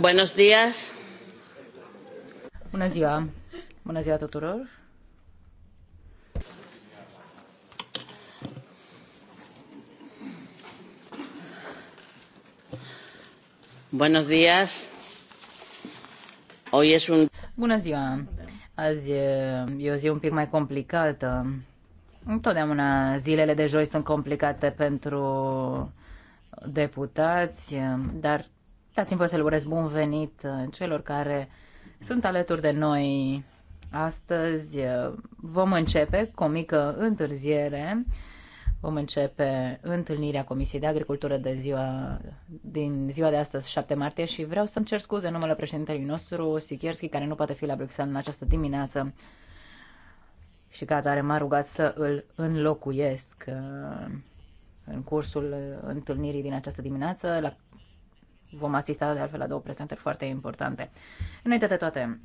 Bună ziua. Bună ziua tuturor. Buenos días. Hoy es un... Bună ziua. Azi e o zi un pic mai complicată. Întotdeauna zilele de joi sunt complicate pentru deputați, dar Dați-mi voi să-l urez bun venit uh, celor care sunt alături de noi astăzi. Uh, vom începe cu o mică întârziere. Vom începe întâlnirea Comisiei de Agricultură de ziua, din ziua de astăzi, 7 martie, și vreau să-mi cer scuze numele președintelui nostru, Sikierski, care nu poate fi la Bruxelles în această dimineață și ca atare m-a rugat să îl înlocuiesc uh, în cursul întâlnirii din această dimineață, la Vom asista de altfel la două prezentări foarte importante. Înainte de toate,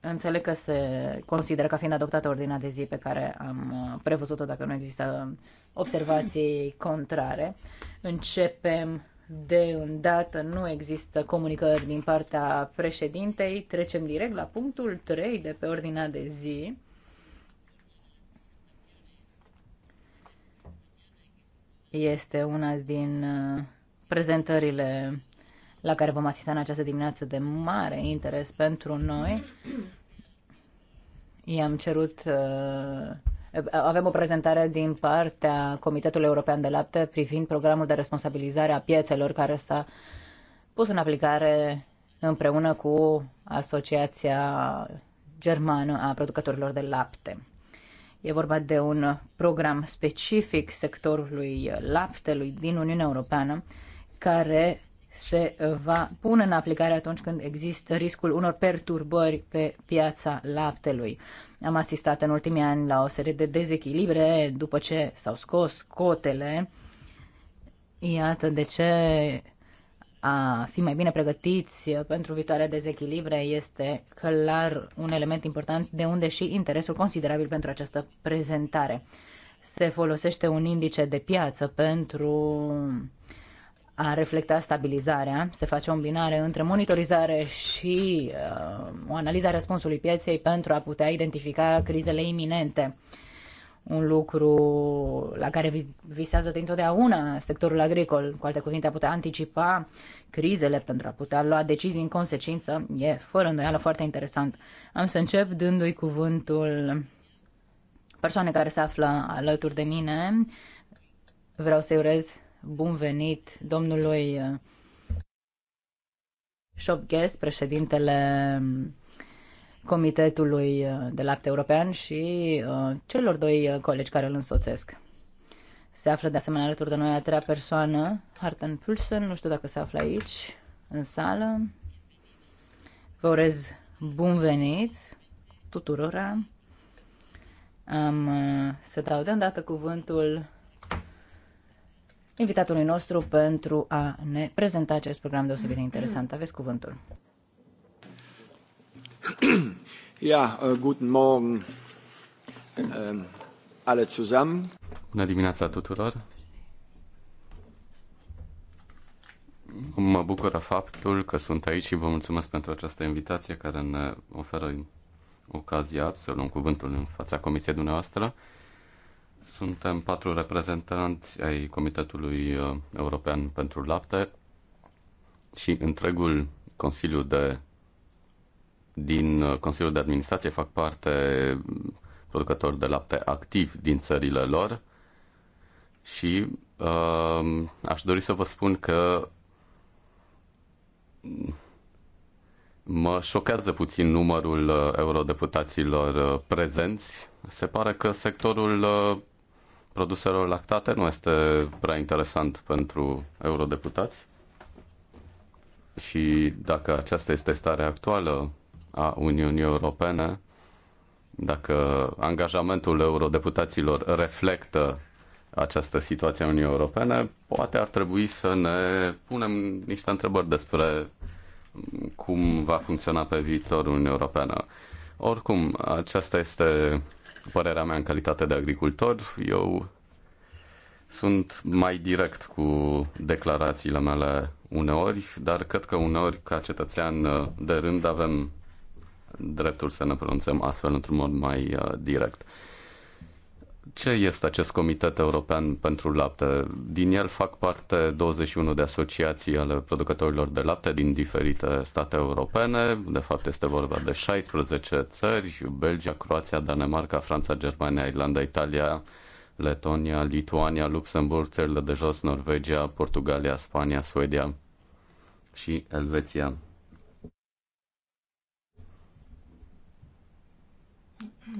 înțeleg că se consideră ca fiind adoptată ordinea de zi pe care am uh, prevăzut-o dacă nu există observații contrare. Începem de îndată, nu există comunicări din partea președintei. Trecem direct la punctul 3 de pe ordinea de zi. Este una din uh, prezentările la care vom asista în această dimineață de mare interes pentru noi. I-am cerut uh, avem o prezentare din partea Comitetului European de Lapte privind programul de responsabilizare a piețelor care s-a pus în aplicare împreună cu Asociația Germană a Producătorilor de Lapte. E vorba de un program specific sectorului laptelui din Uniunea Europeană care se uh, va pune în aplicare atunci când există riscul unor perturbări pe piața laptelui. Am asistat în ultimii ani la o serie de dezechilibre după ce s-au scos cotele. Iată de ce a fi mai bine pregătiți pentru viitoarea dezechilibre este clar un element important, de unde și interesul considerabil pentru această prezentare. Se folosește un indice de piață pentru a reflecta stabilizarea. Se face o combinare între monitorizare și uh, o analiză a răspunsului pieței pentru a putea identifica crizele iminente. Un lucru la care visează de întotdeauna sectorul agricol, cu alte cuvinte, a putea anticipa crizele pentru a putea lua decizii în consecință, e fără îndoială foarte interesant. Am să încep dându-i cuvântul persoane care se află alături de mine. Vreau să-i urez bun venit domnului uh, Șopghes, președintele um, Comitetului uh, de Lapte European și uh, celor doi colegi care îl însoțesc. Se află de asemenea alături de noi a treia persoană, Harten Pulsen, nu știu dacă se află aici, în sală. Vă urez bun venit tuturora. Am să dau de îndată cuvântul invitatului nostru pentru a ne prezenta acest program deosebit de interesant. Aveți cuvântul. Ja, äh, guten Morgen äh, alle zusammen. Bună dimineața tuturor. Mă bucură faptul că sunt aici și vă mulțumesc pentru această invitație care ne oferă ocazia să luăm cuvântul în fața comisiei dumneavoastră. Suntem patru reprezentanți ai Comitetului uh, European pentru Lapte și întregul Consiliu de din uh, Consiliul de Administrație fac parte uh, producători de lapte activ din țările lor și uh, aș dori să vă spun că mă șochează puțin numărul eurodeputaților prezenți. Se pare că sectorul produselor lactate nu este prea interesant pentru eurodeputați. Și dacă aceasta este starea actuală a Uniunii Europene, dacă angajamentul eurodeputaților reflectă această situație a Uniunii Europene, poate ar trebui să ne punem niște întrebări despre cum va funcționa pe viitor Uniunea Europeană. Oricum, aceasta este părerea mea în calitate de agricultor, eu sunt mai direct cu declarațiile mele uneori, dar cred că uneori ca cetățean de rând avem dreptul să ne pronunțăm astfel într-un mod mai uh, direct ce este acest Comitet European pentru Lapte? Din el fac parte 21 de asociații ale producătorilor de lapte din diferite state europene. De fapt, este vorba de 16 țări, Belgia, Croația, Danemarca, Franța, Germania, Irlanda, Italia, Letonia, Lituania, Luxemburg, țările de jos, Norvegia, Portugalia, Spania, Suedia și Elveția.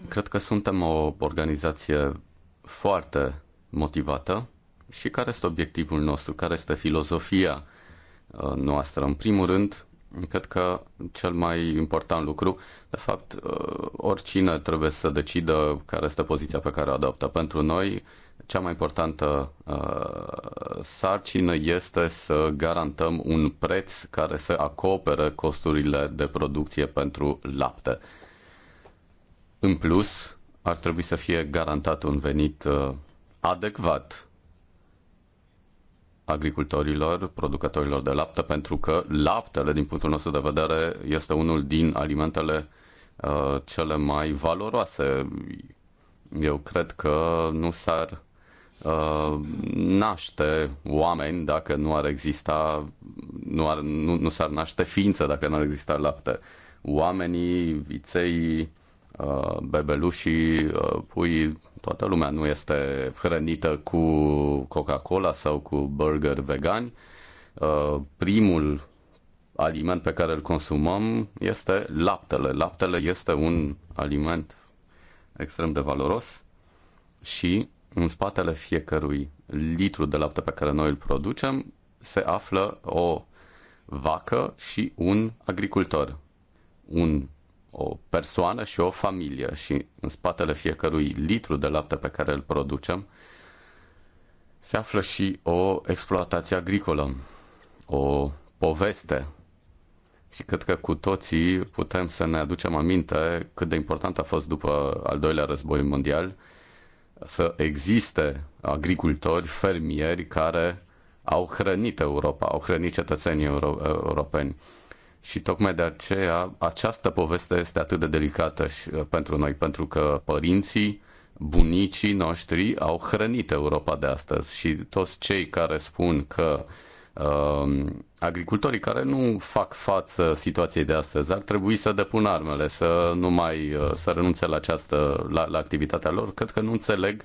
Cred că suntem o organizație foarte motivată și care este obiectivul nostru, care este filozofia uh, noastră. În primul rând, cred că cel mai important lucru, de fapt, uh, oricine trebuie să decidă care este poziția pe care o adoptă. Pentru noi, cea mai importantă uh, sarcină este să garantăm un preț care să acopere costurile de producție pentru lapte. În plus, ar trebui să fie garantat un venit uh, adecvat agricultorilor, producătorilor de lapte, pentru că laptele, din punctul nostru de vedere, este unul din alimentele uh, cele mai valoroase. Eu cred că nu s-ar uh, naște oameni dacă nu ar exista, nu, ar, nu, nu s-ar naște ființă dacă nu ar exista lapte. Oamenii, viței, Uh, bebelușii, uh, pui, toată lumea nu este hrănită cu Coca-Cola sau cu burger vegani. Uh, primul aliment pe care îl consumăm este laptele. Laptele este un aliment extrem de valoros și în spatele fiecărui litru de lapte pe care noi îl producem se află o vacă și un agricultor. Un o persoană și o familie și în spatele fiecărui litru de lapte pe care îl producem se află și o exploatație agricolă, o poveste și cred că cu toții putem să ne aducem aminte cât de important a fost după al doilea război mondial să existe agricultori, fermieri care au hrănit Europa, au hrănit cetățenii euro- europeni. Și tocmai de aceea această poveste este atât de delicată și uh, pentru noi, pentru că părinții, bunicii noștri au hrănit Europa de astăzi și toți cei care spun că uh, agricultorii care nu fac față situației de astăzi ar trebui să depună armele, să nu mai uh, să renunțe la această la, la activitatea lor, cred că nu înțeleg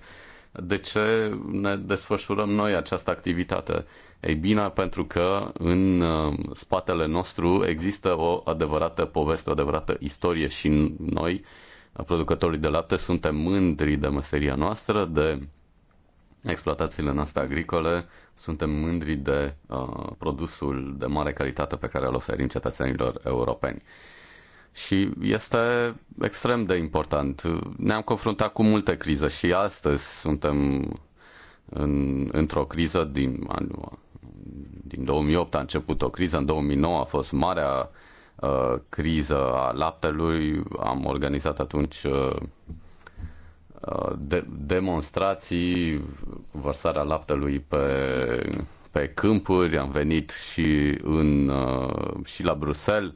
de ce ne desfășurăm noi această activitate ei bine, pentru că în uh, spatele nostru există o adevărată poveste, o adevărată istorie și noi, uh, producătorii de lapte, suntem mândri de meseria noastră, de exploatațiile noastre agricole, suntem mândri de uh, produsul de mare calitate pe care îl oferim cetățenilor europeni. Și este extrem de important. Ne-am confruntat cu multe crize și astăzi suntem în, într-o criză din anul din 2008 a început o criză, în 2009 a fost marea uh, criză a laptelui, am organizat atunci uh, uh de- demonstrații cu vărsarea laptelui pe, pe câmpuri, am venit și, în, uh, și la Bruxelles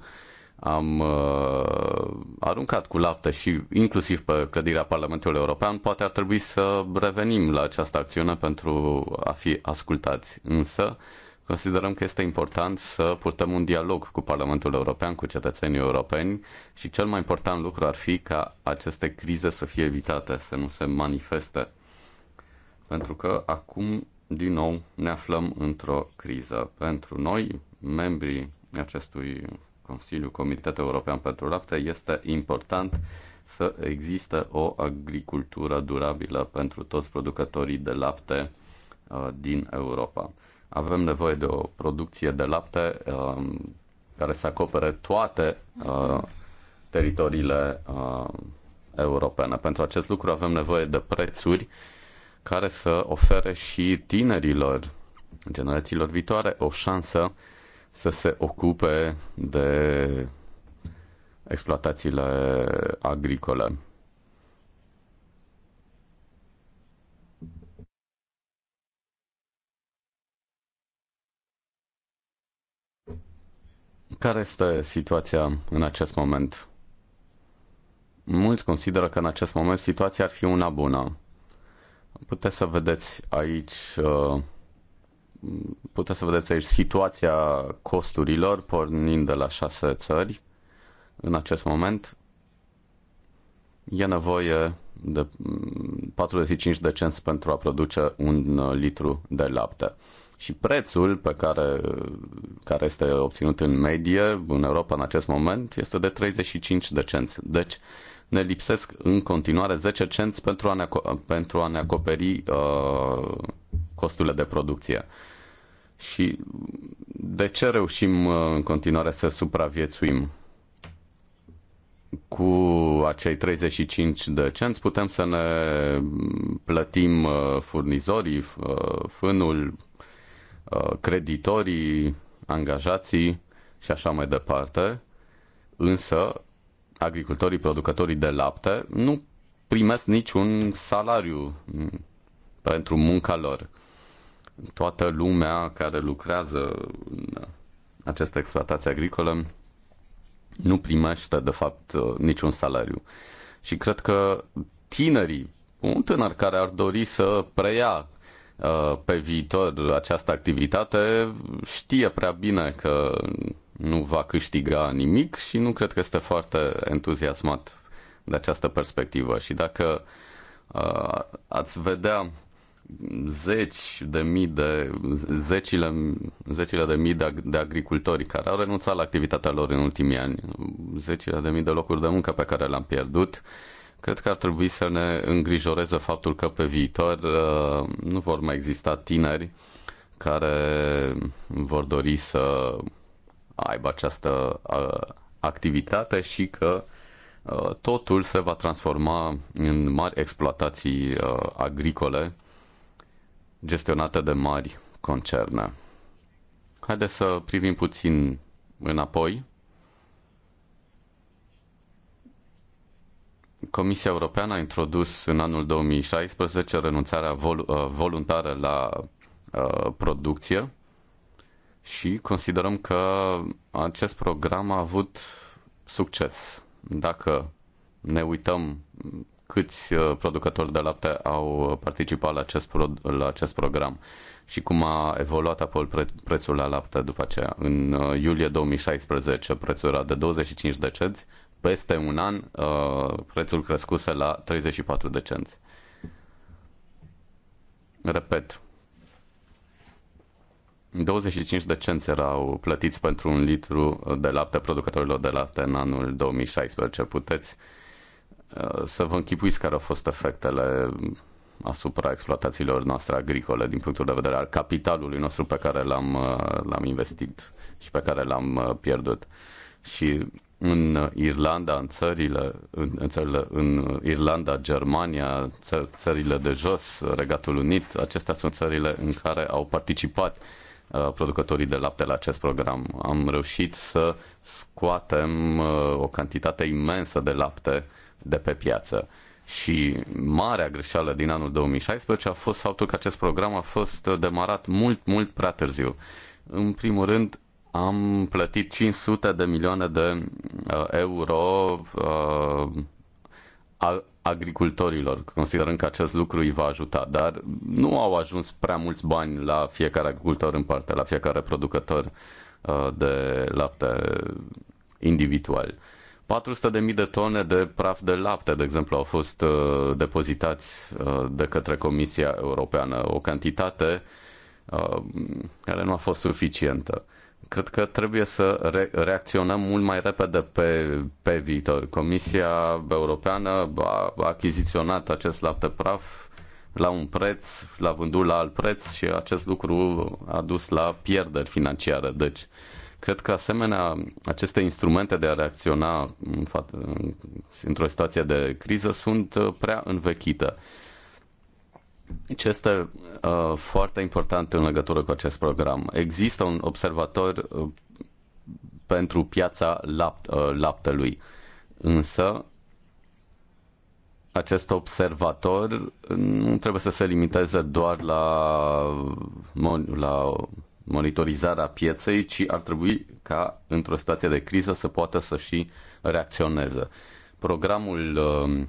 am uh, aruncat cu lapte și inclusiv pe clădirea Parlamentului European, poate ar trebui să revenim la această acțiune pentru a fi ascultați. Însă, considerăm că este important să purtăm un dialog cu Parlamentul European, cu cetățenii europeni și cel mai important lucru ar fi ca aceste crize să fie evitate, să nu se manifeste. Pentru că acum, din nou, ne aflăm într-o criză. Pentru noi, membrii acestui Consiliul Comitetul European pentru Lapte, este important să există o agricultură durabilă pentru toți producătorii de lapte uh, din Europa. Avem nevoie de o producție de lapte um, care să acopere toate uh, teritoriile uh, europene. Pentru acest lucru avem nevoie de prețuri care să ofere și tinerilor, generațiilor viitoare, o șansă uh, să se ocupe de exploatațiile agricole. Care este situația în acest moment? Mulți consideră că în acest moment situația ar fi una bună. Puteți să vedeți aici uh, puteți să vedeți aici situația costurilor pornind de la șase țări în acest moment. E nevoie de 45 mm, de cenți pentru a produce un uh, litru de lapte. Și prețul pe care, care este obținut în medie în Europa în acest moment este de 35 de cenți. Deci ne lipsesc în continuare 10 cenți pentru a ne, pentru a ne acoperi uh, costurile de producție. Și de ce reușim uh, în continuare să supraviețuim? Cu acei 35 de cenți putem să ne plătim uh, furnizorii, uh, fânul, creditorii, angajații și așa mai departe, însă agricultorii, producătorii de lapte nu primesc niciun salariu pentru munca lor. Toată lumea care lucrează în această exploatație agricolă nu primește, de fapt, niciun salariu. Și cred că tinerii, un tânăr care ar dori să preia uh, pe viitor această activitate, știe prea bine că nu va câștiga nimic și nu cred că este foarte entuziasmat de această perspectivă. Și dacă uh, ați vedea zeci de mii de, zecile, zecile de mii de, de agricultori care au renunțat la activitatea lor în ultimii ani, zecile de mii de locuri de muncă pe care le-am pierdut, cred că ar trebui să ne îngrijoreze faptul că pe viitor uh, nu vor mai exista tineri care vor dori să aibă această activitate și că totul se va transforma în mari exploatații agricole gestionate de mari concerne. Haideți să privim puțin înapoi. Comisia Europeană a introdus în anul 2016 renunțarea vol- voluntară la producție și considerăm că acest program a avut succes. Dacă ne uităm câți uh, producători de lapte au participat la acest, pro- la acest program și cum a evoluat apoi pre- prețul la lapte după aceea. În uh, iulie 2016 prețul era de 25 de cenți, peste un an uh, prețul crescuse la 34 de cenți. Repet, 25 de cenți erau plătiți pentru un litru de lapte producătorilor de lapte în anul 2016. Puteți uh, să vă închipuiți care au fost efectele asupra exploatațiilor noastre agricole din punctul de vedere al capitalului nostru pe care l-am, uh, l-am investit și pe care l-am uh, pierdut. Și în Irlanda, în țările, în, în, țările, în Irlanda, Germania, ță, țările de jos, Regatul Unit, acestea sunt țările în care au participat uh, Uh, producătorii de lapte la acest program. Am reușit să scoatem uh, o cantitate imensă de lapte de pe piață. Și marea greșeală din anul 2016 a fost faptul că acest program a fost uh, demarat mult, mult prea târziu. În primul rând, am plătit 500 de milioane de euro agricultorilor, considerând că acest lucru îi va ajuta, dar nu au ajuns prea mulți bani la fiecare agricultor în parte, la fiecare producător uh, de lapte individual. 400.000 de tone de praf de lapte, de exemplu, au fost uh, depozitați uh, de către Comisia Europeană, o cantitate care nu a fost suficientă. Cred că trebuie să re- reacționăm mult mai repede pe, pe viitor. Comisia Europeană a achiziționat acest lapte praf la un preț, l-a vândut la alt preț și acest lucru a dus la pierderi financiare. Deci, cred că asemenea aceste instrumente de a reacționa în într-o situație de criză sunt prea învechite ce este uh, foarte important în legătură cu acest program? Există un observator uh, pentru piața lapt, uh, laptelui, însă acest observator nu trebuie să se limiteze doar la, mon- la monitorizarea pieței, ci ar trebui ca într-o situație de criză să poată să și reacționeze. Programul uh,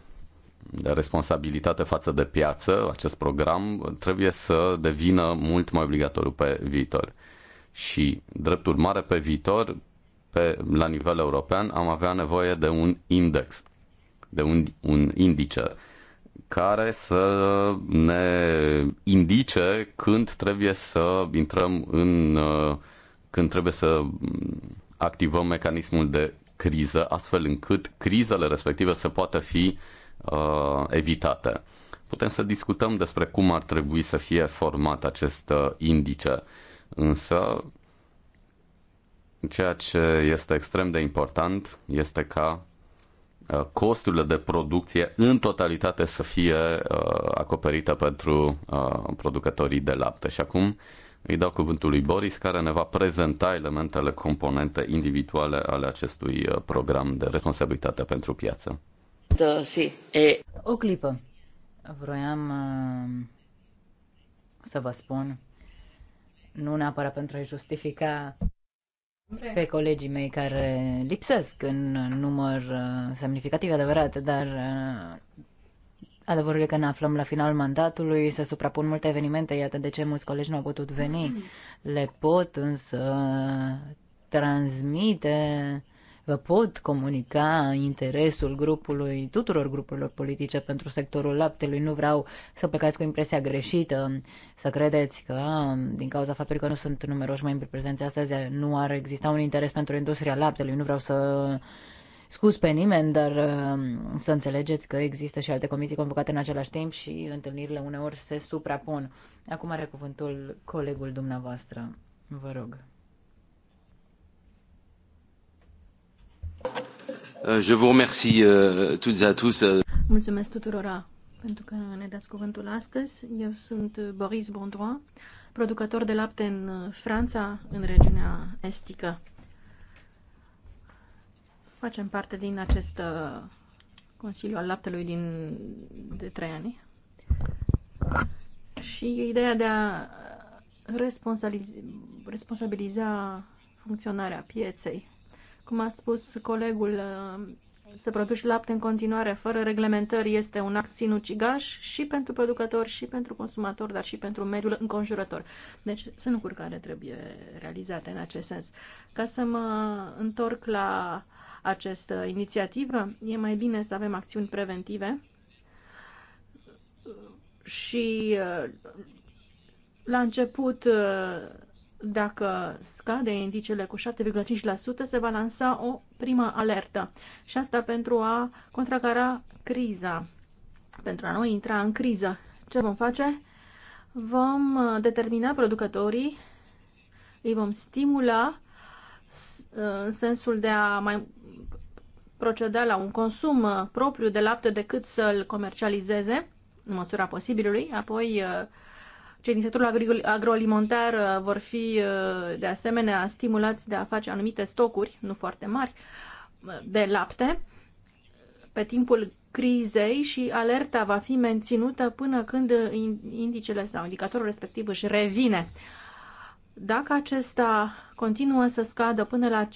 de responsabilitate față de piață, acest program trebuie să devină mult mai obligatoriu pe viitor. Și, drept urmare, pe viitor, pe, la nivel european, am avea nevoie de un index, de un, un indice care să ne indice când trebuie să intrăm în. când trebuie să activăm mecanismul de criză, astfel încât crizele respective să poată fi uh, uh, evitate. Putem să discutăm despre cum ar trebui să fie format acest uh, indice, însă ceea ce este extrem de important este ca uh, costurile de producție în totalitate să fie uh, acoperite pentru producătorii de lapte. Și acum îi dau cuvântul lui Boris, care ne va prezenta elementele, componente individuale ale acestui program de responsabilitate pentru piață. Da, si. E... O clipă. Vroiam uh, să vă spun, nu neapărat pentru a justifica pe colegii mei care lipsesc în număr uh, semnificativ, adevărat, dar uh, adevărul e că ne aflăm la final mandatului, se suprapun multe evenimente, iată de ce mulți colegi nu au putut veni. Le pot însă transmite vă pot comunica interesul grupului, tuturor grupurilor politice pentru sectorul laptelui. Nu vreau să plecați cu impresia greșită, să credeți că din cauza faptului că nu sunt numeroși membri prezenți astăzi, nu ar exista un interes pentru industria laptelui. Nu vreau să scuz pe nimeni, dar um, să înțelegeți că există și alte comisii convocate în același timp și întâlnirile uneori se suprapun. Acum are cuvântul colegul dumneavoastră. Vă rog. Euh, je vous remercie euh, toutes et tous. Euh. Mulțumesc tuturora pentru că ne dați cuvântul astăzi. Eu sunt uh, Boris Bondroa, producător de lapte în uh, Franța, în regiunea estică. Facem parte din acest uh, Consiliu al Laptelui din, de trei ani. Și ideea de a responsabiliza funcționarea pieței cum a spus colegul, uh, să produci lapte în continuare fără reglementări este un act sinucigaș și pentru producător și pentru consumator, dar și pentru mediul înconjurător. Deci sunt lucruri care trebuie realizate în acest sens. Ca să mă întorc la această inițiativă, e mai bine să avem acțiuni preventive și uh, la început uh, dacă scade indicele cu 7,5%, se va lansa o primă alertă. Și asta pentru a contracara criza, pentru a nu intra în criză. Ce vom face? Vom uh, determina producătorii, îi vom stimula uh, în sensul de a mai proceda la un consum uh, propriu de lapte decât să-l comercializeze în măsura posibilului, apoi cei din sectorul agroalimentar uh, vor fi uh, de asemenea stimulați de a face anumite stocuri, nu foarte mari, uh, de lapte pe timpul crizei și alerta va fi menținută până când indicele sau indicatorul respectiv își revine. Dacă acesta continuă să scadă până la 15%,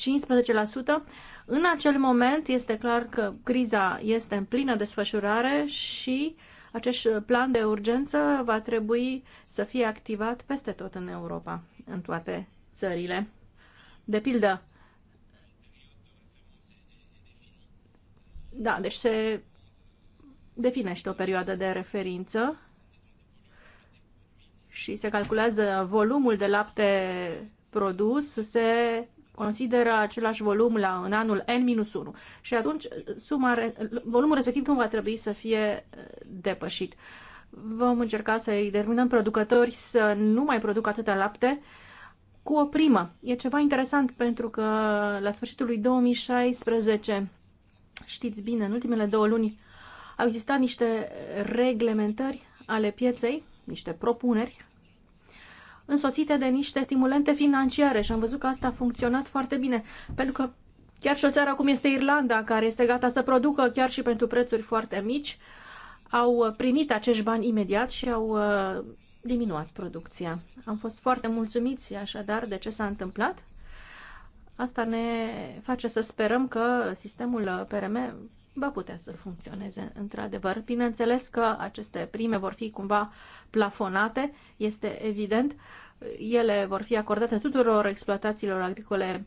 în acel moment este clar că criza este în plină desfășurare și uh, acest plan de urgență va trebui să fie activat peste tot în Europa, în toate țările. De pildă, da, deci se definește o perioadă de referință și se calculează volumul de lapte produs, se consideră același volum la, în anul N-1 și atunci suma, volumul respectiv nu va trebui să fie uh, depășit. Vom încerca să îi determinăm producători să nu mai producă atâta lapte cu o primă. E ceva interesant pentru că la sfârșitul lui 2016, știți bine, în ultimele două luni au existat niște reglementări ale pieței, niște propuneri însoțite de niște stimulente financiare și am văzut că asta a funcționat foarte bine, pentru că chiar și o țară cum este Irlanda, care este gata să producă chiar și pentru prețuri foarte mici, au primit acești bani imediat și au uh, diminuat producția. Am fost foarte mulțumiți așadar de ce s-a întâmplat. Asta ne face să sperăm că sistemul PRM va putea să funcționeze într-adevăr. Bineînțeles că aceste prime vor fi cumva plafonate, este evident. Ele vor fi acordate tuturor exploatațiilor agricole.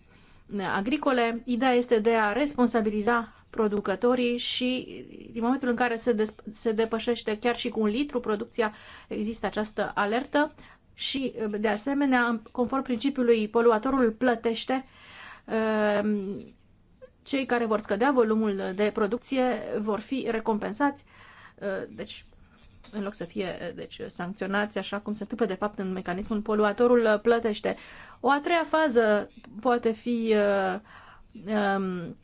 agricole. Ideea este de a responsabiliza producătorii și din momentul în care se, de- se depășește chiar și cu un litru producția, există această alertă și de asemenea, conform principiului poluatorul plătește, ehm, cei care vor scădea volumul de producție vor fi recompensați, uh, deci în loc să fie uh, deci, sancționați așa cum se întâmplă de fapt în mecanismul poluatorul uh, plătește. O a treia fază poate fi um,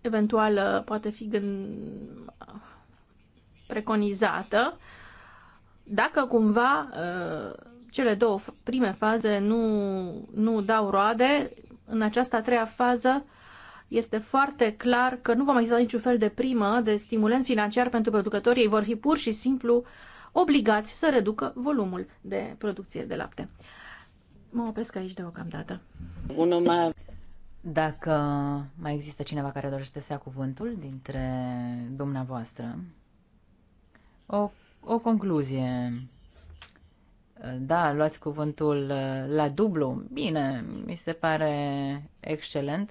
eventual poate fi gând, preconizată dacă cumva uh, cele două prime faze nu, nu dau roade, în această a treia fază este foarte clar că nu va mai exista niciun fel de primă de stimulent financiar pentru producătorii. Ei vor fi pur și simplu obligați să reducă volumul de producție de lapte. Mă opresc aici deocamdată. Bună, mai... Dacă mai există cineva care dorește să ia cuvântul dintre dumneavoastră, o, o concluzie da, luați cuvântul uh, la dublu, bine, mi se pare excelent.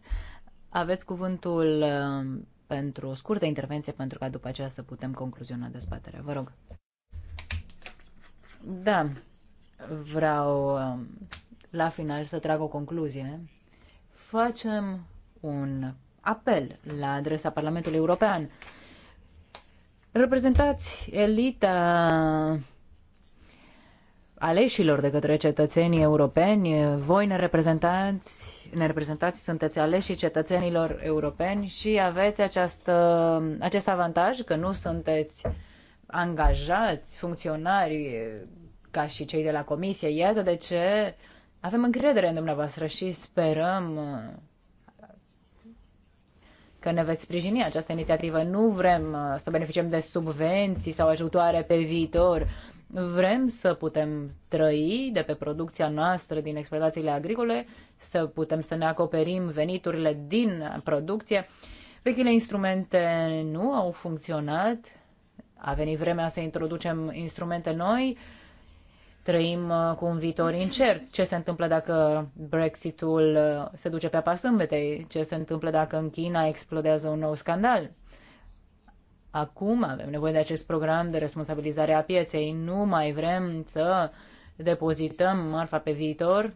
Aveți cuvântul uh, pentru o scurtă intervenție, pentru ca după aceea să putem concluziona dezbaterea. Vă rog. Da, vreau uh, la final să trag o concluzie. Facem un apel la adresa Parlamentului European. Reprezentați elita aleșilor de către cetățenii europeni. Voi ne reprezentați, ne reprezentați sunteți aleșii cetățenilor europeni și aveți această, acest avantaj că nu sunteți angajați, funcționari ca și cei de la comisie. Iată de ce avem încredere în dumneavoastră și sperăm că ne veți sprijini această inițiativă. Nu vrem uh, să beneficiem de subvenții sau ajutoare pe viitor Vrem să putem trăi de pe producția noastră din exploatațiile agricole, să putem să ne acoperim veniturile din producție. Vechile instrumente nu au funcționat, a venit vremea să introducem instrumente noi, trăim uh, cu un viitor incert. Ce se întâmplă dacă Brexitul uh, se duce pe apa sâmbetei? Ce se întâmplă dacă în China explodează un nou scandal? Acum avem nevoie de acest program de responsabilizare a pieței. Nu mai vrem să depozităm marfa pe viitor,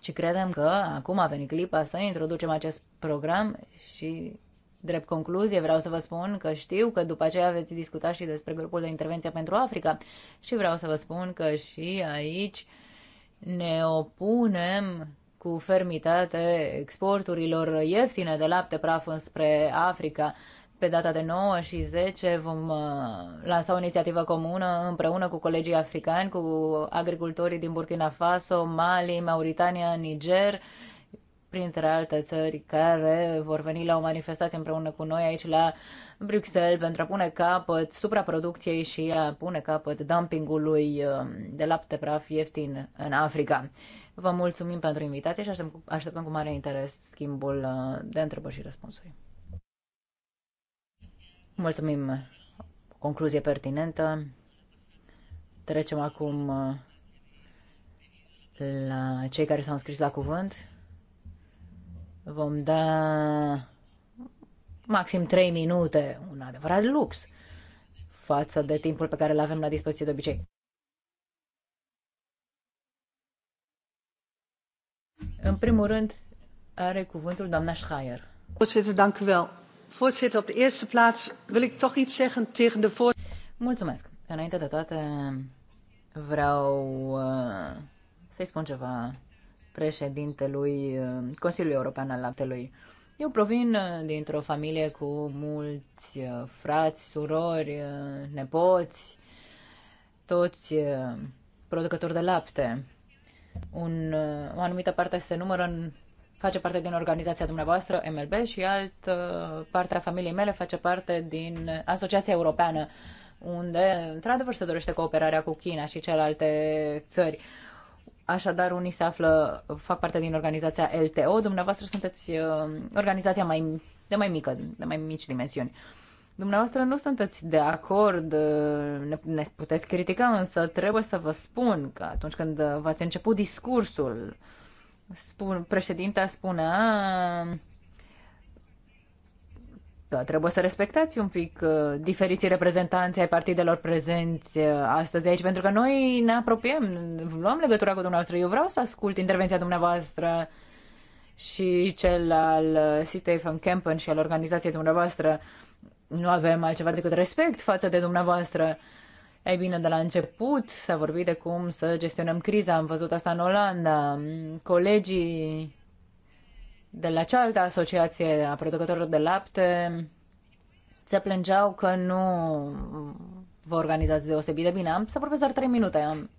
ci credem că acum a venit clipa să introducem acest program și, drept concluzie, vreau să vă spun că știu că după aceea veți discuta și despre grupul de intervenție pentru Africa și vreau să vă spun că și aici ne opunem cu fermitate exporturilor ieftine de lapte praf înspre Africa. Pe data de 9 și 10 vom uh, lansa o inițiativă comună împreună cu colegii africani, cu agricultorii din Burkina Faso, Mali, Mauritania, Niger, printre alte țări care vor veni la o manifestație împreună cu noi aici la Bruxelles pentru a pune capăt supraproducției și a pune capăt dumpingului uh, de lapte praf ieftin în Africa. Vă mulțumim pentru invitație și așteptăm, așteptăm cu mare interes schimbul uh, de întrebări și răspunsuri. Mulțumim. Concluzie pertinentă. Trecem acum uh, la cei care s-au înscris la cuvânt. Vom da maxim 3 minute, un adevărat lux, față de timpul pe care îl avem la dispoziție de obicei. În primul rând, are cuvântul doamna Schreier. Voorzitter, dank Voorzitter, op de eerste plaats wil ik toch iets zeggen tegen de voor... Mulțumesc. Înainte de toate, vreau uh, să-i spun ceva președintelui uh, Consiliului European al Laptelui. Eu provin uh, dintr-o familie cu mulți uh, frați, surori, uh, nepoți, toți uh, producători de lapte. Un, uh, o anumită parte se numără în face parte din organizația dumneavoastră MLB și alt uh, parte a familiei mele face parte din Asociația Europeană, unde într-adevăr se dorește cooperarea cu China și celelalte țări. Așadar, unii se află, fac parte din organizația LTO, dumneavoastră sunteți uh, organizația mai, de mai mică, de mai mici dimensiuni. Dumneavoastră nu sunteți de acord, uh, ne, ne puteți critica, însă trebuie să vă spun că atunci când v-ați început discursul uh, spun, președintea spune da, trebuie să respectați un pic uh, diferiții reprezentanți ai partidelor prezenți uh, astăzi aici, pentru că noi ne apropiem, luăm legătura cu dumneavoastră. Eu vreau să ascult intervenția dumneavoastră și cel al Citei uh, van Kempen și al organizației dumneavoastră. Nu avem altceva decât respect față de dumneavoastră. Uh, ei bine, de la început s-a vorbit de cum să gestionăm criza. Am văzut asta în Olanda. Colegii de la cealaltă asociație a producătorilor de lapte se plângeau că nu vă organizați deosebit de bine. Am să vorbesc doar 3 minute. Am...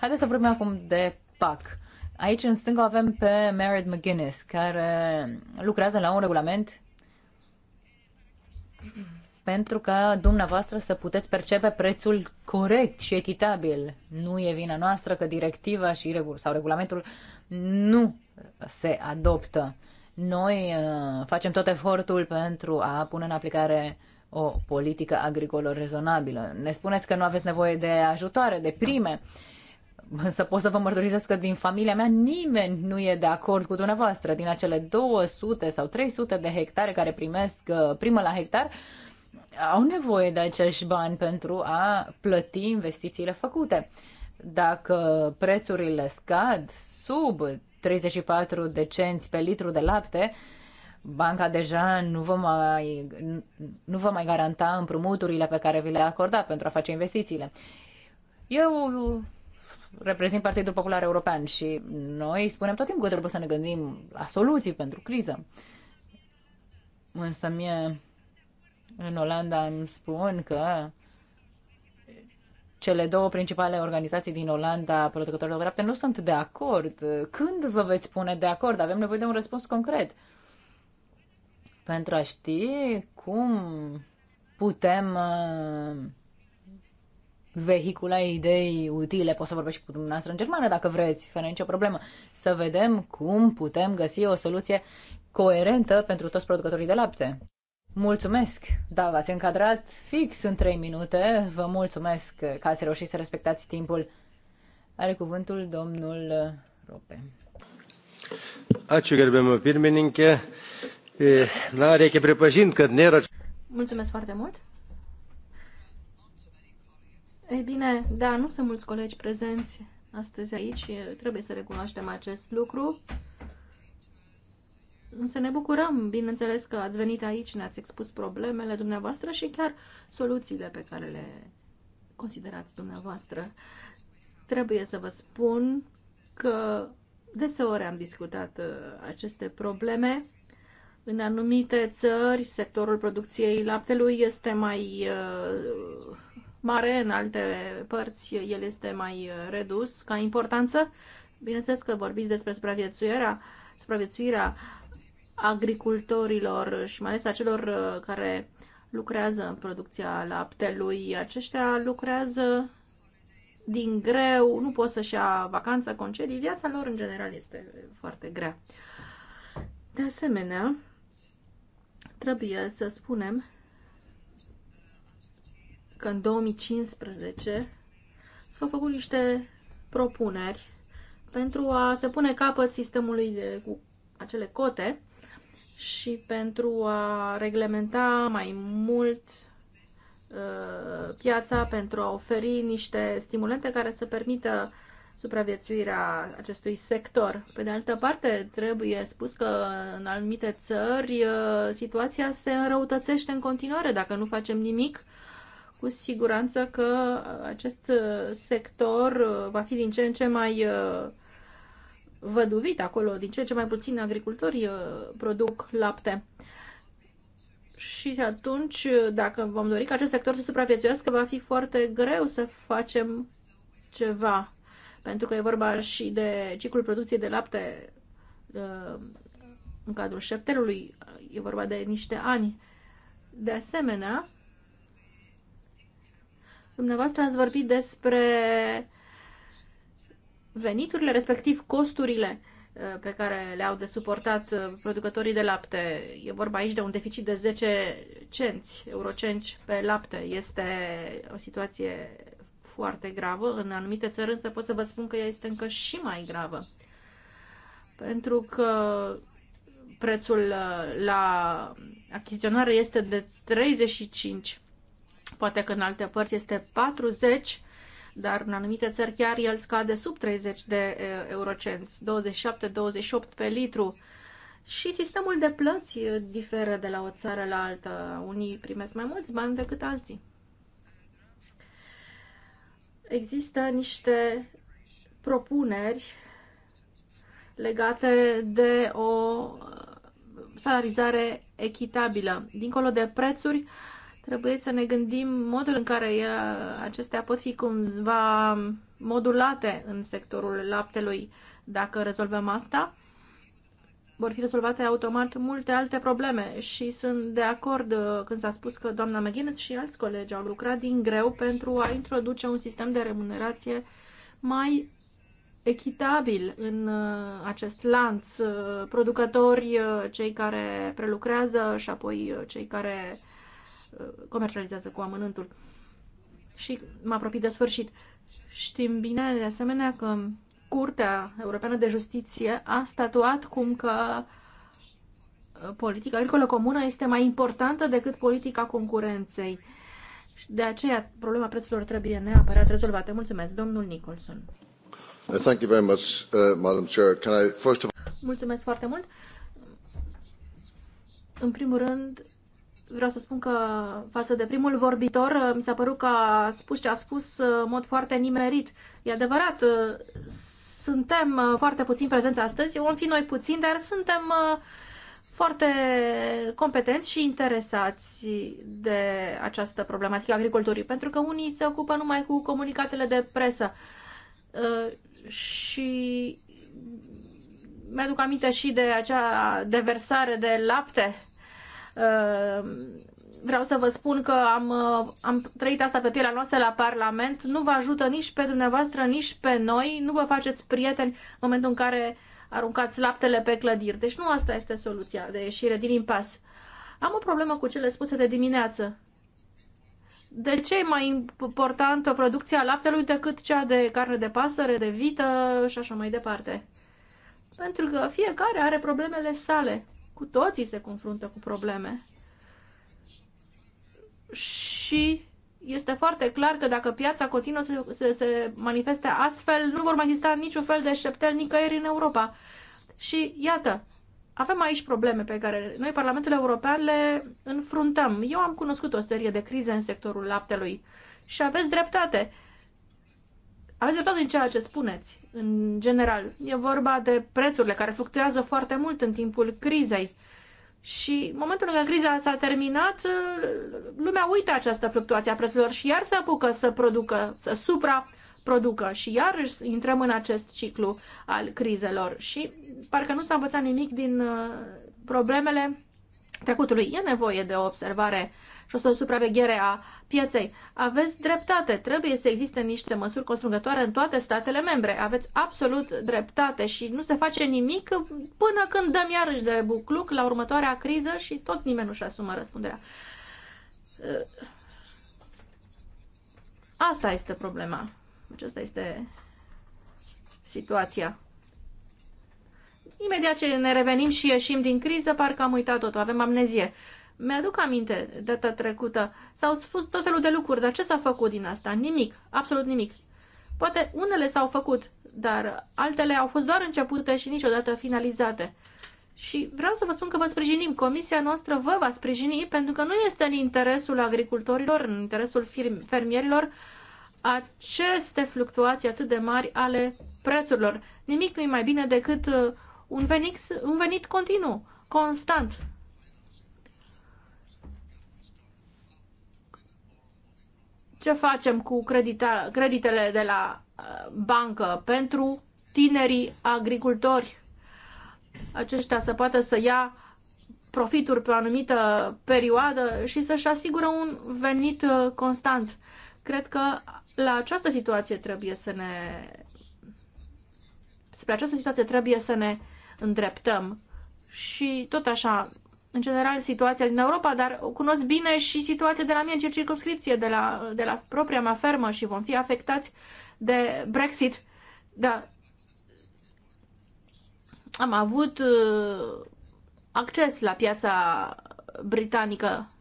Haideți să vorbim acum de PAC. Aici în stânga avem pe Merritt McGuinness, care lucrează la un regulament pentru că dumneavoastră să puteți percepe prețul corect și echitabil. Nu e vina noastră că directiva și regul, sau regulamentul nu se adoptă. Noi uh, facem tot efortul pentru a pune în aplicare o politică agricolă rezonabilă. Ne spuneți că nu aveți nevoie de ajutoare, de prime, însă pot să vă mărturisesc că din familia mea nimeni nu e de acord cu dumneavoastră. Din acele 200 sau 300 de hectare care primesc uh, primă la hectar, au nevoie de acești bani pentru a plăti investițiile făcute. Dacă prețurile scad sub 34 de cenți pe litru de lapte, banca deja nu vă mai, nu vă mai garanta împrumuturile pe care vi le acorda pentru a face investițiile. Eu reprezint Partidul Popular European și noi spunem tot timpul că trebuie să ne gândim la soluții pentru criză. Însă mie în Olanda îmi spun că cele două principale organizații din Olanda, producătorilor de lapte, nu sunt de acord. Când vă veți pune de acord? Avem nevoie de un răspuns concret. Pentru a ști cum putem uh, vehicula idei utile, poți să vorbești cu dumneavoastră în germană dacă vreți, fără nicio problemă, să vedem cum putem găsi o soluție coerentă pentru toți producătorii de lapte. Mulțumesc! Da, v-ați încadrat fix în 3 minute. Vă mulțumesc că ați reușit să respectați timpul. Are cuvântul domnul Rope. Ačiū gerbiamą pirmininkę. Na, reikia pripažinti, kad nėra. Mulțumesc foarte mult. Ei bine, da, nu sunt mulți colegi prezenți astăzi aici. Trebuie să recunoaștem acest lucru. Însă ne bucurăm, bineînțeles, că ați venit aici, ne-ați expus problemele dumneavoastră și chiar soluțiile pe care le considerați dumneavoastră. Trebuie să vă spun că deseori am discutat uh, aceste probleme. În anumite țări, sectorul producției laptelui este mai uh, mare, în alte părți el este mai uh, redus ca importanță. Bineînțeles că vorbiți despre supraviețuirea, supraviețuirea agricultorilor și mai ales a celor uh, care lucrează în producția laptelui. Aceștia lucrează din greu, nu pot să-și ia vacanță, concedii, viața lor în general este foarte grea. De asemenea, trebuie să spunem că în 2015 s-au făcut niște propuneri pentru a se pune capăt sistemului de, cu acele cote și pentru a reglementa mai mult uh, piața pentru a oferi niște stimulente care să permită supraviețuirea acestui sector. Pe de altă parte, trebuie spus că în anumite țări uh, situația se înrăutățește în continuare. Dacă nu facem nimic, cu siguranță că acest uh, sector va fi din ce în ce mai văduvit acolo, din ce ce mai puțin agricultori uh, produc lapte. Și atunci, dacă vom dori ca acest sector să supraviețuiască, va fi foarte greu să facem ceva. Pentru că e vorba și de ciclul producției de lapte uh, în cadrul șeptelului, e vorba de niște ani. De asemenea, dumneavoastră ați vorbit despre veniturile, respectiv costurile uh, pe care le-au de suportat uh, producătorii de lapte. E vorba aici de un deficit de 10 cenți, eurocenci pe lapte. Este o situație foarte gravă. În anumite țări însă pot să vă spun că ea este încă și mai gravă. Pentru că prețul uh, la achiziționare este de 35, poate că în alte părți este 40 dar în anumite țări chiar el scade sub 30 de eurocenți, 27-28 pe litru. Și sistemul de plăți diferă de la o țară la alta. Unii primesc mai mulți bani decât alții. Există niște propuneri legate de o salarizare echitabilă. Dincolo de prețuri, uh, Trebuie să ne gândim modul în care uh, acestea pot fi cumva modulate în sectorul laptelui. Dacă rezolvăm asta, vor fi rezolvate automat multe alte probleme și sunt de acord uh, când s-a spus că doamna McGuinness și alți colegi au lucrat din greu pentru a introduce un sistem de remunerație mai echitabil în uh, acest lanț, producători, cei care prelucrează și apoi cei care comercializează cu amănântul. Și mă apropii de sfârșit. Știm bine, de asemenea, că Curtea Europeană de Justiție a statuat cum că politica agricolă comună este mai importantă decât politica concurenței. De aceea, problema prețurilor trebuie neapărat rezolvată. Mulțumesc, domnul Nicholson. Thank you very much, uh, Madam Chair. Can I first of... Mulțumesc foarte mult. În primul rând, vreau să spun că față de primul vorbitor, uh, mi s-a părut că a spus ce a spus uh, în mod foarte nimerit. E adevărat, uh, suntem foarte puțin prezenți astăzi, vom fi noi puțini, dar suntem foarte competenți și interesați de această problematică a agriculturii, pentru că unii se ocupă numai cu comunicatele de presă și mi-aduc aminte și de acea deversare de lapte Ehm, vreau să vă spun că am, eh, am trăit asta pe pielea noastră la Parlament. Nu vă ajută nici pe dumneavoastră, nici pe noi. Nu vă faceți prieteni în momentul în care aruncați laptele pe clădiri. Deci nu asta este soluția de ieșire din impas. Am o problemă cu cele spuse de dimineață. De ce e mai importantă producția laptelui decât cea de carne de pasăre, de vită și așa mai departe? Pentru că fiecare are problemele sale. Cu toții se confruntă cu probleme. Și este foarte clar că dacă piața continuă să se, se manifeste astfel, nu vor mai exista niciun fel de șeptel nicăieri în Europa. Și iată, avem aici probleme pe care noi, Parlamentul European, le înfruntăm. Eu am cunoscut o serie de crize în sectorul laptelui și aveți dreptate. Aveți dreptate în ceea ce spuneți în general. E vorba de prețurile care fluctuează foarte mult în timpul crizei. Și în momentul în care criza s-a terminat, lumea uită această fluctuație a prețurilor și iar se apucă să producă, să supraproducă și iar intrăm în acest ciclu al crizelor. Și parcă nu s-a învățat nimic din uh, problemele trecutului. E nevoie de o observare și o supraveghere a pieței. Aveți dreptate, trebuie să existe niște măsuri constrângătoare în toate statele membre. Aveți absolut dreptate și nu se face nimic până când dăm iarăși de bucluc la următoarea criză și tot nimeni nu-și asumă răspunderea. Asta este problema. Aceasta este situația imediat ce ne revenim și ieșim din criză, parcă am uitat totul, avem amnezie. Mi-aduc aminte data trecută, s-au spus tot felul de lucruri, dar ce s-a făcut din asta? Nimic, absolut nimic. Poate unele s-au făcut, dar altele au fost doar începute și niciodată finalizate. Și vreau să vă spun că vă sprijinim. Comisia noastră vă va sprijini pentru că nu este în interesul agricultorilor, în interesul fermierilor, aceste fluctuații atât de mari ale prețurilor. Nimic nu e mai bine decât uh, un venit, un venit continuu, constant. Ce facem cu credita, creditele de la uh, bancă pentru tinerii agricultori? Aceștia să poată să ia profituri pe o anumită perioadă și să-și asigură un venit uh, constant. Cred că la această situație trebuie să ne spre această situație trebuie să ne îndreptăm. Și tot așa, în general, situația din Europa, dar cunosc bine și situația de la mine în circunscripție, de la, de la propria mea fermă și vom fi afectați de Brexit. Da. Am avut uh, acces la piața britanică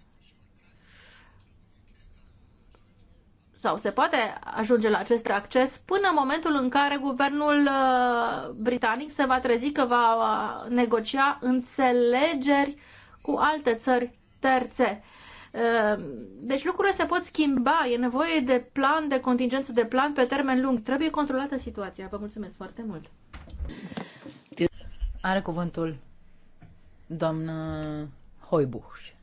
sau se poate ajunge la acest acces până în momentul în care guvernul uh, britanic se va trezi că va uh, negocia înțelegeri cu alte țări terțe. Uh, deci lucrurile se pot schimba, e nevoie de plan, de contingență, de plan pe termen lung. Trebuie controlată situația. Vă mulțumesc foarte mult. Are cuvântul doamnă Hoibuș.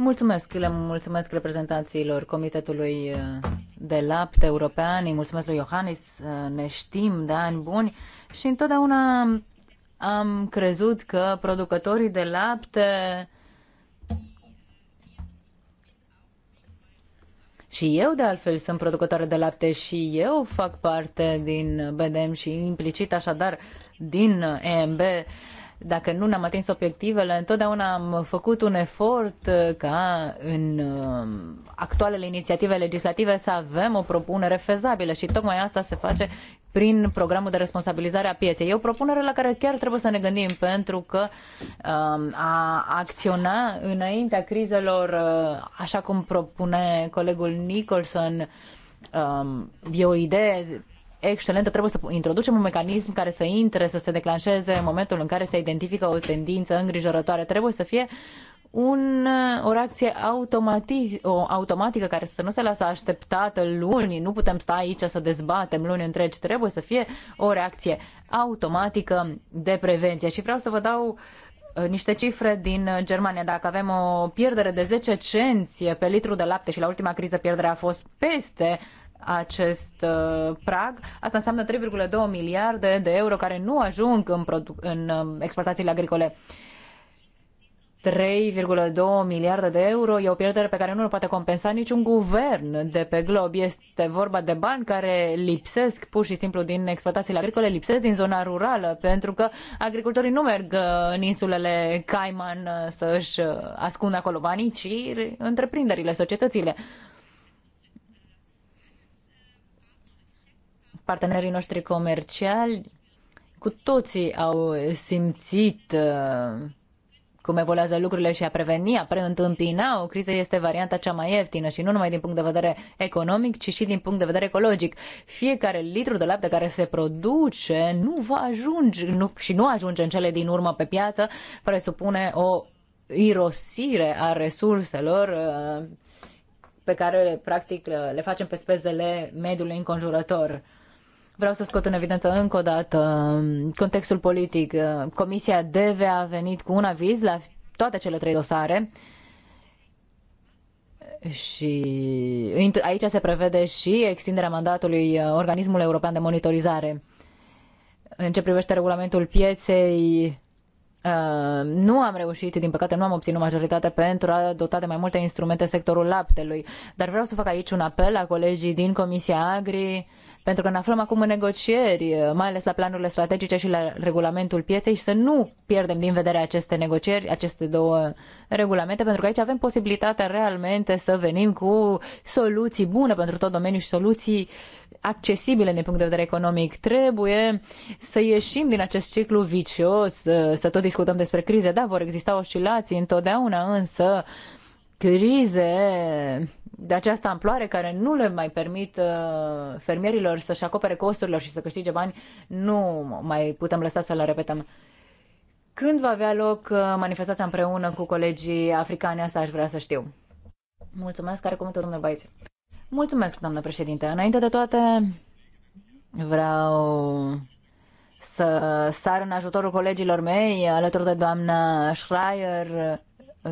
Mulțumesc, le mulțumesc reprezentanților Comitetului eh, de Lapte European, îi mulțumesc lui Iohannis, eh, ne știm de da, ani buni și întotdeauna am crezut că producătorii de lapte Și eu, de altfel, sunt producătoare de lapte și eu fac parte din eh, BDM și implicit, așadar, din EMB dacă nu ne-am atins obiectivele, întotdeauna am făcut un efort uh, ca în uh, actualele inițiative legislative să avem o propunere fezabilă și tocmai asta se face prin programul de responsabilizare a pieței. E o propunere la care chiar trebuie să ne gândim pentru că um, a acționa înaintea crizelor, uh, așa cum propune colegul Nicholson, um, e o idee excelentă, trebuie să introducem un mecanism care să intre, să se declanșeze în momentul în care se identifică o tendință îngrijorătoare. Trebuie să fie un, o reacție automatiz, o, automatică care să nu se lasă așteptată luni, nu putem sta aici să dezbatem luni întregi, trebuie să fie o reacție automatică de prevenție. Și vreau să vă dau uh, niște cifre din uh, Germania. Dacă avem o pierdere de 10 cenți pe litru de lapte și la ultima criză pierderea a fost peste acest uh, prag. Asta înseamnă 3,2 miliarde de euro care nu ajung în, în uh, um, exportațiile agricole. 3,2 miliarde de euro e o pierdere pe care nu o poate compensa niciun guvern de pe glob. Este vorba de bani care lipsesc pur și simplu din exploatațiile agricole, lipsesc din zona rurală, pentru că agricultorii nu merg uh, în insulele Cayman uh, să și uh, ascundă acolo banii, ci întreprinderile, societățile. partenerii noștri comerciali, cu toții au simțit uh, cum evoluează lucrurile și a preveni, a preîntâmpina o criză este varianta cea mai ieftină și nu numai din punct de vedere economic, ci și din punct de vedere ecologic. Fiecare litru de lapte care se produce nu va ajunge nu, și nu ajunge în cele din urmă pe piață, presupune o irosire a resurselor uh, pe care practic le facem pe spezele mediului înconjurător. Vreau să scot în evidență încă o dată um, contextul politic. Uh, Comisia DEVE a venit cu un aviz la toate cele trei dosare și aici se prevede și extinderea mandatului uh, Organismului European de Monitorizare. În ce privește regulamentul pieței, uh, nu am reușit, din păcate nu am obținut majoritate pentru a dota de mai multe instrumente sectorul laptelui, dar vreau să fac aici un apel la colegii din Comisia Agri, pentru că ne aflăm acum în negocieri, mai ales la planurile strategice și la regulamentul pieței și să nu pierdem din vedere aceste negocieri, aceste două regulamente, pentru că aici avem posibilitatea realmente să venim cu soluții bune pentru tot domeniul și soluții accesibile din punct de vedere economic. Trebuie să ieșim din acest ciclu vicios, să tot discutăm despre crize. Da, vor exista oscilații întotdeauna, însă crize de această amploare care nu le mai permit uh, fermierilor să-și acopere costurile și să câștige bani, nu mai putem lăsa să le repetăm. Când va avea loc uh, manifestația împreună cu colegii africani, asta aș vrea să știu. Mulțumesc, are cuvântul domnul Baiți. Mulțumesc, doamnă președinte. Înainte de toate, vreau să sar în ajutorul colegilor mei, alături de doamna Schreier, uh,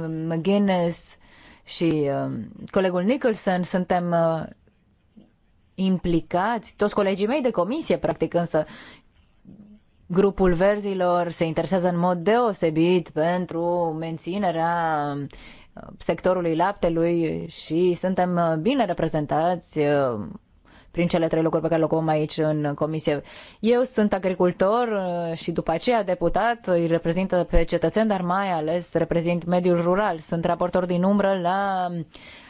McGuinness, și um, colegul Nicholson suntem uh, implicați, toți colegii mei de comisie, practic, însă grupul verzilor se interesează în mod deosebit pentru menținerea um, sectorului laptelui și suntem uh, bine reprezentați uh, prin cele trei lucruri pe care le ocupăm aici în comisie. Eu sunt agricultor uh, și după aceea deputat, îi reprezintă pe cetățeni, dar mai ales reprezint mediul rural. Sunt raportor din umbră la um,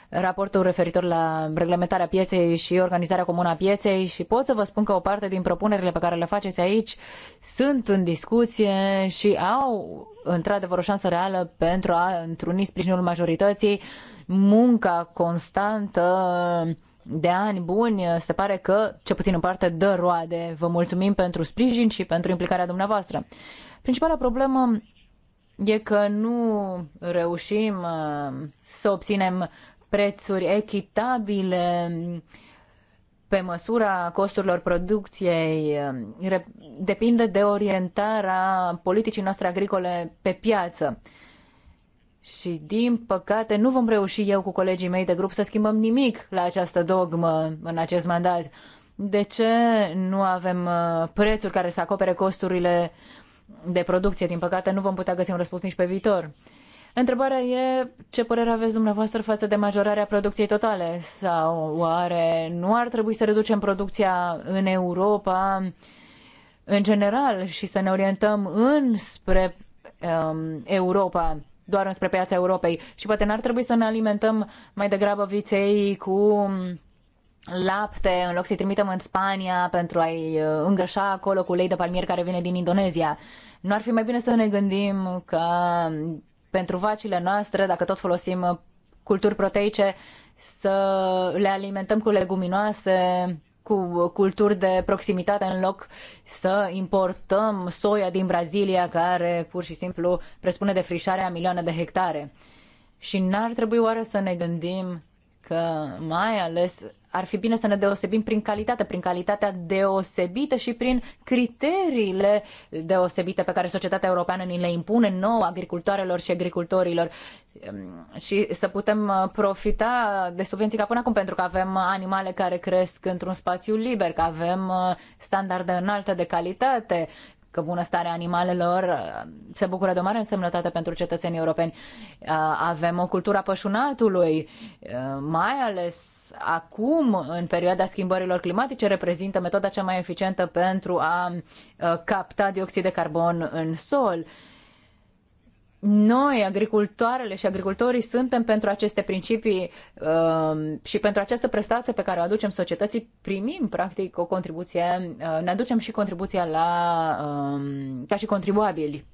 raportul referitor la reglementarea pieței și organizarea comună a pieței și pot să vă spun că o parte din propunerile pe care le faceți aici sunt în discuție și au într-adevăr o șansă reală pentru a întruni sprijinul majorității. Munca constantă de ani buni se pare că, ce puțin în parte, dă roade. Vă mulțumim pentru sprijin și pentru implicarea dumneavoastră. Principala problemă e că nu reușim uh, să obținem prețuri echitabile pe măsura costurilor producției uh, depinde de orientarea politicii noastre agricole pe piață. Și, din păcate, nu vom reuși eu cu colegii mei de grup să schimbăm nimic la această dogmă în acest mandat. De ce nu avem uh, prețuri care să acopere costurile de producție? Din păcate, nu vom putea găsi un răspuns nici pe viitor. Întrebarea e ce părere aveți dumneavoastră față de majorarea producției totale? Sau oare nu ar trebui să reducem producția în Europa în general și să ne orientăm înspre um, Europa? doar înspre piața Europei și poate n-ar trebui să ne alimentăm mai degrabă viței cu lapte în loc să-i trimitem în Spania pentru a-i uh, îngrășa acolo cu ulei de palmier care vine din Indonezia. Nu ar fi mai bine să ne gândim că mm, pentru vacile noastre, dacă tot folosim uh, culturi proteice, să le alimentăm cu leguminoase, cu culturi de proximitate în loc să importăm soia din Brazilia care pur și simplu presupune defrișarea milioane de hectare. Și n-ar trebui oare să ne gândim că mai ales ar fi bine să ne deosebim prin calitate, prin calitatea deosebită și prin criteriile deosebite pe care societatea europeană ni le impune nouă agricultoarelor și agricultorilor ehm, și să putem uh, profita de subvenții ca până acum, pentru că avem animale care cresc într-un spațiu liber, că avem uh, standarde înalte de calitate, că bunăstarea animalelor uh, se bucură de o mare însemnătate pentru cetățenii europeni. Uh, avem o cultură a pășunatului, uh, mai ales acum, în perioada schimbărilor climatice, reprezintă metoda cea mai eficientă pentru a capta dioxid de carbon în sol noi, agricultoarele și agricultorii, suntem pentru aceste principii uh, și pentru această prestație pe care o aducem societății, primim practic o contribuție, uh, ne aducem și contribuția la, uh, ca și contribuabili.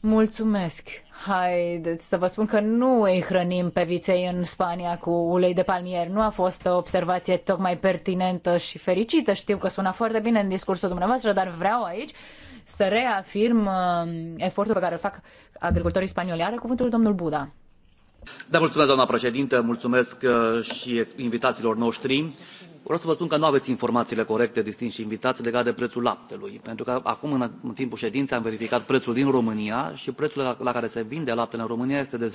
Mulțumesc! Haideți să vă spun că nu îi hrănim pe viței în Spania cu ulei de palmier. Nu a fost o observație tocmai pertinentă și fericită. Știu că suna foarte bine în discursul dumneavoastră, dar vreau aici să reafirm um, efortul pe care îl fac agricultorii spanioli. Are cuvântul domnul Buda. Da, mulțumesc, doamna președintă, mulțumesc uh, și invitațiilor noștri. Vreau să vă spun că nu aveți informațiile corecte, distinși invitați, legat de prețul laptelui, pentru că acum, în, timpul ședinței, am verificat prețul din România și prețul la, la care se vinde laptele în România este de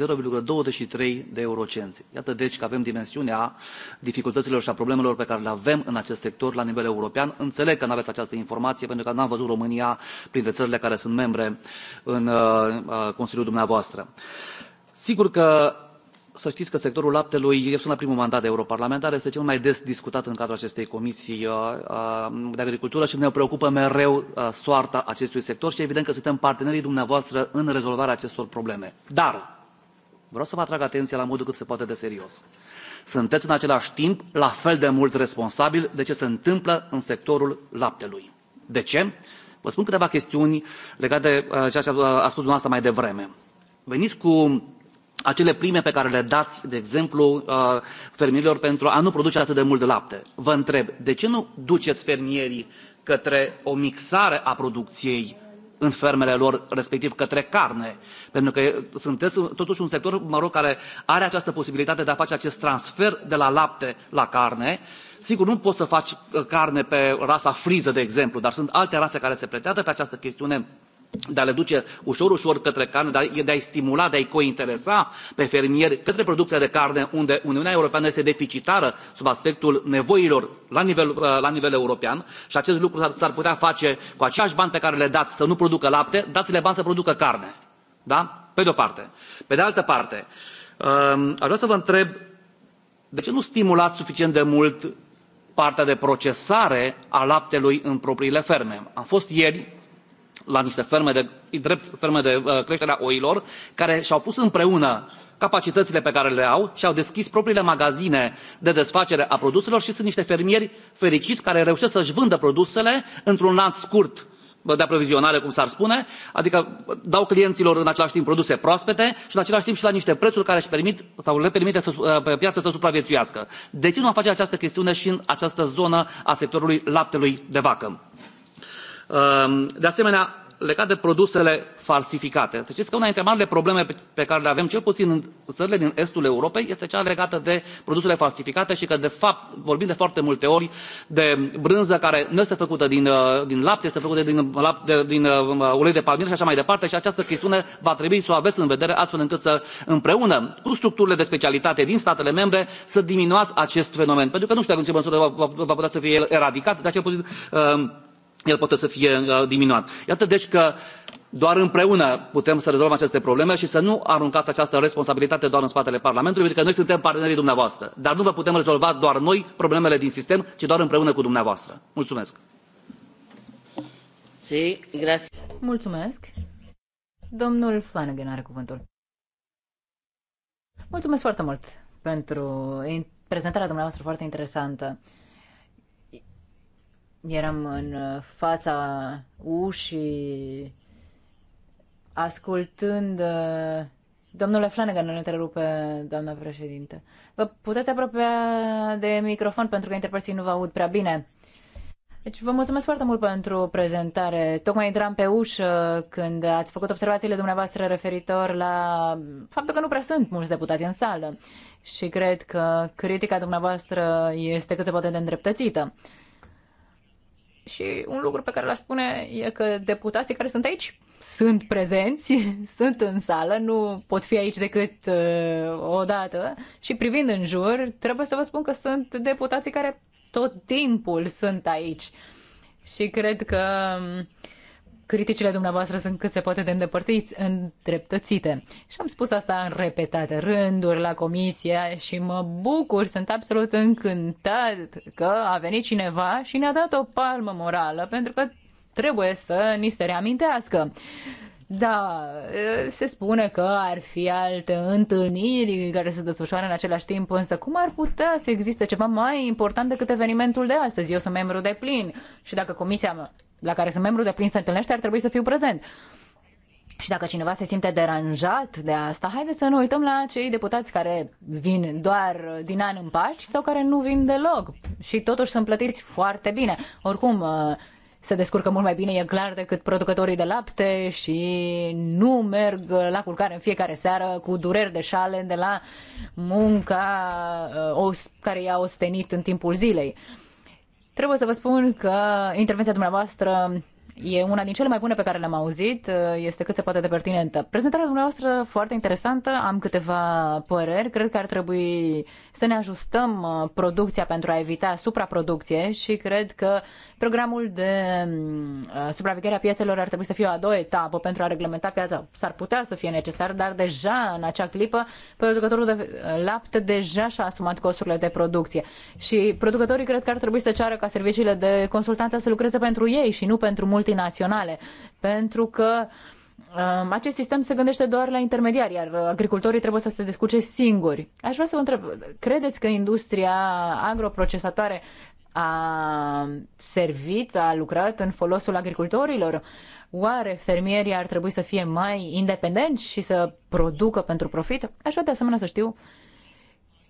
0,23 de eurocenți. Iată deci că avem dimensiunea dificultăților și a problemelor pe care le avem în acest sector la nivel european. Înțeleg că nu aveți această informație, pentru că n-am văzut România printre țările care sunt membre în uh, uh Consiliul dumneavoastră. Sigur că să știți că sectorul laptelui, eu sunt la primul mandat de europarlamentar, este cel mai des discutat în cadrul acestei comisii uh, uh, de agricultură și ne preocupă mereu uh, soarta acestui sector și evident că suntem partenerii dumneavoastră în rezolvarea acestor probleme. Dar vreau să vă atrag atenția la modul cât se poate de serios. Sunteți în același timp la fel de mult responsabil de ce se întâmplă în sectorul laptelui. De ce? Vă spun câteva chestiuni legate de ceea ce a spus dumneavoastră mai devreme. Veniți cu acele prime pe care le dați, de exemplu, uh, fermierilor pentru a nu produce atât de mult de lapte. Vă întreb, de ce nu duceți fermierii către o mixare a producției în fermele lor, respectiv către carne. Pentru că sunteți totuși un sector, mă rog, care are această posibilitate de a face acest transfer de la lapte la carne. Sigur, nu poți să faci uh, carne pe rasa friză, de exemplu, dar sunt alte rase care se pretează pe această chestiune de a le duce ușor, ușor către carne, de a, de a-i stimula, de a-i cointeresa pe fermieri către producția de carne, unde Uniunea Europeană este deficitară sub aspectul nevoilor la nivel, uh, la nivel european și acest lucru s-ar putea face cu aceiași bani pe care le dați să nu producă lapte, dați-le bani să producă carne. Da? Pe de-o parte. Pe de altă parte, um, aș vrea să vă întreb de ce nu stimulați suficient de mult partea de procesare a laptelui în propriile ferme? Am fost ieri la niște ferme de, drept ferme de uh, creștere a oilor, care și-au pus împreună capacitățile pe care le au și au deschis propriile magazine de desfacere a produselor și sunt niște fermieri fericiți care reușesc să-și vândă produsele într-un lanț scurt de aprovizionare, cum s-ar spune, adică dau clienților în același timp produse proaspete și în același timp și la niște prețuri care își permit sau le permite să, uh, pe piață să supraviețuiască. De ce nu am face această chestiune și în această zonă a sectorului laptelui de vacă? Ehm, de asemenea, legat de produsele falsificate. Să știți că una dintre marile probleme pe care le avem, cel puțin în țările din estul Europei, este cea legată de produsele falsificate și că, de fapt, vorbim de foarte multe ori de brânză care nu este făcută din, uh, din lapte, este făcută din, uh, lapte, din uh, ulei de palmier și așa mai departe și această chestiune va trebui să o aveți în vedere astfel încât să, împreună cu structurile de specialitate din statele membre, să diminuați acest fenomen. Pentru că nu știu în ce măsură va, va putea să fie el eradicat, dar cel puțin uh, el poate să fie uh, diminuat. iată deci că doar împreună putem să rezolvăm aceste probleme și să nu aruncați această responsabilitate doar în spatele parlamentului pentru că noi suntem partenerii dumneavoastră dar nu vă putem rezolva doar noi problemele din sistem ci doar împreună cu dumneavoastră. mulțumesc. Sí, mulțumesc. Domnul Flanagan are cuvântul. Mulțumesc foarte mult pentru prezentarea dumneavoastră foarte interesantă eram în uh, fața ușii, ascultând... Uh, domnule Flanagan, nu întrerupe, doamna președinte. Vă puteți apropia de microfon pentru că interpreții nu vă aud prea bine. Deci vă mulțumesc foarte mult pentru prezentare. Tocmai intram pe ușă când ați făcut observațiile dumneavoastră referitor la faptul că nu prea sunt mulți deputați în sală și cred că critica dumneavoastră este cât se poate de îndreptățită. Și un lucru pe care l a spune e că deputații care sunt aici sunt prezenți, sunt în sală, nu pot fi aici decât uh, o dată și privind în jur, trebuie să vă spun că sunt deputații care tot timpul sunt aici. Și cred că uh, criticile dumneavoastră sunt cât se poate de îndepărtiți, îndreptățite. Și am spus asta în repetate rânduri la comisie și mă bucur, sunt absolut încântat că a venit cineva și ne-a dat o palmă morală, pentru că trebuie să ni se reamintească. Da, se spune că ar fi alte întâlniri care se desfășoară în același timp, însă cum ar putea să existe ceva mai important decât evenimentul de astăzi? Eu sunt membru de plin și dacă comisia la care sunt membru de plin se întâlnește, ar trebui să fiu prezent. Și dacă cineva se simte deranjat de asta, haideți să nu uităm la cei deputați care vin doar din an în pași sau care nu vin deloc și totuși sunt plătiți foarte bine. Oricum, uh, se descurcă mult mai bine, e clar, decât producătorii de lapte și nu merg la culcare în fiecare seară cu dureri de șale de la munca uh, care i-a ostenit în timpul zilei. Trebuie să vă spun că intervenția dumneavoastră e una din cele mai bune pe care le-am auzit, este cât se poate de pertinentă. Prezentarea dumneavoastră foarte interesantă, am câteva păreri, cred că ar trebui să ne ajustăm uh, producția pentru a evita supraproducție și cred că Programul de mm, uh, supraveghere a piețelor ar trebui să fie o a doua etapă pentru a reglementa piața. S-ar putea să fie necesar, dar deja în acea clipă producătorul de lapte deja și-a asumat costurile de producție. Și producătorii cred că ar trebui să ceară ca serviciile de consultanță să lucreze pentru ei și nu pentru multinaționale. Pentru că um, acest sistem se gândește doar la intermediari, iar agricultorii trebuie să se descurce singuri. Aș vrea să vă întreb, credeți că industria agroprocesatoare a servit, a lucrat în folosul agricultorilor. Oare fermierii ar trebui să fie mai independenți și să producă pentru profit? Aș vrea de asemenea să știu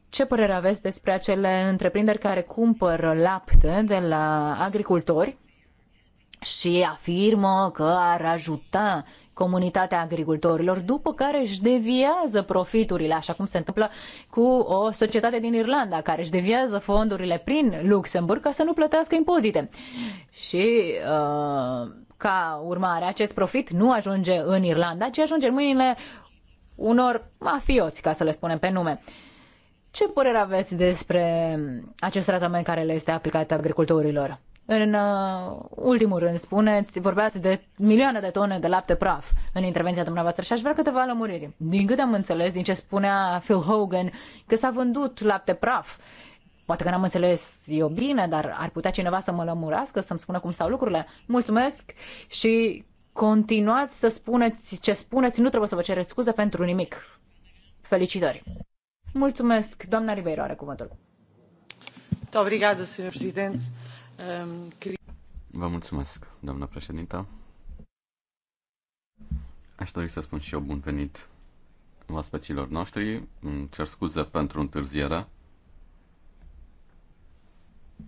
ce părere aveți despre acele întreprinderi care cumpără lapte de la agricultori și afirmă că ar ajuta comunitatea agricultorilor, după care își deviază profiturile, așa cum se întâmplă cu o societate din Irlanda, care își deviază fondurile prin Luxemburg ca să nu plătească impozite. Și uh, ca urmare, acest profit nu ajunge în Irlanda, ci ajunge în mâinile unor mafioți, ca să le spunem pe nume. Ce părere aveți despre acest tratament care le este aplicat agricultorilor? În uh, ultimul rând, spuneți, vorbeați de milioane de tone de lapte praf în intervenția dumneavoastră și aș vrea câteva lămuriri. Din câte am înțeles, din ce spunea Phil Hogan, că s-a vândut lapte praf. Poate că n-am înțeles eu bine, dar ar putea cineva să mă lămurească, să-mi spună cum stau lucrurile. Mulțumesc și continuați să spuneți ce spuneți, nu trebuie să vă cereți scuze pentru nimic. Felicitări! Mulțumesc, doamna Ribeiro are cuvântul. Obrigada, Sr. presidente. Ehm, Vă mulțumesc, doamna președintă. Aș dori să spun și eu bun venit oaspeților noștri. Îmi cer scuze pentru întârziere.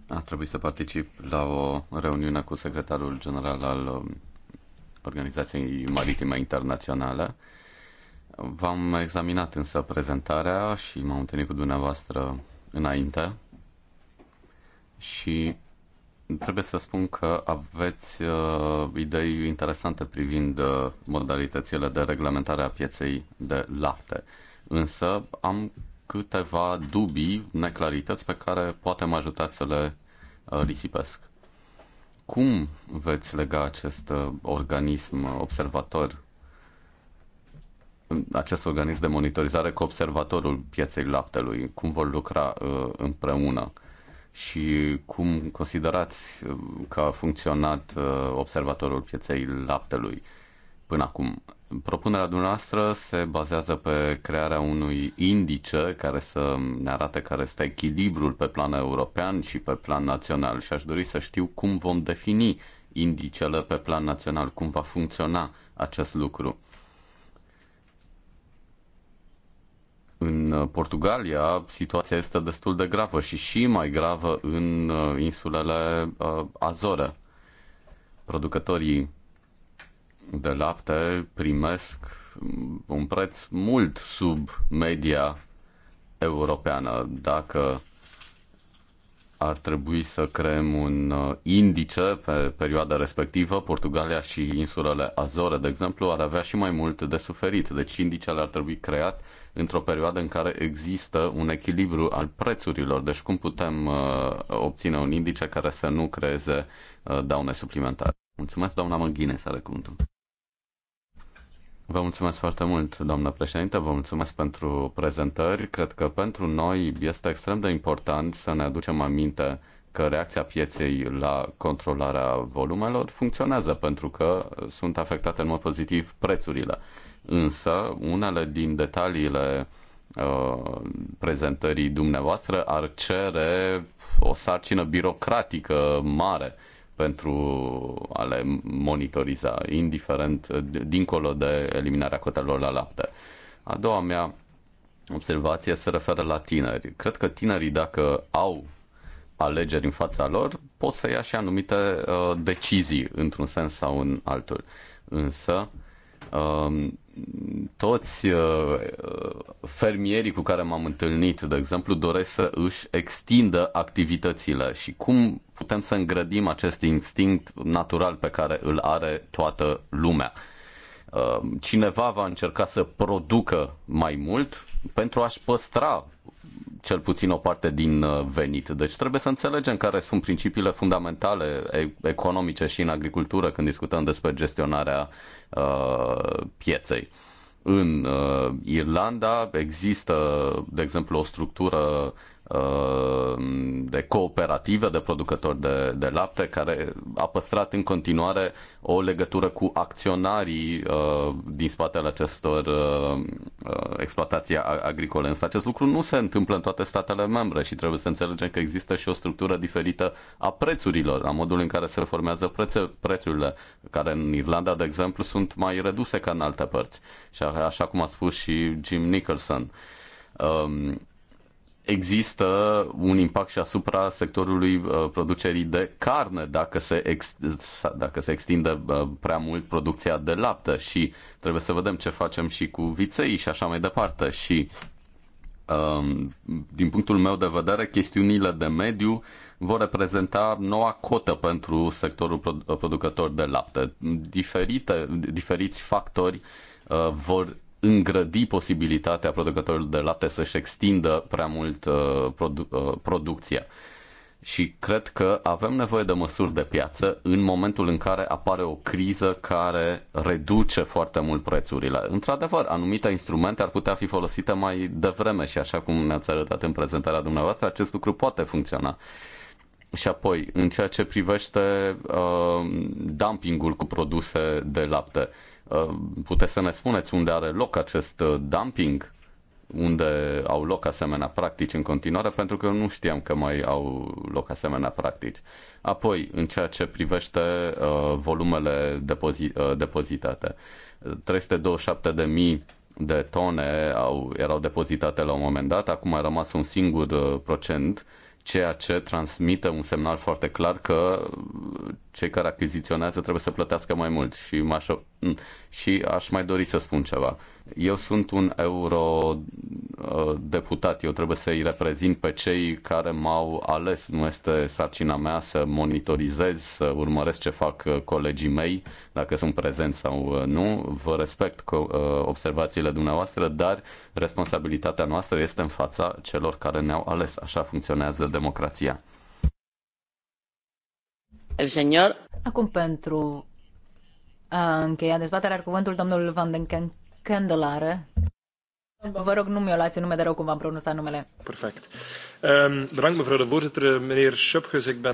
A trebuit să particip la o reuniune cu secretarul general al um, Organizației Maritime Internaționale. V-am examinat însă prezentarea și m-am întâlnit cu dumneavoastră înainte și trebuie să spun că aveți uh, idei interesante privind uh, modalitățile de reglementare a pieței de lapte. Însă am câteva dubii, neclarități pe care poate mă ajutați să le uh, risipesc. Cum veți lega acest uh, organism observator, acest organism de monitorizare cu observatorul pieței laptelui? Cum vor lucra uh, împreună? Uh, și cum considerați uh, că a funcționat uh, observatorul pieței laptelui până acum. Propunerea dumneavoastră se bazează pe crearea unui indice care să ne arate care este echilibrul pe plan european și pe plan național și aș dori să știu cum vom defini indicele pe plan național, cum va funcționa acest lucru. În uh, Portugalia situația este destul de gravă și și mai gravă în uh, insulele uh, Azore. Producătorii de lapte primesc mm, un preț mult sub media europeană. Dacă ar trebui să creăm un indice pe perioada respectivă, Portugalia și insulele Azore, de exemplu, ar avea și mai mult de suferit. Deci indicele ar trebui creat într-o perioadă în care există un echilibru al prețurilor. Deci cum putem uh, obține un indice care să nu creeze uh, daune suplimentare? Mulțumesc, doamna Măghine, să are cuvântul. Vă mulțumesc foarte mult, doamnă președinte, vă mulțumesc pentru prezentări. Cred că pentru noi este extrem de important să ne aducem aminte că reacția pieței la controlarea volumelor funcționează pentru că sunt afectate în mod pozitiv prețurile. Însă, unele din detaliile uh, prezentării dumneavoastră ar cere o sarcină birocratică mare pentru a le monitoriza, indiferent, dincolo de eliminarea cotelor la lapte. A doua mea observație se referă la tineri. Cred că tinerii, dacă au alegeri în fața lor, pot să ia și anumite uh, decizii, într-un sens sau în altul. Însă, uh, toți uh, fermierii cu care m-am întâlnit, de exemplu, doresc să își extindă activitățile și cum putem să îngrădim acest instinct natural pe care îl are toată lumea. Uh, cineva va încerca să producă mai mult pentru a-și păstra cel puțin o parte din uh, venit. Deci trebuie să înțelegem care sunt principiile fundamentale economice și în agricultură când discutăm despre gestionarea uh, pieței. În uh, Irlanda există, de exemplu, o structură Uh, de cooperative de producători de, de lapte care a păstrat în continuare o legătură cu acționarii uh, din spatele acestor uh, uh exploatații agricole. Însă acest lucru nu se întâmplă în toate statele membre și trebuie să înțelegem că există și o structură diferită a prețurilor, a modului în care se formează prețe, prețurile, care în Irlanda, de exemplu, sunt mai reduse ca în alte părți. Și așa cum a spus și Jim Nicholson. Um, există un impact și asupra sectorului uh, producerii de carne dacă se, ex, dacă se extinde uh, prea mult producția de lapte și trebuie să vedem ce facem și cu viței și așa mai departe și um, din punctul meu de vedere, chestiunile de mediu vor reprezenta noua cotă pentru sectorul uh, producător de lapte. Diferite, diferiți factori vor îngrădi posibilitatea producătorilor de lapte să-și extindă prea mult uh, produ- uh, producția. Și cred că avem nevoie de măsuri de piață în momentul în care apare o criză care reduce foarte mult prețurile. Într-adevăr, anumite instrumente ar putea fi folosite mai devreme și așa cum ne-ați arătat în prezentarea dumneavoastră, acest lucru poate funcționa. Și apoi, în ceea ce privește uh, dumpingul cu produse de lapte, uh, Uh, puteți să ne spuneți unde are loc acest uh, dumping? Unde au loc asemenea practici în continuare? Pentru că nu știam că mai au loc asemenea practici. Apoi, în ceea ce privește uh, volumele depozi- uh, depozitate, 327.000 de tone au, erau depozitate la un moment dat, acum a rămas un singur uh, procent uh, ceea ce transmite un semnal foarte clar că cei care achiziționează trebuie să plătească mai mult și, m-aș, și aș mai dori să spun ceva. Eu sunt un eurodeputat, uh, eu trebuie să-i reprezint pe cei care m-au ales. Nu este sarcina mea să monitorizez, să urmăresc ce fac uh, colegii mei, dacă sunt prezenți sau uh, nu. Vă respect observațiile dumneavoastră, dar responsabilitatea noastră este în fața celor care ne-au ales. Așa funcționează democrația. El señor. Acum pentru a încheia dezbaterea, cuvântul domnul Van den Kenk Candelară. Vă rog, nu mi-o luați nume de rău cum v-am pronunțat numele. Perfect. Ehm, bedankt, mevrouw de voorzitter, eh, meneer Schöpkes, ik ben...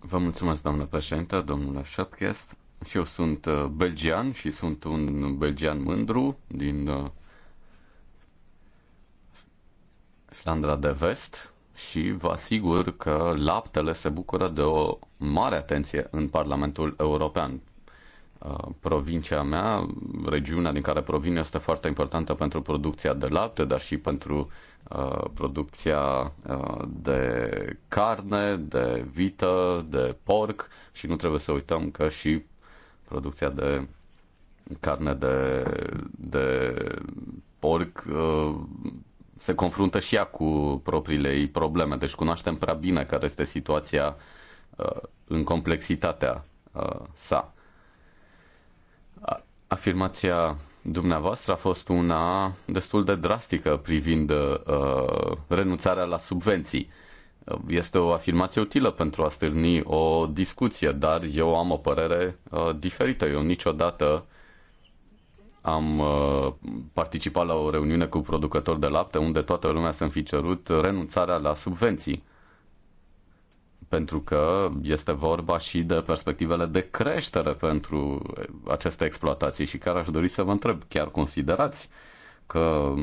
Vă mulțumesc, doamnă președintă, domnule Schöpkes. Și eu sunt eh, belgian și sunt un belgian mândru din eh, Flandra de Vest și vă asigur că laptele se bucură de o mare atenție în Parlamentul European provincia mea, regiunea din care provin este foarte importantă pentru producția de lapte, dar și pentru uh, producția uh, de carne, de vită, de porc și nu trebuie să uităm că și producția de carne de, de porc uh, se confruntă și ea cu propriile ei probleme. Deci cunoaștem prea bine care este situația uh, în complexitatea uh, sa. Afirmația dumneavoastră a fost una destul de drastică privind uh, renunțarea la subvenții. Uh, este o afirmație utilă pentru a stârni o discuție, dar eu am o părere uh, diferită. Eu niciodată am uh, participat la o reuniune cu producători de lapte unde toată lumea s-a fi cerut renunțarea la subvenții pentru că este vorba și de perspectivele de creștere pentru aceste exploatații și care aș dori să vă întreb, chiar considerați că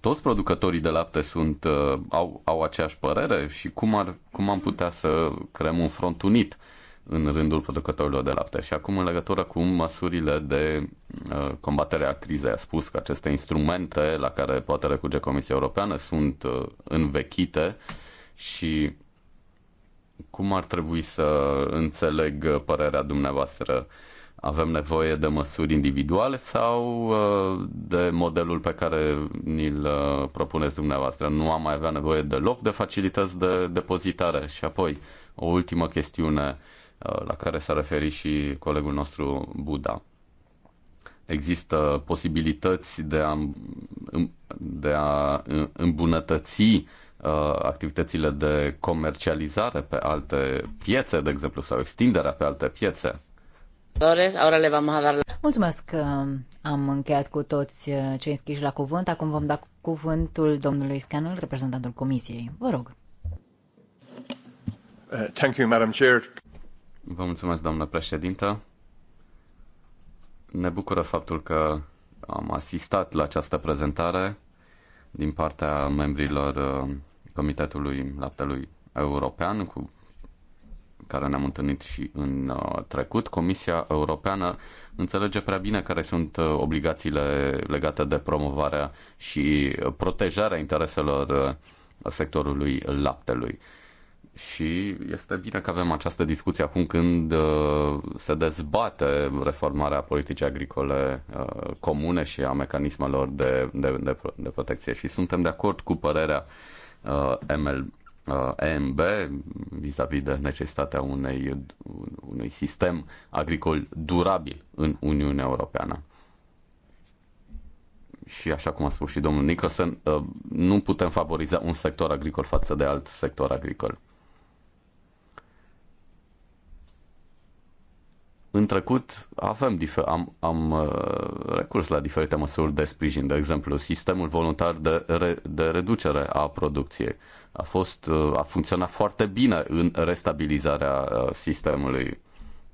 toți producătorii de lapte sunt, uh, au, au aceeași părere și cum, ar, cum am putea să creăm un front unit în rândul producătorilor de lapte. Și acum, în legătură cu măsurile de uh, combatere a crizei, a spus că aceste instrumente la care poate recurge Comisia Europeană sunt uh, învechite și cum ar trebui să înțeleg părerea dumneavoastră? Avem nevoie de măsuri individuale sau uh, de modelul pe care ni-l uh, propuneți dumneavoastră? Nu am mai avea nevoie deloc de facilități de depozitare. Și apoi, o ultimă chestiune uh, la care s-a referit și colegul nostru Buda. Există posibilități de a, de a îmbunătăți Uh, activitățile de comercializare pe alte piețe, de exemplu, sau extinderea pe alte piețe. Mulțumesc că am încheiat cu toți uh, cei înscriși la cuvânt. Acum vom da cuvântul domnului Scanul, reprezentantul Comisiei. Vă rog. Uh, thank you, Madam Chair. Vă mulțumesc, doamnă președintă. Ne bucură faptul că am asistat la această prezentare din partea membrilor Comitetului Laptelui European, cu care ne-am întâlnit și în uh, trecut, Comisia Europeană înțelege prea bine care sunt uh, obligațiile legate de promovarea și protejarea intereselor uh, sectorului laptelui. Și este bine că avem această discuție acum când se dezbate reformarea politicii agricole comune și a mecanismelor de, de, de, de protecție. Și suntem de acord cu părerea uh, Uh, ML, uh, EMB vis-a-vis -vis de necesitatea unei, unui sistem agricol durabil în Uniunea Europeană. Și așa cum a spus și domnul Nicholson, uh, nu putem favoriza un sector agricol față de alt sector agricol. în trecut avem difer- am, am uh, recurs la diferite măsuri de sprijin, de exemplu, sistemul voluntar de, re- de reducere a producției. A, fost, uh, a funcționat foarte bine în restabilizarea uh, sistemului.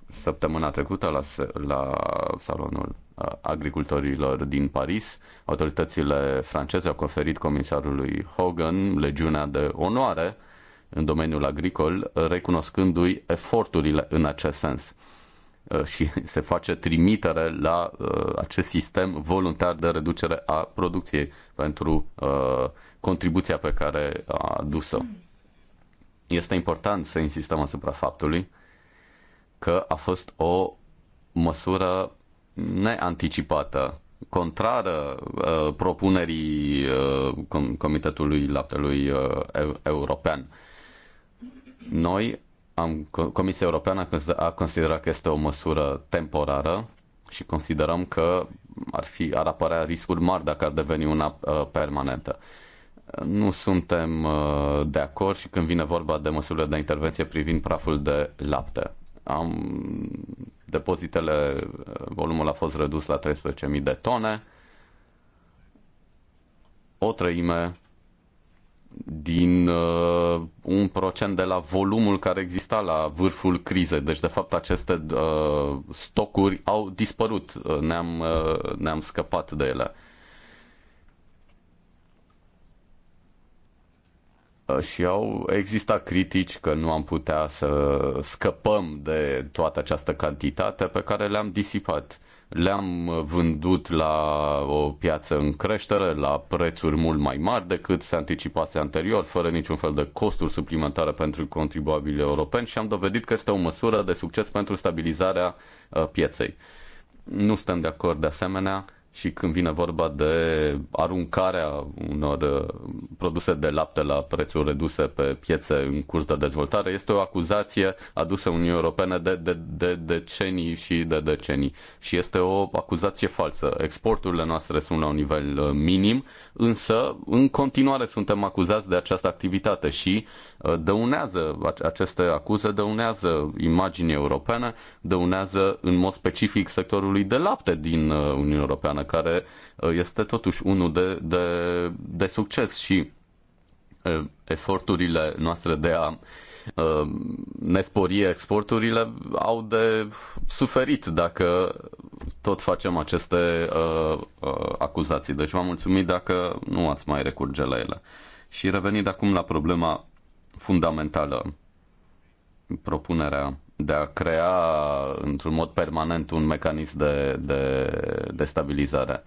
Săptămâna trecută la, la salonul agricultorilor din Paris, autoritățile franceze au conferit comisarului Hogan legiunea de onoare în domeniul agricol, recunoscându-i eforturile în acest sens Uh, și se face trimitere la uh, acest sistem voluntar de reducere a producției pentru uh, contribuția pe care a adus-o. Este important să insistăm asupra faptului că a fost o măsură neanticipată, contrară uh, propunerii uh, Comitetului Laptelui uh, European. Noi am, Comisia Europeană a considerat că este o măsură temporară și considerăm că ar, fi, ar apărea riscuri mari dacă ar deveni una uh, permanentă. Nu suntem uh, de acord și când vine vorba de măsurile de intervenție privind praful de lapte. Am, depozitele, uh, volumul a fost redus la 13.000 de tone, o treime din uh, un procent de la volumul care exista la vârful crizei. Deci, de fapt, aceste uh, stocuri au dispărut, uh, ne-am, uh, ne-am scăpat de ele. Uh, și au existat critici că nu am putea să scăpăm de toată această cantitate pe care le-am disipat le-am vândut la o piață în creștere, la prețuri mult mai mari decât se anticipase anterior, fără niciun fel de costuri suplimentare pentru contribuabili europeni și am dovedit că este o măsură de succes pentru stabilizarea uh, pieței. Nu suntem de acord de asemenea și când vine vorba de aruncarea unor uh, produse de lapte la prețuri reduse pe piețe în curs de dezvoltare, este o acuzație adusă Uniunii Europene de, de, de decenii și de decenii. Și este o acuzație falsă. Exporturile noastre sunt la un nivel uh, minim, însă în continuare suntem acuzați de această activitate și uh, Uh, dăunează, aceste acuze dăunează imaginii europene, dăunează în mod specific sectorului de lapte din uh, Uniunea Europeană, care uh, este totuși unul de, de, de succes și eforturile noastre de a ne spori exporturile au de suferit dacă tot facem aceste acuzații. Deci v-am mulțumit dacă nu ați mai recurge la ele. Și revenind acum la problema fundamentală. Propunerea de a crea într-un mod permanent un mecanism de, de, de stabilizare.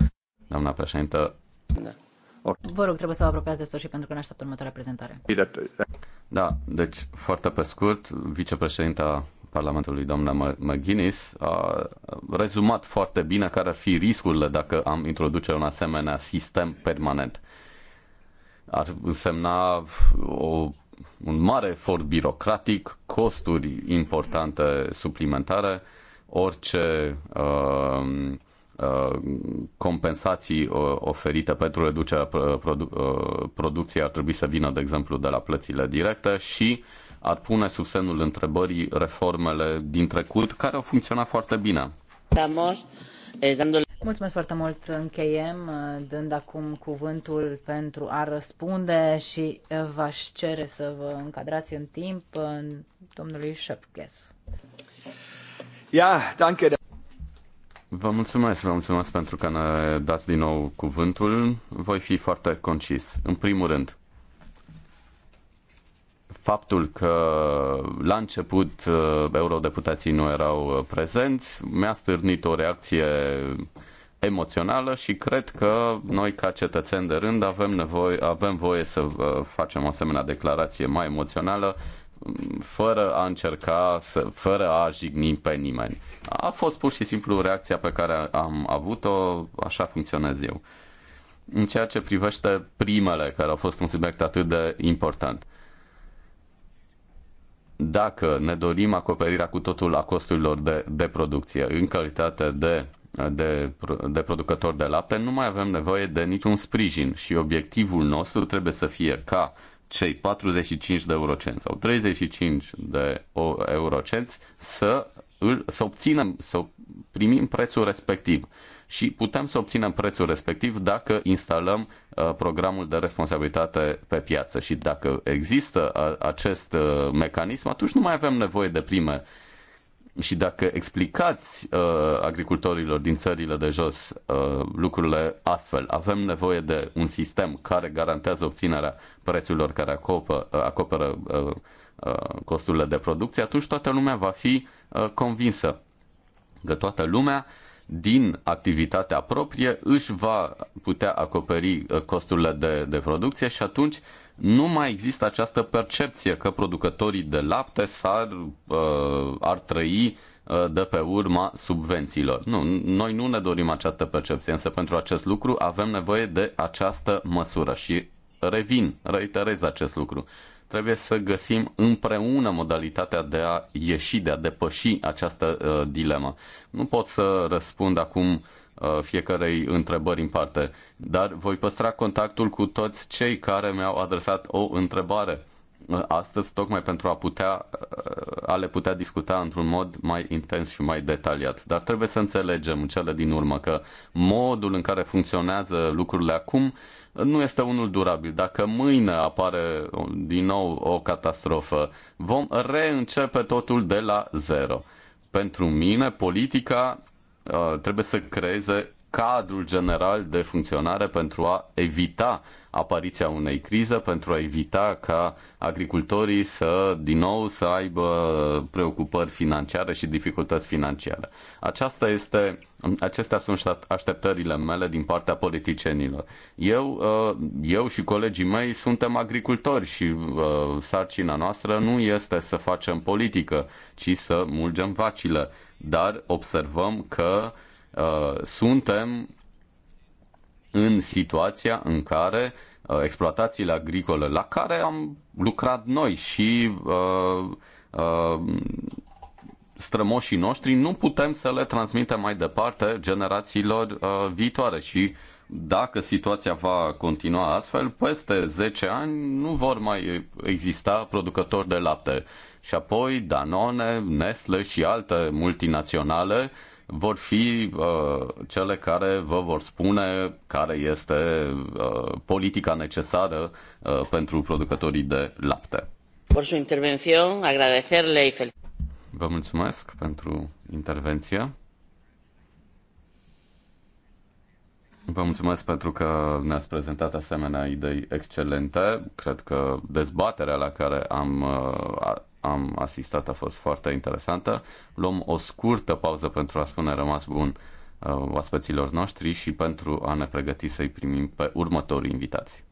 Doamna președintă. Da. Okay. Vă rog, trebuie să vă apropiați de sfârșit pentru că ne așteaptă următoarea prezentare. Da, deci foarte pe scurt, vicepreședinta Parlamentului, doamna McGuinness, a rezumat foarte bine care ar fi riscurile dacă am introduce un asemenea sistem permanent. Ar însemna o un mare efort birocratic, costuri importante suplimentare, orice uh, uh, compensații uh, oferite pentru reducerea produ- uh, producției ar trebui să vină, de exemplu, de la plățile directe și ar pune sub semnul întrebării reformele din trecut care au funcționat foarte bine. Estamos eh, dando Mulțumesc foarte mult. Încheiem uh, dând acum cuvântul pentru a răspunde și uh, v-aș cere să vă încadrați în timp uh, domnului Șepches. Ja, danke. Vă mulțumesc, vă mulțumesc pentru că ne dați din nou cuvântul. Voi fi foarte concis. În primul rând, faptul că la început eurodeputații nu erau prezenți mi-a stârnit o reacție emoțională și cred că noi ca cetățeni de rând avem, nevoie, avem voie să uh, facem o asemenea declarație mai emoțională um, fără a încerca, să, fără a jigni pe nimeni. A fost pur și simplu reacția pe care am avut-o, așa funcționez eu. În ceea ce privește primele, care au fost un subiect atât de important dacă ne dorim acoperirea cu totul a costurilor de, de producție în calitate de de, de producători de lapte, nu mai avem nevoie de niciun sprijin și obiectivul nostru trebuie să fie ca cei 45 de eurocenți sau 35 de eurocenți să, îl, să obținem, să primim prețul respectiv. Și putem să obținem prețul respectiv dacă instalăm uh, programul de responsabilitate pe piață. Și dacă există a, uh, acest uh, mecanism, atunci nu mai avem nevoie de prime uh, și dacă explicați uh, agricultorilor din țările de jos uh, lucrurile astfel, avem nevoie de un sistem care garantează obținerea prețurilor care acopă, uh, acoperă uh, uh, costurile de producție, atunci toată lumea va fi uh, convinsă că toată lumea din activitatea proprie își va putea acoperi uh, costurile de, de producție și atunci uh, nu mai există această percepție că producătorii de lapte s-ar, uh, ar trăi uh, de pe urma subvențiilor. Nu, noi nu ne dorim această percepție, însă pentru acest lucru avem nevoie de această măsură și revin, reiterez acest lucru. Trebuie să găsim împreună modalitatea de a ieși, de a depăși această uh, dilemă. Nu pot să răspund acum uh, Uh, fiecarei întrebări în parte, dar voi păstra contactul cu toți cei care mi-au adresat o întrebare uh, astăzi, tocmai pentru a, putea, uh, a le putea discuta într-un mod mai intens și mai detaliat. Dar trebuie să înțelegem în cele din urmă că modul în care funcționează lucrurile acum nu este unul durabil. Dacă mâine apare din nou o catastrofă, vom reîncepe totul de la zero. Pentru mine, politica Uh, trebuie să creeze cadrul general de funcționare pentru a evita apariția unei crize, pentru a evita ca agricultorii să, din nou, să aibă preocupări financiare și dificultăți financiare. Aceasta este, acestea sunt așteptările mele din partea politicienilor. Eu, uh, eu și colegii mei suntem agricultori și uh, sarcina noastră nu este să facem politică, ci să mulgem vacile. Dar observăm că Uh, suntem în situația în care uh, exploatațiile agricole la care am lucrat noi și uh, uh, strămoșii noștri nu putem să le transmitem mai departe generațiilor uh, viitoare și dacă situația va continua astfel, peste 10 ani nu vor mai exista producători de lapte. Și apoi Danone, Nestle și alte multinaționale uh, vor fi uh, cele care vă vor spune care este uh, politica necesară uh, pentru producătorii de lapte. Por su intervención, agradecerle y fel- Vă mulțumesc pentru intervenție. Vă mulțumesc pentru că ne-ați prezentat asemenea idei excelente. Cred că dezbaterea la care am uh, am asistat a fost foarte interesantă. Luăm o scurtă pauză pentru a spune rămas bun uh, oaspeților noștri și pentru a ne pregăti să-i primim pe următorii invitații.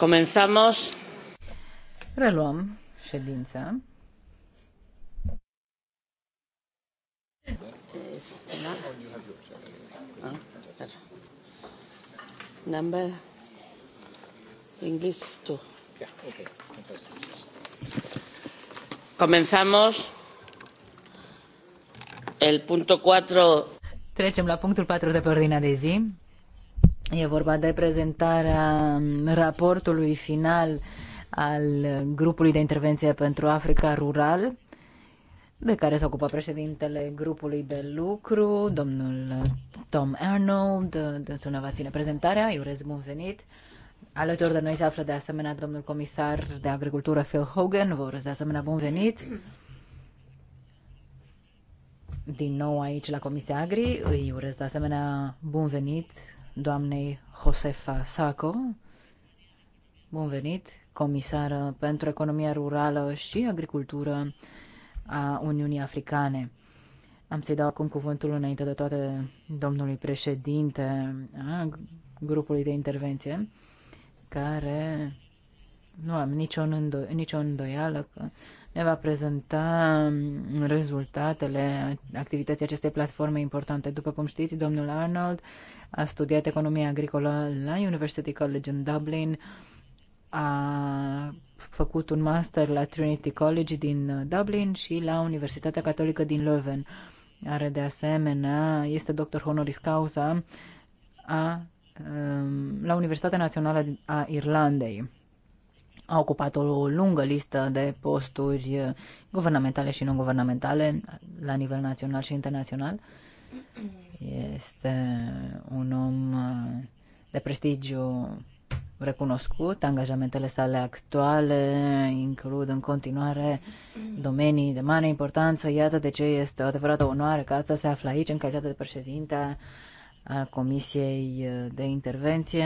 Comenzamos. Reluăm ședința. Number English two. Yeah, okay. Comenzamos el punto 4. Trecem la punctul 4 de pe ordinea de zi. E vorba de prezentarea raportului final al grupului de intervenție pentru Africa Rural, de care s-a ocupat președintele grupului de lucru, domnul Tom Arnold. Dânsul ne va ține prezentarea. Eu urez bun venit. Alături de noi se află de asemenea domnul comisar de agricultură Phil Hogan. Vă urez de asemenea bun venit. Din nou aici la Comisia Agri. Îi urez de asemenea bun venit doamnei Josefa Saco. Bun venit, comisară pentru economia rurală și agricultură a Uniunii Africane. Am să-i dau acum cuvântul înainte de toate domnului președinte a grupului de intervenție, care nu am nicio, îndo- nicio îndoială că ne va prezenta um, rezultatele activității acestei platforme importante. După cum știți, domnul Arnold a studiat economia agricolă la University College în Dublin, a făcut un master la Trinity College din uh, Dublin și la Universitatea Catolică din Leuven. Are de asemenea, este doctor honoris causa a, um, la Universitatea Națională a Irlandei a ocupat o lungă listă de posturi guvernamentale și non-guvernamentale la nivel național și internațional. Este un om uh, de prestigiu recunoscut. Angajamentele sale actuale includ în continuare domenii de mare importanță. Iată de ce este o adevărată onoare că asta se află aici în calitate de președinte a Comisiei uh, de Intervenție.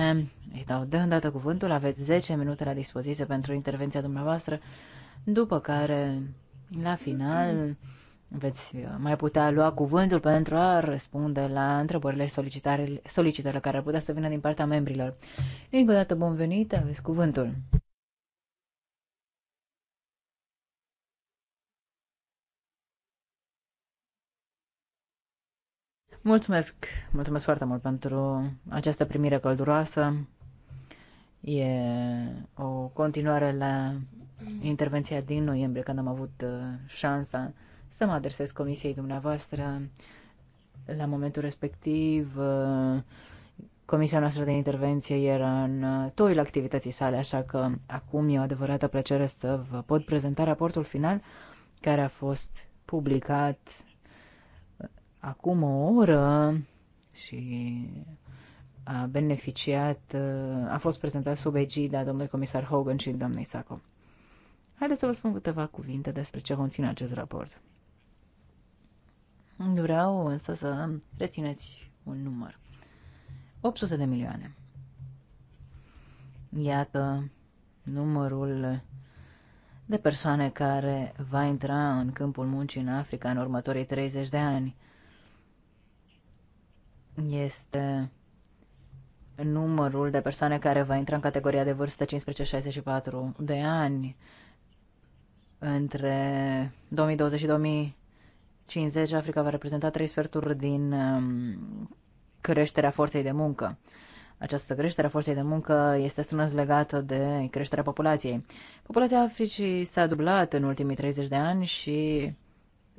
Îi dau de îndată cuvântul, aveți 10 minute la dispoziție pentru intervenția dumneavoastră, după care, la final, veți uh, mai putea lua cuvântul pentru a răspunde la întrebările solicitările care ar putea să vină din partea membrilor. Încă o dată bun venit, aveți cuvântul. Mulțumesc, mulțumesc foarte mult pentru această primire călduroasă. E o continuare la intervenția din noiembrie, când am avut uh, șansa să mă adresez comisiei dumneavoastră. La momentul respectiv, uh, comisia noastră de intervenție era în uh, toile activității sale, așa că acum e o adevărată plăcere să vă pot prezenta raportul final care a fost publicat acum o oră și a beneficiat, a fost prezentat sub egida domnului comisar Hogan și doamnei Sacco. Haideți să vă spun câteva cuvinte despre ce conține acest raport. Vreau însă să rețineți un număr. 800 de milioane. Iată numărul de persoane care va intra în câmpul muncii în Africa în următorii 30 de ani este numărul de persoane care va intra în categoria de vârstă 15-64 de ani între 2020 și 2050 Africa va reprezenta trei sferturi din um, creșterea forței de muncă. Această creștere a forței de muncă este strâns legată de creșterea populației. Populația Africii s-a dublat în ultimii 30 de ani și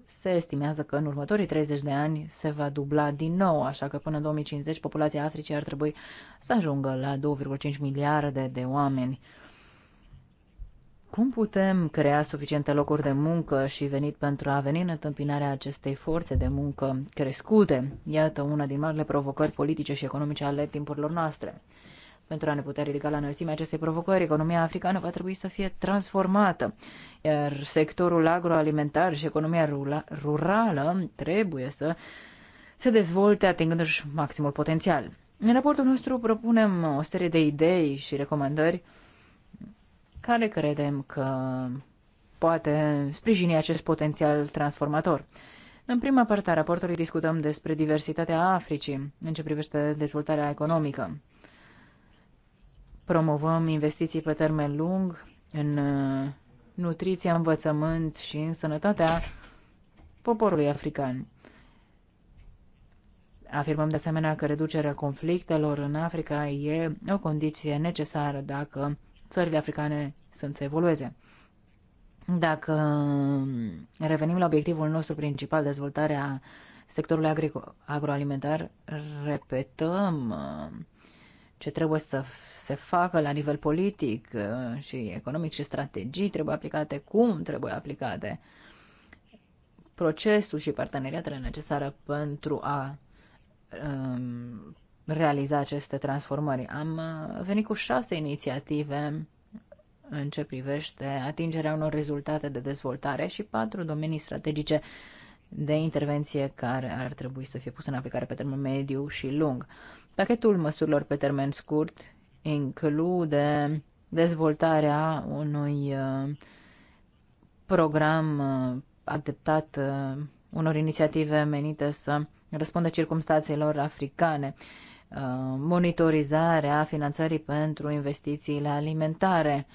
se estimează că în următorii 30 de ani se va dubla din nou, așa că până în 2050 populația Africii ar trebui să ajungă la 2,5 miliarde de oameni. Cum putem crea suficiente locuri de muncă și venit pentru a veni în întâmpinarea acestei forțe de muncă crescute? Iată una din marile provocări politice și economice ale timpurilor noastre. Pentru a ne putea ridica la înălțimea acestei provocări, economia africană va trebui să fie transformată, iar sectorul agroalimentar și economia rurală trebuie să se dezvolte atingându-și maximul potențial. În raportul nostru propunem o serie de idei și recomandări care credem că poate sprijini acest potențial transformator. În prima parte a raportului discutăm despre diversitatea Africii în ce privește dezvoltarea economică. Promovăm investiții pe termen lung în uh, nutriție, învățământ și în sănătatea poporului african. Afirmăm de asemenea că reducerea conflictelor în Africa e o condiție necesară dacă țările africane sunt să evolueze. Dacă revenim la obiectivul nostru principal, dezvoltarea sectorului agroalimentar, repetăm uh, ce trebuie să se facă la nivel politic uh, și economic și strategii trebuie aplicate, cum trebuie aplicate procesul și parteneriatele necesare pentru a um, realiza aceste transformări. Am uh, venit cu șase inițiative în ce privește atingerea unor rezultate de dezvoltare și patru domenii strategice de intervenție care ar trebui să fie pusă în aplicare pe termen mediu și lung. Pachetul măsurilor pe termen scurt include dezvoltarea unui uh, program uh, adaptat uh, unor inițiative menite să răspundă circumstanțelor africane, monitorizarea finanțării pentru investițiile alimentare,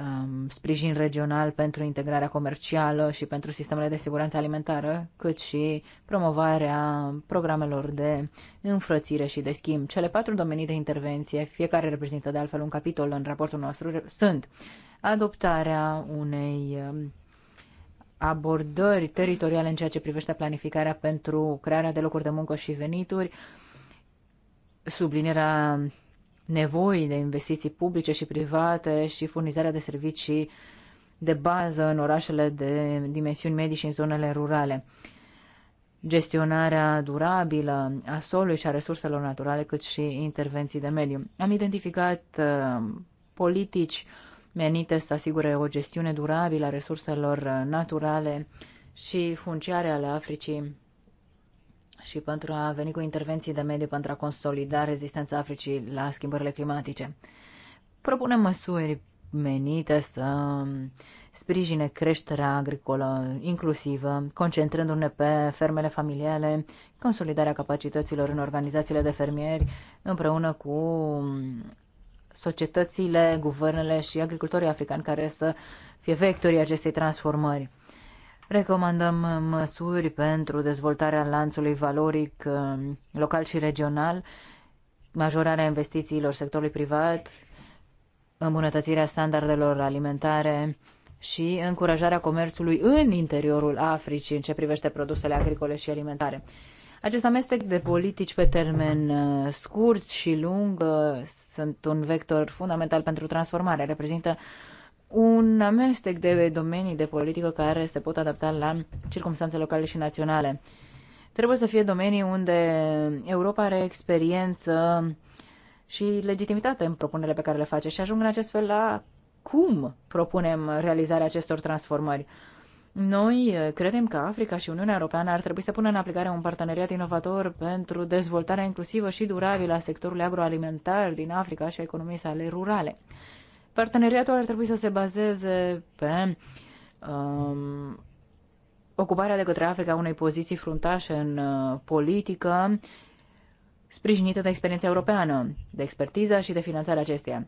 um, sprijin regional pentru integrarea comercială și pentru sistemele de siguranță alimentară, cât și promovarea programelor de înfrățire și de schimb. Cele patru domenii de intervenție, fiecare reprezintă de altfel un capitol în raportul nostru, sunt adoptarea unei um, abordări teritoriale în ceea ce privește planificarea pentru crearea de locuri de muncă și venituri, sublinierea nevoi de investiții publice și private și furnizarea de servicii de bază în orașele de dimensiuni medii și în zonele rurale. Gestionarea durabilă a solului și a resurselor naturale, cât și intervenții de mediu. Am identificat uh, politici menite să asigure o gestiune durabilă a resurselor uh, naturale și funciare ale Africii și pentru a veni cu intervenții de mediu pentru a consolida rezistența Africii la schimbările climatice. Propunem măsuri menite să sprijine creșterea agricolă inclusivă, concentrându-ne pe fermele familiale, consolidarea capacităților în organizațiile de fermieri, împreună cu societățile, guvernele și agricultorii africani care să fie vectorii acestei transformări. Recomandăm uh, măsuri pentru dezvoltarea lanțului valoric uh, local și regional, majorarea investițiilor sectorului privat, îmbunătățirea standardelor alimentare și încurajarea comerțului în interiorul Africii în ce privește produsele agricole și alimentare. Acest amestec de politici pe termen uh, scurt și lung sunt un vector fundamental pentru transformare. Reprezintă un amestec de domenii de politică care se pot adapta la circumstanțe locale și naționale. Trebuie să fie domenii unde Europa are experiență și legitimitate în propunerile pe care le face și ajung în acest fel la cum propunem realizarea acestor transformări. Noi eh, credem că Africa și Uniunea Europeană ar trebui să pună în aplicare un parteneriat inovator pentru dezvoltarea inclusivă și durabilă a sectorului agroalimentar din Africa și a economiei sale rurale. Parteneriatul ar trebui să se bazeze pe um, ocuparea de către Africa unei poziții fruntașe în uh, politică, sprijinită de experiența europeană, de expertiza și de finanțarea acesteia.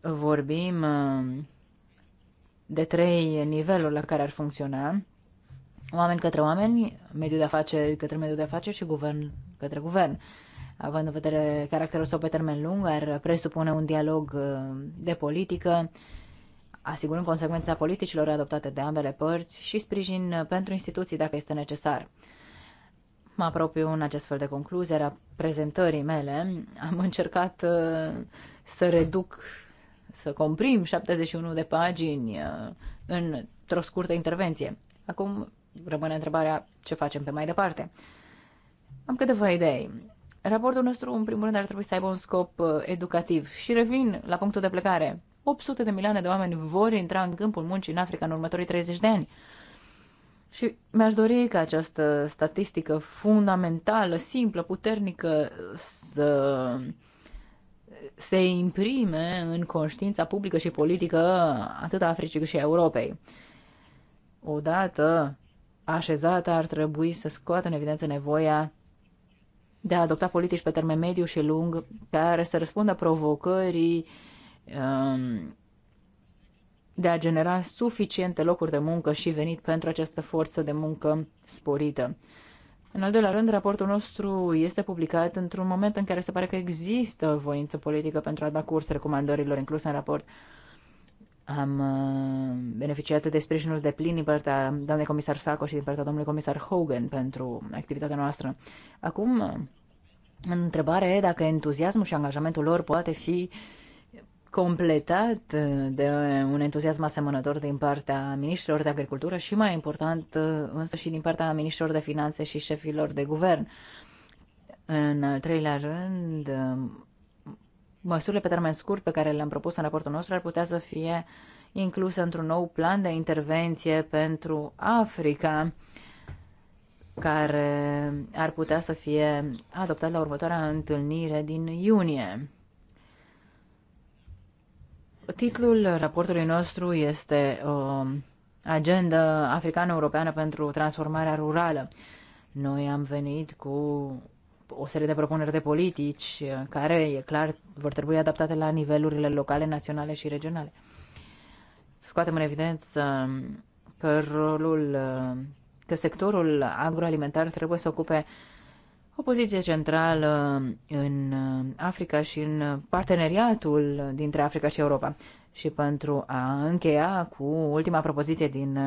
Vorbim um, de trei niveluri la care ar funcționa. Oameni către oameni, mediul de afaceri către mediul de afaceri și guvern către guvern. Uh, având în vedere caracterul său pe termen lung, ar presupune un dialog uh, de politică, asigurând consecvența politicilor adoptate de ambele părți și sprijin uh, pentru instituții dacă este necesar. Mă apropiu în acest fel de concluzie a prezentării mele. Am încercat uh, să reduc, să comprim 71 de pagini într-o scurtă intervenție. Acum rămâne întrebarea ce facem pe mai departe. Am câteva idei. Raportul nostru, în primul rând, ar trebui să aibă un scop uh, educativ. Și revin la punctul de plecare. 800 de milioane de oameni vor intra în câmpul muncii în Africa în următorii 30 de ani. Și mi-aș dori ca această statistică fundamentală, simplă, puternică să se imprime în conștiința publică și politică atât a Africii cât și a Europei. Odată așezată ar trebui să scoată în evidență nevoia de a adopta politici pe termen mediu și lung care să răspundă provocării um, de a genera suficiente locuri de muncă și venit pentru această forță de muncă sporită. În al doilea rând, raportul nostru este publicat într-un moment în care se pare că există voință politică pentru a da curs recomandărilor incluse în raport. Am uh, beneficiat de sprijinul de plin din partea doamnei comisar Saco și din partea domnului comisar Hogan pentru activitatea noastră. Acum, uh, întrebare e dacă entuziasmul și angajamentul lor poate fi completat uh, de un entuziasm asemănător din partea ministrilor de agricultură și, mai important, însă și din partea ministrilor de finanțe și șefilor de guvern. În al treilea rând, măsurile pe termen scurt pe care le-am propus în raportul nostru ar putea să fie incluse într-un nou plan de intervenție pentru Africa care ar putea să fie adoptat la următoarea întâlnire din iunie. Titlul raportului nostru este o Agenda Africană-Europeană pentru Transformarea Rurală. Noi am venit cu o serie de propuneri de politici uh, care, e clar, vor trebui adaptate la nivelurile locale, naționale și regionale. Scoatem în evidență um, că rolul, uh, că sectorul agroalimentar trebuie să ocupe o poziție centrală uh, în Africa și în parteneriatul dintre Africa și Europa. Și pentru a încheia cu ultima propoziție din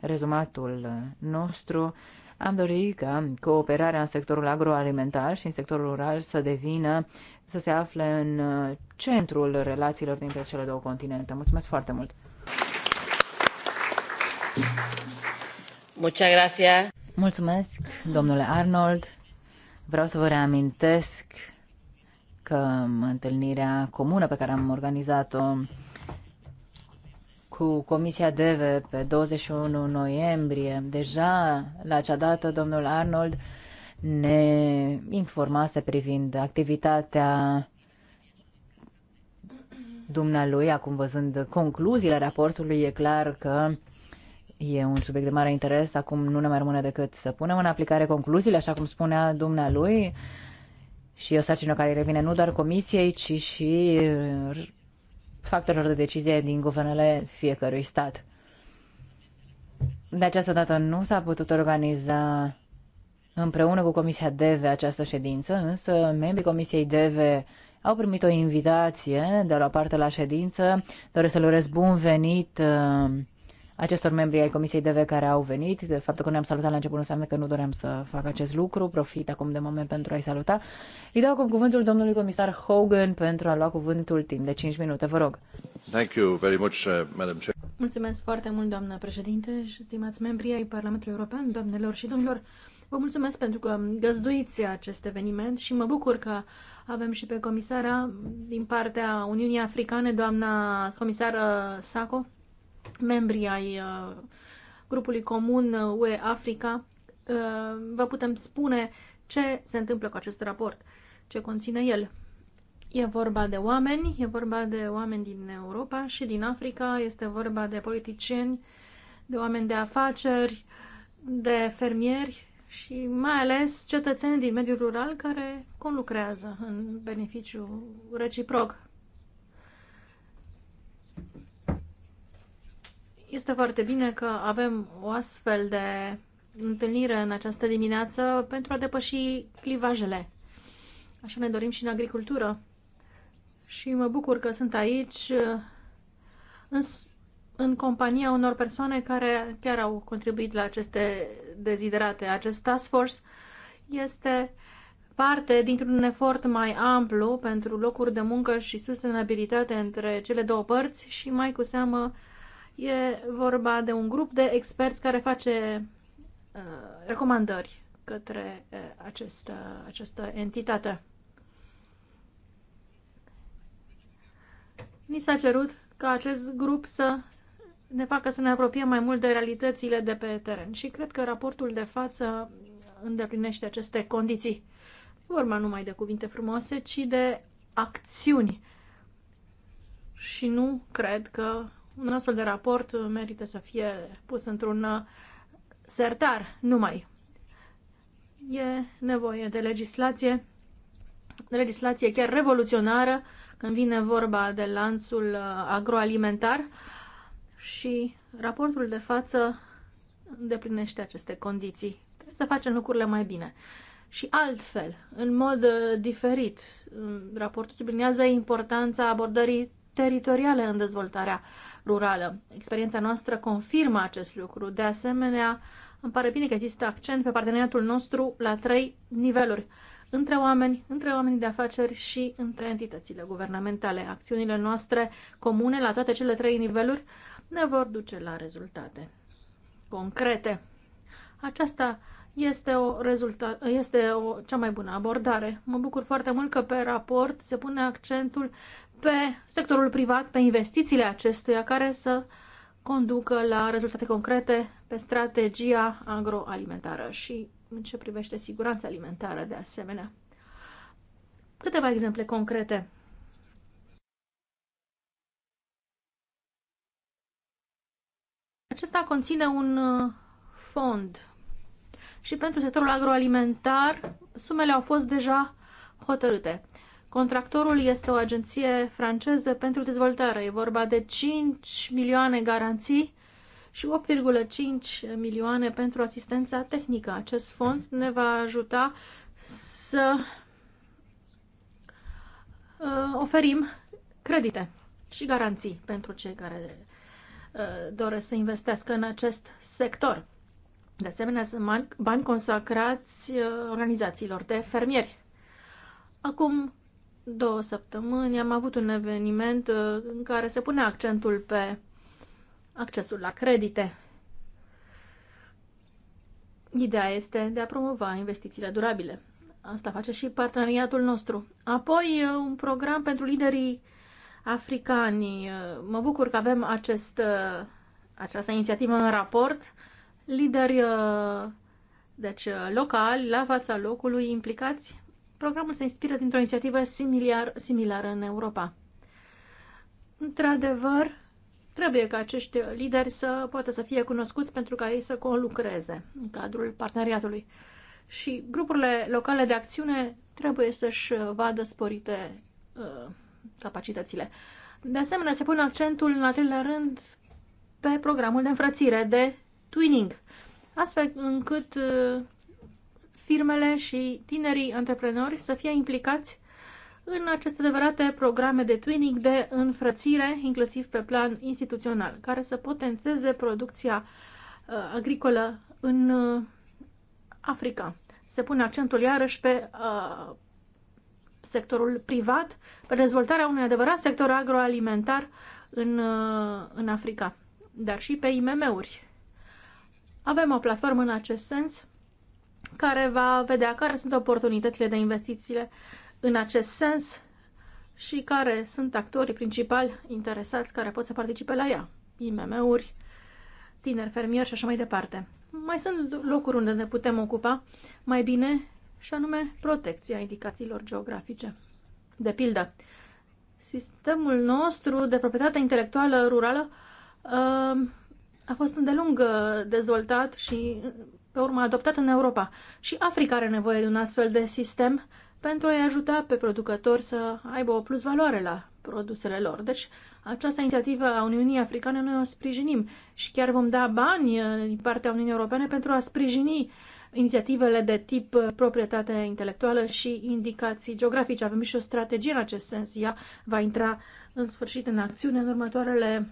rezumatul nostru, am dorit ca cooperarea în sectorul agroalimentar și în sectorul rural să devină, să se afle în uh, centrul relațiilor dintre cele două continente. Mulțumesc foarte mult! Muchas gracias. Mulțumesc, domnule Arnold. Vreau să vă reamintesc că întâlnirea comună pe care am organizat-o cu Comisia DEVE pe 21 noiembrie. Deja la acea dată domnul Arnold ne informase privind activitatea dumnealui, acum văzând concluziile raportului, e clar că e un subiect de mare interes. Acum nu ne mai rămâne decât să punem în aplicare concluziile, așa cum spunea dumnealui. Și e o sarcină care revine nu doar comisiei, ci și factorilor de decizie din guvernele fiecărui stat. De această dată nu s-a putut organiza împreună cu Comisia DEVE această ședință, însă membrii Comisiei DEVE au primit o invitație de la parte la ședință. Doresc să le urez bun venit uh, acestor membri ai Comisiei DV care au venit. De faptul că ne-am salutat la început nu înseamnă că nu doream să fac acest lucru. Profit acum de moment pentru a-i saluta. Îi dau acum cuvântul domnului comisar Hogan pentru a lua cuvântul timp de 5 minute. Vă rog. Thank you very much, uh, Madam Chair. Mulțumesc foarte mult, doamnă președinte și stimați membrii ai Parlamentului European, doamnelor și domnilor. Vă mulțumesc pentru că găzduiți acest eveniment și mă bucur că avem și pe comisara din partea Uniunii Africane, doamna comisară Saco, membrii ai uh, grupului comun UE-Africa, uh, uh, vă putem spune ce se întâmplă cu acest raport, ce conține el. E vorba de oameni, e vorba de oameni din Europa și din Africa, este vorba de politicieni, de oameni de afaceri, de fermieri și mai ales cetățeni din mediul rural care conlucrează în beneficiu reciproc. Este foarte bine că avem o astfel de întâlnire în această dimineață pentru a depăși clivajele. Așa ne dorim și în agricultură. Și mă bucur că sunt aici în, în compania unor persoane care chiar au contribuit la aceste deziderate. Acest task force este parte dintr-un efort mai amplu pentru locuri de muncă și sustenabilitate între cele două părți și mai cu seamă E vorba de un grup de experți care face uh, recomandări către uh, acest, uh, această entitate. Ni s-a cerut ca acest grup să ne facă să ne apropiem mai mult de realitățile de pe teren și cred că raportul de față îndeplinește aceste condiții. Nu vorba numai de cuvinte frumoase, ci de acțiuni. Și nu cred că un astfel de raport merită să fie pus într-un uh, sertar numai. E nevoie de legislație, de legislație chiar revoluționară când vine vorba de lanțul uh, agroalimentar și raportul de față îndeplinește aceste condiții. Trebuie să facem lucrurile mai bine. Și altfel, în mod uh, diferit, raportul sublinează importanța abordării teritoriale în dezvoltarea rurală. Experiența noastră confirmă acest lucru. De asemenea, îmi pare bine că există accent pe parteneriatul nostru la trei niveluri. Între oameni, între oamenii de afaceri și între entitățile guvernamentale. Acțiunile noastre comune la toate cele trei niveluri ne vor duce la rezultate concrete. Aceasta este o, rezultat, este o cea mai bună abordare. Mă bucur foarte mult că pe raport se pune accentul pe sectorul privat, pe investițiile acestuia care să conducă la rezultate concrete pe strategia agroalimentară și în ce privește siguranța alimentară de asemenea. Câteva exemple concrete. Acesta conține un uh, fond și pentru sectorul agroalimentar sumele au fost deja hotărâte. Contractorul este o agenție franceză pentru dezvoltare. E vorba de 5 milioane garanții și 8,5 milioane pentru asistența tehnică. Acest fond ne va ajuta să uh, oferim credite și garanții pentru cei care uh, doresc să investească în acest sector. De asemenea, sunt bani consacrați uh, organizațiilor de fermieri. Acum, două săptămâni am avut un eveniment uh, în care se pune accentul pe accesul la credite. Ideea este de a promova investițiile durabile. Asta face și parteneriatul nostru. Apoi, uh, un program pentru liderii africani. Uh, mă bucur că avem acest, această inițiativă în raport. Lideri deci, locali, la fața locului, implicați Programul se inspiră dintr-o inițiativă similar, similară în Europa. Într-adevăr, trebuie ca acești lideri să poată să fie cunoscuți pentru ca ei să conlucreze în cadrul parteneriatului. Și grupurile locale de acțiune trebuie să-și vadă sporite uh, capacitățile. De asemenea, se pune accentul, în al treilea rând, pe programul de înfrățire, de twinning, astfel încât uh, firmele și tinerii antreprenori să fie implicați în aceste adevărate programe de twinning, de înfrățire, inclusiv pe plan instituțional, care să potențeze producția uh, agricolă în uh, Africa. Se pune accentul iarăși pe uh, sectorul privat, pe dezvoltarea unui adevărat sector agroalimentar în, în Africa, dar și pe IMM-uri. Avem o platformă în acest sens care va vedea care sunt oportunitățile de investiții în acest sens și care sunt actorii principali interesați care pot să participe la ea. IMM-uri, tineri fermieri și așa mai departe. Mai sunt locuri unde ne putem ocupa mai bine și anume protecția indicațiilor geografice. De pildă, sistemul nostru de proprietate intelectuală rurală uh, a fost îndelung uh, dezvoltat și uh, pe urmă adoptat în Europa. Și Africa are nevoie de un astfel de sistem pentru a-i ajuta pe producători să aibă o plus valoare la produsele lor. Deci, această inițiativă a Uniunii Africane noi o sprijinim și chiar vom da bani eh, din partea Uniunii Europene pentru a sprijini inițiativele de tip eh, proprietate intelectuală și indicații geografice. Avem și o strategie în acest sens. Ea va intra în sfârșit în acțiune în următoarele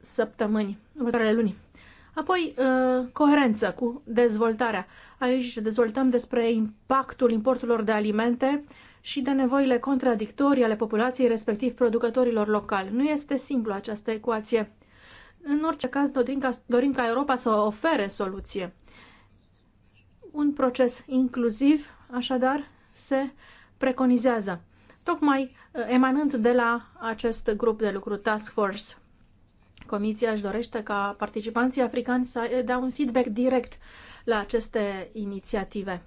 săptămâni, următoarele luni. Apoi, uh, coerență cu dezvoltarea. Aici dezvoltăm despre impactul importurilor de alimente și de nevoile contradictorii ale populației, respectiv producătorilor locali. Nu este simplu această ecuație. În orice caz, dorim ca, dorim ca Europa să ofere soluție. Un proces inclusiv, așadar, se preconizează, tocmai uh, emanând de la acest grup de lucru Task Force. Comisia își dorește ca participanții africani să dea un feedback direct la aceste inițiative.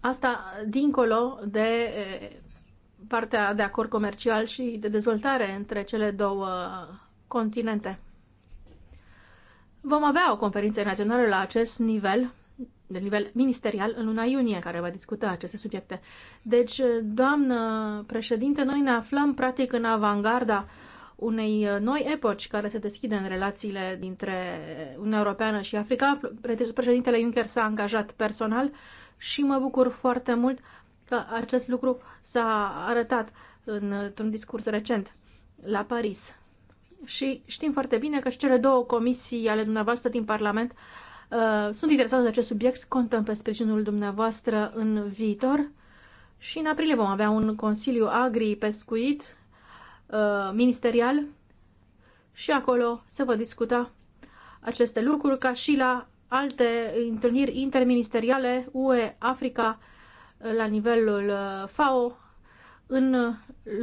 Asta dincolo de partea de acord comercial și de dezvoltare între cele două continente. Vom avea o conferință națională la acest nivel, de nivel ministerial, în luna iunie, care va discuta aceste subiecte. Deci, doamnă președinte, noi ne aflăm practic în avangarda uh, unei uh, noi epoci care se deschide în relațiile dintre Uniunea Europeană și Africa. Președintele Juncker s-a angajat personal și mă bucur foarte mult că acest lucru s-a arătat într-un discurs recent la Paris. Și știm foarte bine că și cele două comisii ale dumneavoastră din Parlament uh, sunt interesate de acest subiect, contăm pe sprijinul dumneavoastră în viitor și în aprilie vom avea un Consiliu Agri-Pescuit Uh, ministerial și acolo se va discuta aceste lucruri ca și la alte întâlniri interministeriale UE-Africa uh, la nivelul uh, FAO în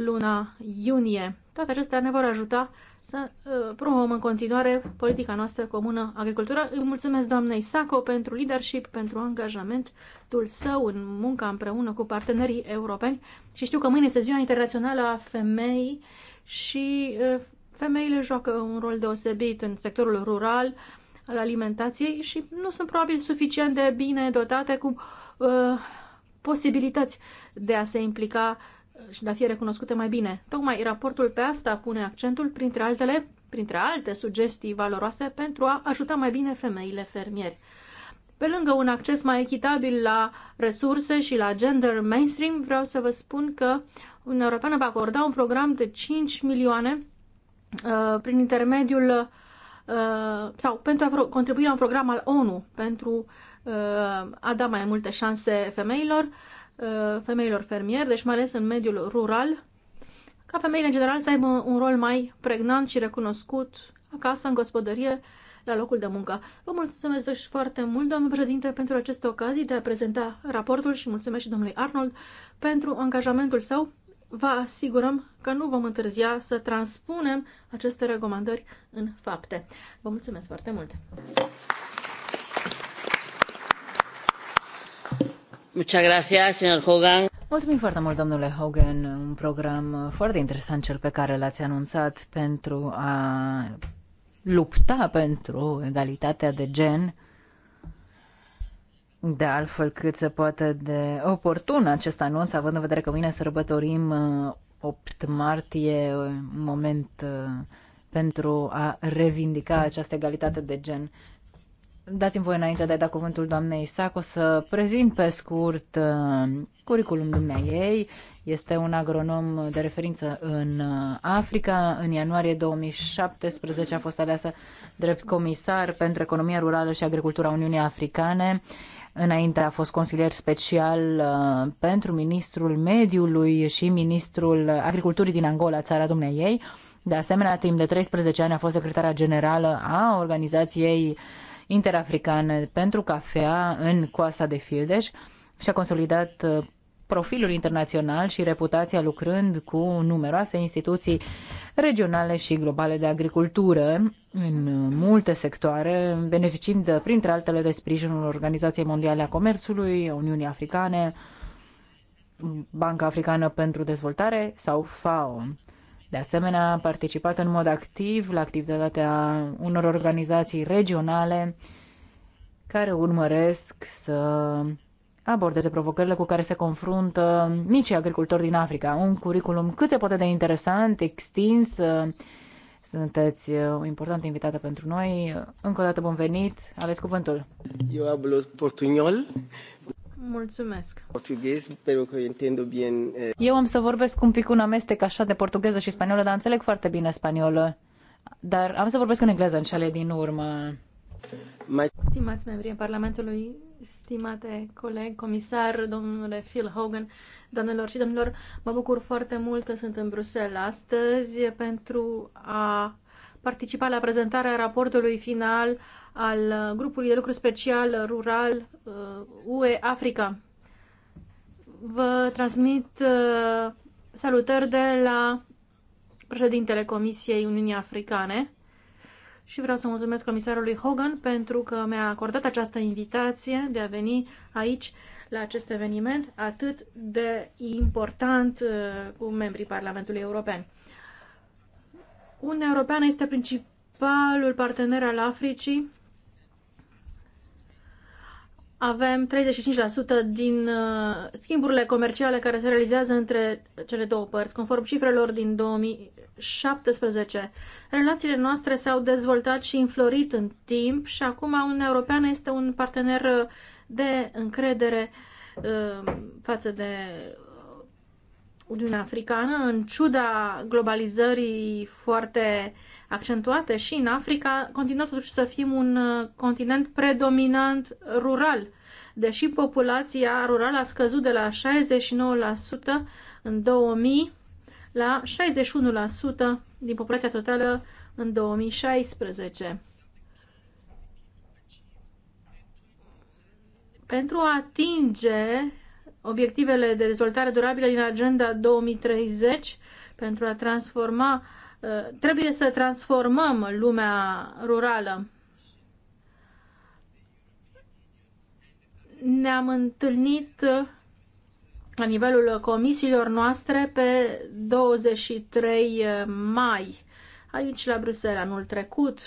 luna iunie. Toate acestea ne vor ajuta să uh, promovăm în continuare politica noastră comună agricultură. Îi mulțumesc doamnei Saco pentru leadership, pentru angajamentul său în munca împreună cu partenerii europeni și știu că mâine este Ziua Internațională a Femeii și uh, femeile joacă un rol deosebit în sectorul rural al alimentației și nu sunt probabil suficient de bine dotate cu uh, posibilități de a se implica uh, și de a fi recunoscute mai bine. Tocmai raportul pe asta pune accentul, printre altele, printre alte sugestii valoroase, pentru a ajuta mai bine femeile fermieri. Pe lângă un acces mai echitabil la resurse și la gender mainstream, vreau să vă spun că Uniunea Europeană va acorda un program de 5 milioane uh, prin intermediul uh, sau pentru a contribui la un program al ONU pentru uh, a da mai multe șanse femeilor. Uh, Uh, femeilor fermieri, deci mai ales în mediul rural, ca femeile în general să aibă un rol mai pregnant și recunoscut acasă, în gospodărie, la locul de muncă. Vă mulțumesc deci foarte mult, domnul președinte, pentru aceste ocazii de a prezenta raportul și mulțumesc și domnului Arnold pentru angajamentul său. Vă asigurăm că nu vom întârzia să transpunem aceste recomandări în fapte. Vă mulțumesc foarte mult! Mulțumim foarte mult, domnule Hogan. Un program foarte interesant cel pe care l-ați anunțat pentru a lupta pentru egalitatea de gen. De altfel, cât se poate de oportun acest anunț, având în vedere că mâine sărbătorim 8 uh, martie, un moment uh, pentru a revindica această egalitate de gen Dați-mi voi înainte de a da cuvântul doamnei o să prezint pe scurt uh, curriculum ei. Este un agronom de referință în uh, Africa. În ianuarie 2017 a fost aleasă drept comisar pentru economia rurală și agricultura Uniunii Africane. Înainte a fost consilier special uh, pentru ministrul mediului și ministrul agriculturii din Angola, țara ei. De asemenea, timp de 13 ani a fost secretara generală a organizației interafricană pentru cafea în coasta de Fildeș și a consolidat uh, profilul internațional și reputația lucrând cu numeroase instituții regionale și globale de agricultură în uh, multe sectoare, beneficiind uh, printre altele de sprijinul Organizației Mondiale a Comerțului, Uniunii Africane, Banca Africană pentru Dezvoltare sau FAO. De asemenea, a participat în mod activ la activitatea unor organizații regionale care urmăresc să abordeze provocările cu care se confruntă micii agricultori din Africa. Un curriculum cât se poate de interesant, extins. Sunteți o importantă invitată pentru noi. Încă o dată bun venit. Aveți cuvântul. Eu hablo portuñol. Mulțumesc. Portughez, pentru că entendo bien. Eh, Eu am să vorbesc un pic un amestec așa de portugheză și spaniolă, dar înțeleg foarte bine spaniolă. Dar am să vorbesc în engleză în cele din urmă. Mai... Stimați membrii Parlamentului, stimate coleg, comisar, domnule Phil Hogan, doamnelor și domnilor, mă bucur foarte mult că sunt în Bruxelles astăzi pentru a participa la prezentarea raportului final al uh, grupului de lucru special uh, rural UE uh, Africa. Vă transmit salutări de la președintele Comisiei Uniunii Africane și vreau să mulțumesc comisarului Hogan pentru că mi-a acordat această invitație de a veni aici la acest eveniment atât de important cu membrii Parlamentului European. Uniunea Europeană este principalul partener al Africii avem 35% din uh, schimburile comerciale care se realizează între cele două părți, conform cifrelor din 2017. Relațiile noastre s-au dezvoltat și înflorit în timp și acum Uniunea Europeană este un partener uh, de încredere uh, față de Uniunea Africană, în ciuda globalizării foarte uh, accentuate și în Africa, continuă totuși să fim un uh, continent predominant rural, deși populația rurală a scăzut de la 69% în 2000 la 61% din populația totală în 2016. Pentru a atinge obiectivele de dezvoltare durabilă din Agenda 2030, pentru a transforma Uh, trebuie să transformăm lumea rurală. Ne-am întâlnit uh, la nivelul comisiilor noastre pe 23 uh, mai, aici la Bruxelles anul trecut.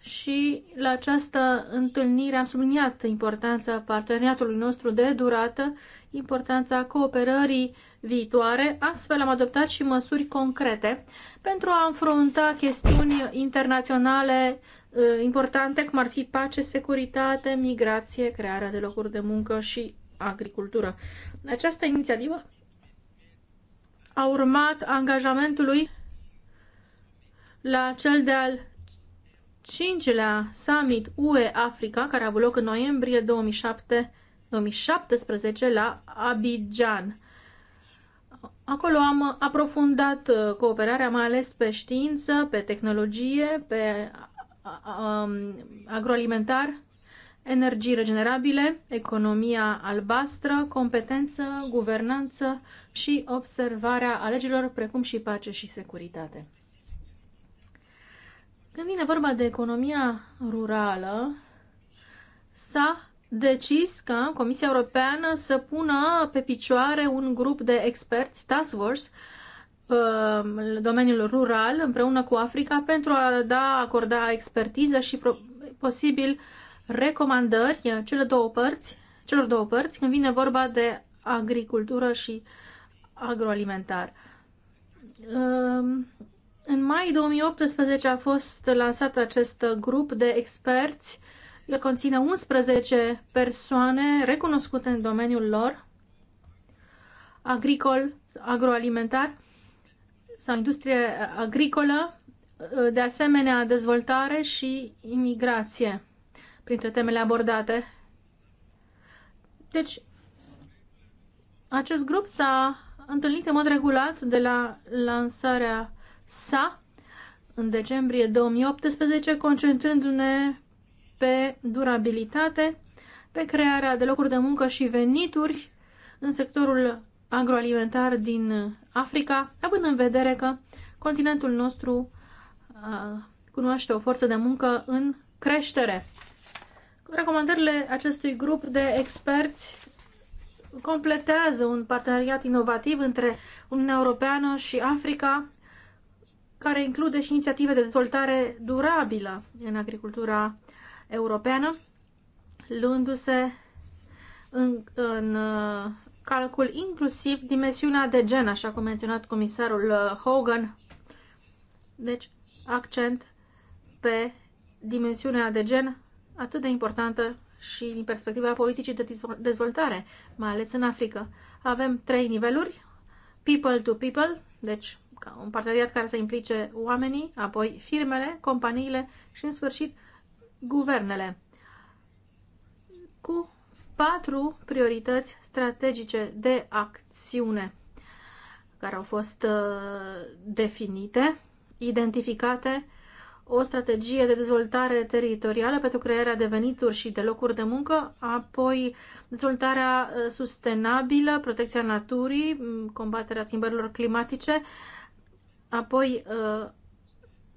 Și la această întâlnire am subliniat importanța parteneriatului nostru de durată importanța cooperării viitoare. Astfel am adoptat și măsuri concrete pentru a înfrunta chestiuni internaționale uh, importante, cum ar fi pace, securitate, migrație, crearea de locuri de muncă și agricultură. Această inițiativă a urmat angajamentului la cel de-al cincilea summit UE Africa, care a avut loc în noiembrie 2007 2017 la Abidjan. Acolo am aprofundat uh, cooperarea, mai ales pe știință, pe tehnologie, pe um, agroalimentar, energii regenerabile, economia albastră, competență, guvernanță și observarea alegerilor, precum și pace și securitate. Când vine vorba de economia rurală, s-a decis ca Comisia Europeană să pună pe picioare un grup de experți, Task Force, în domeniul rural, împreună cu Africa, pentru a da, acorda expertiză și posibil recomandări celor două părți, celor două părți când vine vorba de agricultură și agroalimentar. În mai 2018 a fost lansat acest grup de experți uh, le conține 11 persoane recunoscute în domeniul lor, agricol, agroalimentar sau industrie agricolă, de asemenea dezvoltare și imigrație, printre temele abordate. Deci, acest grup s-a întâlnit în mod regulat de la lansarea sa în decembrie 2018, concentrându-ne pe durabilitate, pe crearea de locuri de muncă și venituri în sectorul agroalimentar din Africa, având în vedere că continentul nostru uh, cunoaște o forță de muncă în creștere. Recomandările acestui grup de experți completează un parteneriat inovativ între Uniunea Europeană și Africa, care include și inițiative de dezvoltare durabilă în agricultura Europeană, luându-se în, în uh, calcul inclusiv dimensiunea de gen, așa cum a menționat comisarul uh, Hogan. Deci, accent pe dimensiunea de gen atât de importantă și din perspectiva politicii de dezvoltare, mai ales în Africa. Avem trei niveluri, people to people, deci un parteneriat care să implice oamenii, apoi firmele, companiile și, în sfârșit, guvernele cu patru priorități strategice de acțiune care au fost uh, definite, identificate, o strategie de dezvoltare teritorială pentru crearea de venituri și de locuri de muncă, apoi dezvoltarea uh, sustenabilă, protecția naturii, combaterea schimbărilor climatice, apoi uh,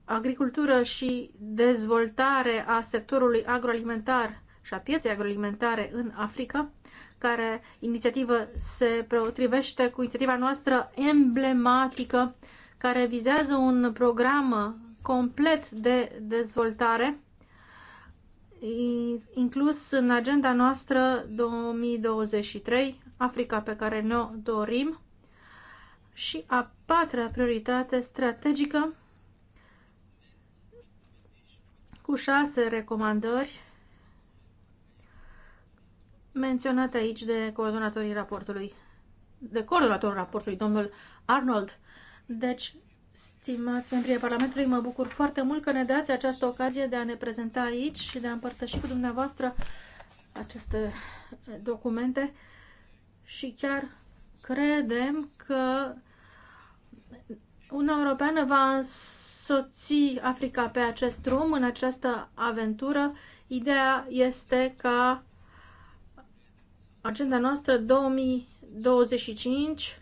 agricultură și dezvoltare a sectorului agroalimentar și a pieței agroalimentare în Africa, care inițiativă se potrivește cu inițiativa noastră emblematică care vizează un program complet de dezvoltare inclus în agenda noastră 2023, Africa pe care ne-o dorim, și a patra prioritate strategică cu șase recomandări menționate aici de coordonatorii raportului, de coordonatorul raportului, domnul Arnold. Deci, stimați membrii Parlamentului, mă bucur foarte mult că ne dați această ocazie de a ne prezenta aici și de a împărtăși cu dumneavoastră aceste documente și chiar credem că Uniunea Europeană va ții Africa pe acest drum, în această aventură. Ideea este ca agenda noastră 2025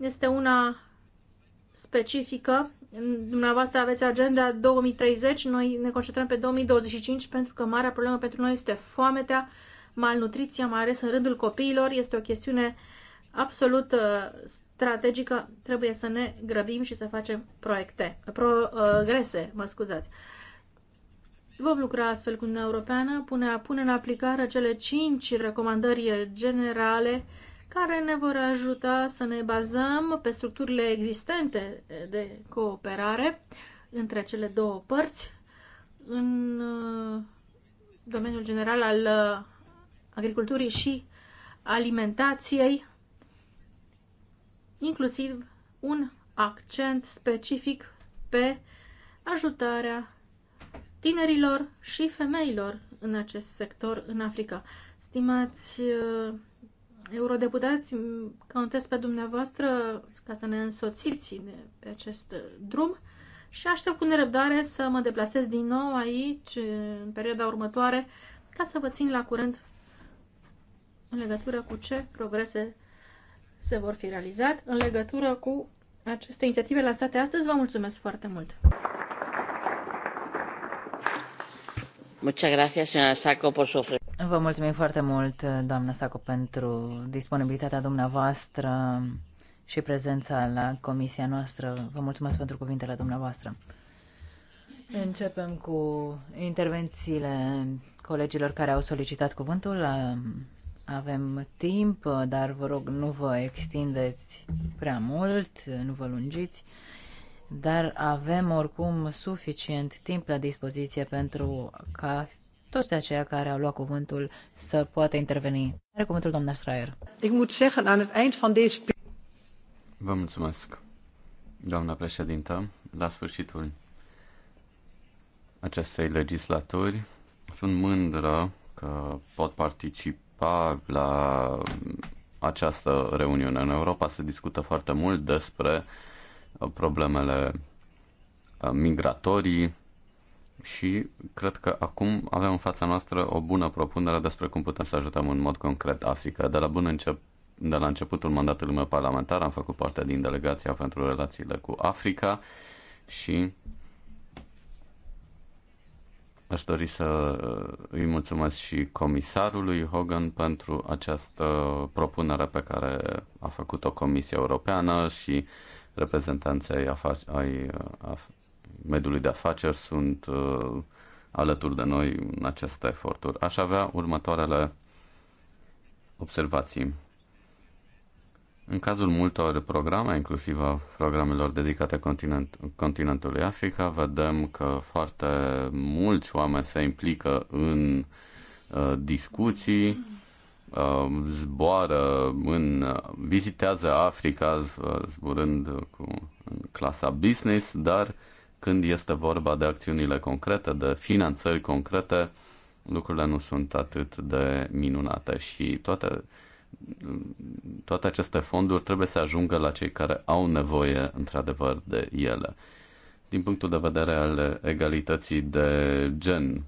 este una specifică. Dumneavoastră aveți agenda 2030, noi ne concentrăm pe 2025 pentru că marea problemă pentru noi este foametea, malnutriția, mai ales în rândul copiilor. Este o chestiune absolut uh, strategică, trebuie să ne grăbim și să facem proiecte, progrese, uh, mă scuzați. Vom lucra astfel cu Uniunea Europeană pune, pune în aplicare cele cinci recomandări generale care ne vor ajuta să ne bazăm pe structurile existente de cooperare între cele două părți în uh, domeniul general al uh, agriculturii și alimentației inclusiv un accent specific pe ajutarea tinerilor și femeilor în acest sector în Africa. Stimați uh, eurodeputați, contez pe dumneavoastră ca să ne însoțiți pe acest drum și aștept cu nerăbdare să mă deplasez din nou aici în perioada următoare ca să vă țin la curent în legătură cu ce progrese se vor fi realizat în legătură cu aceste inițiative lansate astăzi. Vă mulțumesc foarte mult! Vă mulțumim foarte mult, doamna Saco, pentru disponibilitatea dumneavoastră și prezența la comisia noastră. Vă mulțumesc pentru cuvintele dumneavoastră. Începem cu intervențiile colegilor care au solicitat cuvântul. Avem timp, dar vă rog nu vă extindeți prea mult, nu vă lungiți, dar avem oricum suficient timp la dispoziție pentru ca toți aceia care au luat cuvântul să poată interveni. Are cuvântul doamna Schreier. Vă mulțumesc, doamna președintă. La sfârșitul acestei legislaturi sunt mândră că pot participa participa la această reuniune. În Europa se discută foarte mult despre problemele uh, migratorii și cred că acum avem în fața noastră o bună propunere despre cum putem să ajutăm în mod concret Africa. De la bun încep, de la începutul mandatului meu parlamentar am făcut parte din delegația pentru relațiile cu Africa și Aș dori să uh, îi mulțumesc și comisarului Hogan pentru această propunere pe care a făcut-o Comisia Europeană și reprezentanții ai uh, mediului de afaceri sunt uh, alături de noi în aceste eforturi. Aș avea următoarele observații. În cazul multor programe, inclusiv a programelor dedicate continent, continentului Africa, vedem că foarte mulți oameni se implică în uh, discuții, uh, zboară, în, uh, vizitează Africa uh, zburând cu în clasa business, dar când este vorba de acțiunile concrete, de finanțări concrete, lucrurile nu sunt atât de minunate și toate toate aceste fonduri trebuie să ajungă la cei care au nevoie într-adevăr de ele. Din punctul de vedere al egalității de gen,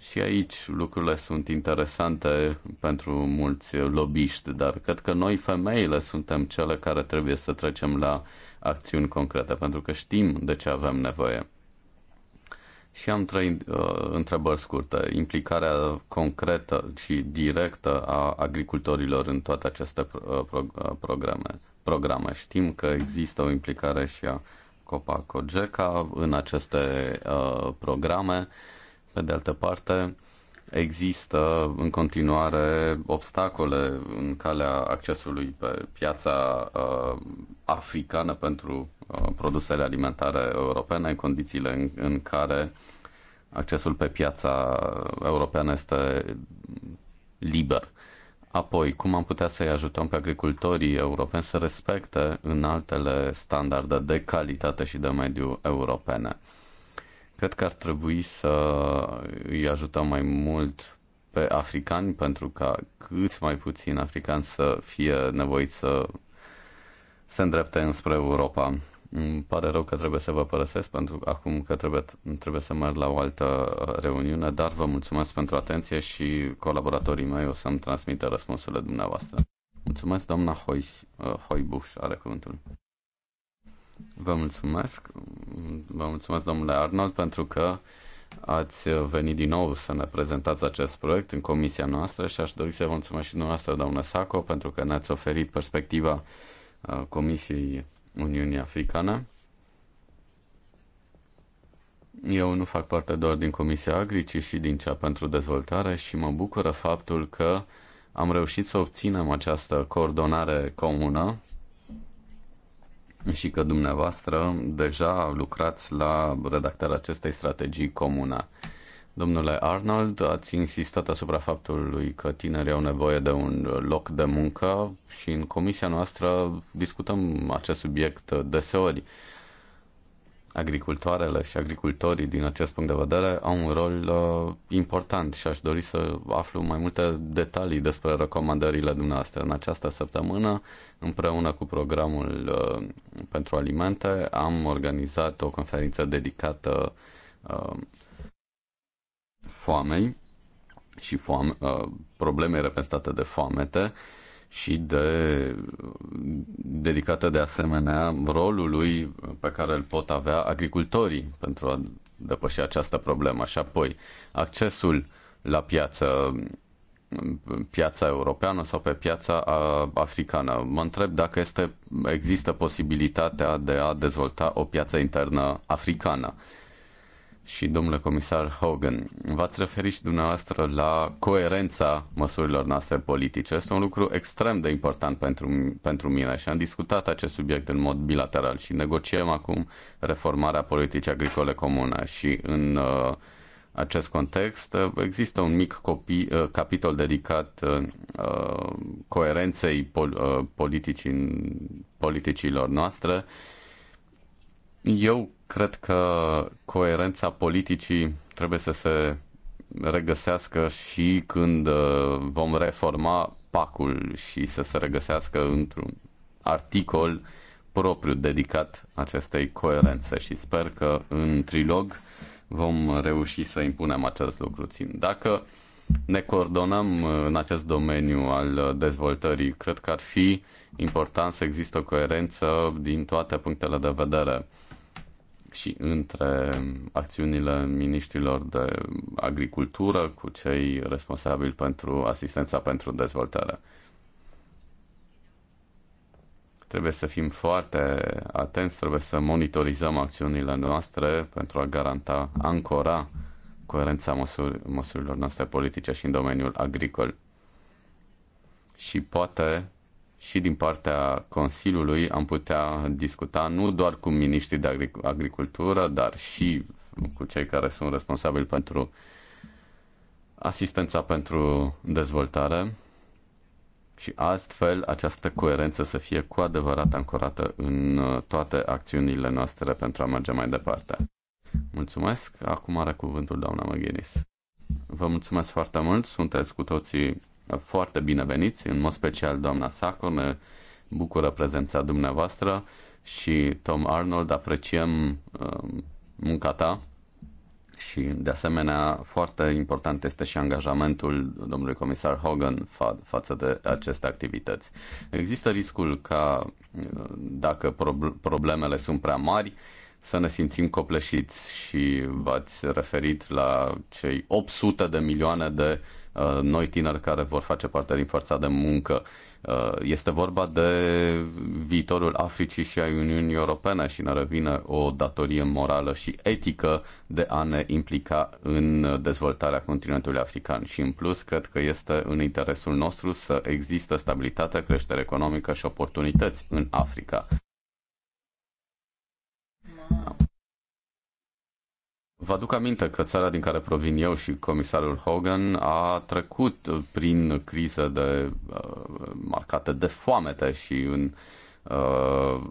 și aici lucrurile sunt interesante pentru mulți lobiști, dar cred că noi femeile suntem cele care trebuie să trecem la acțiuni concrete, pentru că știm de ce avem nevoie. Și am trei uh, întrebări scurte. Implicarea concretă și directă a agricultorilor în toate aceste pro- uh, pro- uh, programe. programe. Știm că există o implicare și a Copacogeca în aceste uh, programe. Pe de altă parte, uh, Există în continuare obstacole în calea accesului pe piața uh, africană pentru uh, produsele alimentare europene, în condițiile în, în care accesul pe piața europeană este liber. Apoi, cum am putea să-i ajutăm pe agricultorii europeni să respecte în altele standarde de calitate și de mediu europene? Cred că ar trebui să îi ajutăm mai mult pe africani pentru ca cât mai puțin africani să fie nevoiți să se îndrepte înspre Europa. Îmi pare rău că trebuie să vă părăsesc pentru acum că trebuie, trebuie să merg la o altă reuniune, dar vă mulțumesc pentru atenție și colaboratorii mei o să-mi transmită răspunsurile dumneavoastră. Mulțumesc, doamna Hoi, Buș, are cuvântul. Vă mulțumesc. Vă mulțumesc, domnule Arnold, pentru că ați venit din nou să ne prezentați acest proiect în comisia noastră și aș dori să vă mulțumesc și dumneavoastră, doamnă Saco, pentru că ne-ați oferit perspectiva uh, Comisiei Uniunii Africane. Eu nu fac parte doar din Comisia Agri, ci și din cea pentru dezvoltare și mă bucură faptul că am reușit să obținem această coordonare comună și că dumneavoastră deja lucrați la redactarea acestei strategii comune. Domnule Arnold, ați insistat asupra faptului că tinerii au nevoie de un loc de muncă și în comisia noastră discutăm acest subiect deseori agricultoarele și agricultorii din acest punct de vedere au un rol uh, important și aș dori să aflu mai multe detalii despre recomandările dumneavoastră. În această săptămână, împreună cu programul uh, pentru alimente, am organizat o conferință dedicată uh, foamei și foame, uh, probleme reprezentate de foamete. Uh, și de, dedicată de asemenea rolului pe care îl pot avea agricultorii pentru a depăși această problemă. Și apoi accesul la piață, piața europeană sau pe piața africană. Mă întreb dacă este, există posibilitatea de a dezvolta o piață internă africană și domnule comisar Hogan, v-ați referit și dumneavoastră la coerența măsurilor noastre politice. Este un lucru extrem de important pentru, pentru mine și am discutat acest subiect în mod bilateral și negociem acum reformarea politicii agricole comune și în uh, acest context uh, există un mic copii, uh, capitol dedicat uh, uh, coerenței pol, uh, politicii, politicilor noastre. Eu Cred că coerența politicii trebuie să se regăsească și când uh, vom reforma pacul și să se regăsească într-un articol propriu dedicat acestei coerențe și sper că în trilog vom reuși să impunem acest lucru. Țin. Dacă ne coordonăm uh, în acest domeniu al dezvoltării, cred că ar fi important să există o coerență din toate punctele de vedere și între acțiunile ministrilor de agricultură cu cei responsabili pentru asistența pentru dezvoltare. Trebuie să fim foarte atenți, trebuie să monitorizăm acțiunile noastre pentru a garanta, ancora coerența măsur- măsurilor noastre politice și în domeniul agricol. Și poate și din partea Consiliului am putea discuta nu doar cu miniștrii de agricultură, dar și cu cei care sunt responsabili pentru asistența pentru dezvoltare și astfel această coerență să fie cu adevărat ancorată în toate acțiunile noastre pentru a merge mai departe. Mulțumesc. Acum are cuvântul doamna McGuinness. Vă mulțumesc foarte mult. Sunteți cu toții foarte bineveniți, în mod special doamna Saco, ne bucură prezența dumneavoastră și Tom Arnold, apreciem um, munca ta și de asemenea foarte important este și angajamentul domnului comisar Hogan fa- față de aceste activități. Există riscul ca uh, dacă problemele sunt prea mari, să ne simțim copleșiți și v-ați referit la cei 800 de milioane de uh, Uh, noi tineri care vor face parte din forța de muncă. Uh, este vorba de viitorul Africii și a Uniunii Europene și ne revine o datorie morală și etică de a ne implica în dezvoltarea continentului african. Și în plus, cred că este în interesul nostru să există stabilitate, creștere economică și oportunități în Africa. Vă aduc aminte că țara din care provin eu și comisarul Hogan a trecut prin criză de, uh, marcate de foamete și în uh,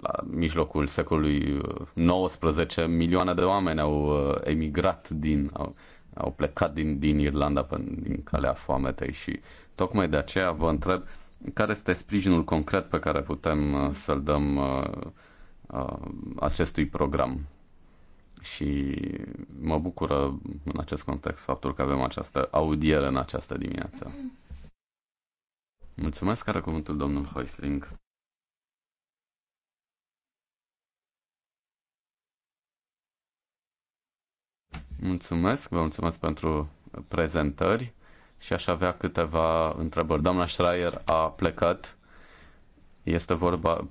la mijlocul secolului XIX uh, milioane de oameni au uh, emigrat din, au, au plecat din, din Irlanda pe, din calea foametei și tocmai de aceea vă întreb care este sprijinul concret pe care putem uh, să-l dăm uh, acestui program și mă bucură în acest context faptul că avem această audiere în această dimineață. Mulțumesc, are cuvântul domnul Hoisling. Mulțumesc, vă mulțumesc pentru prezentări și aș avea câteva întrebări. Doamna Schreier a plecat. Este vorba,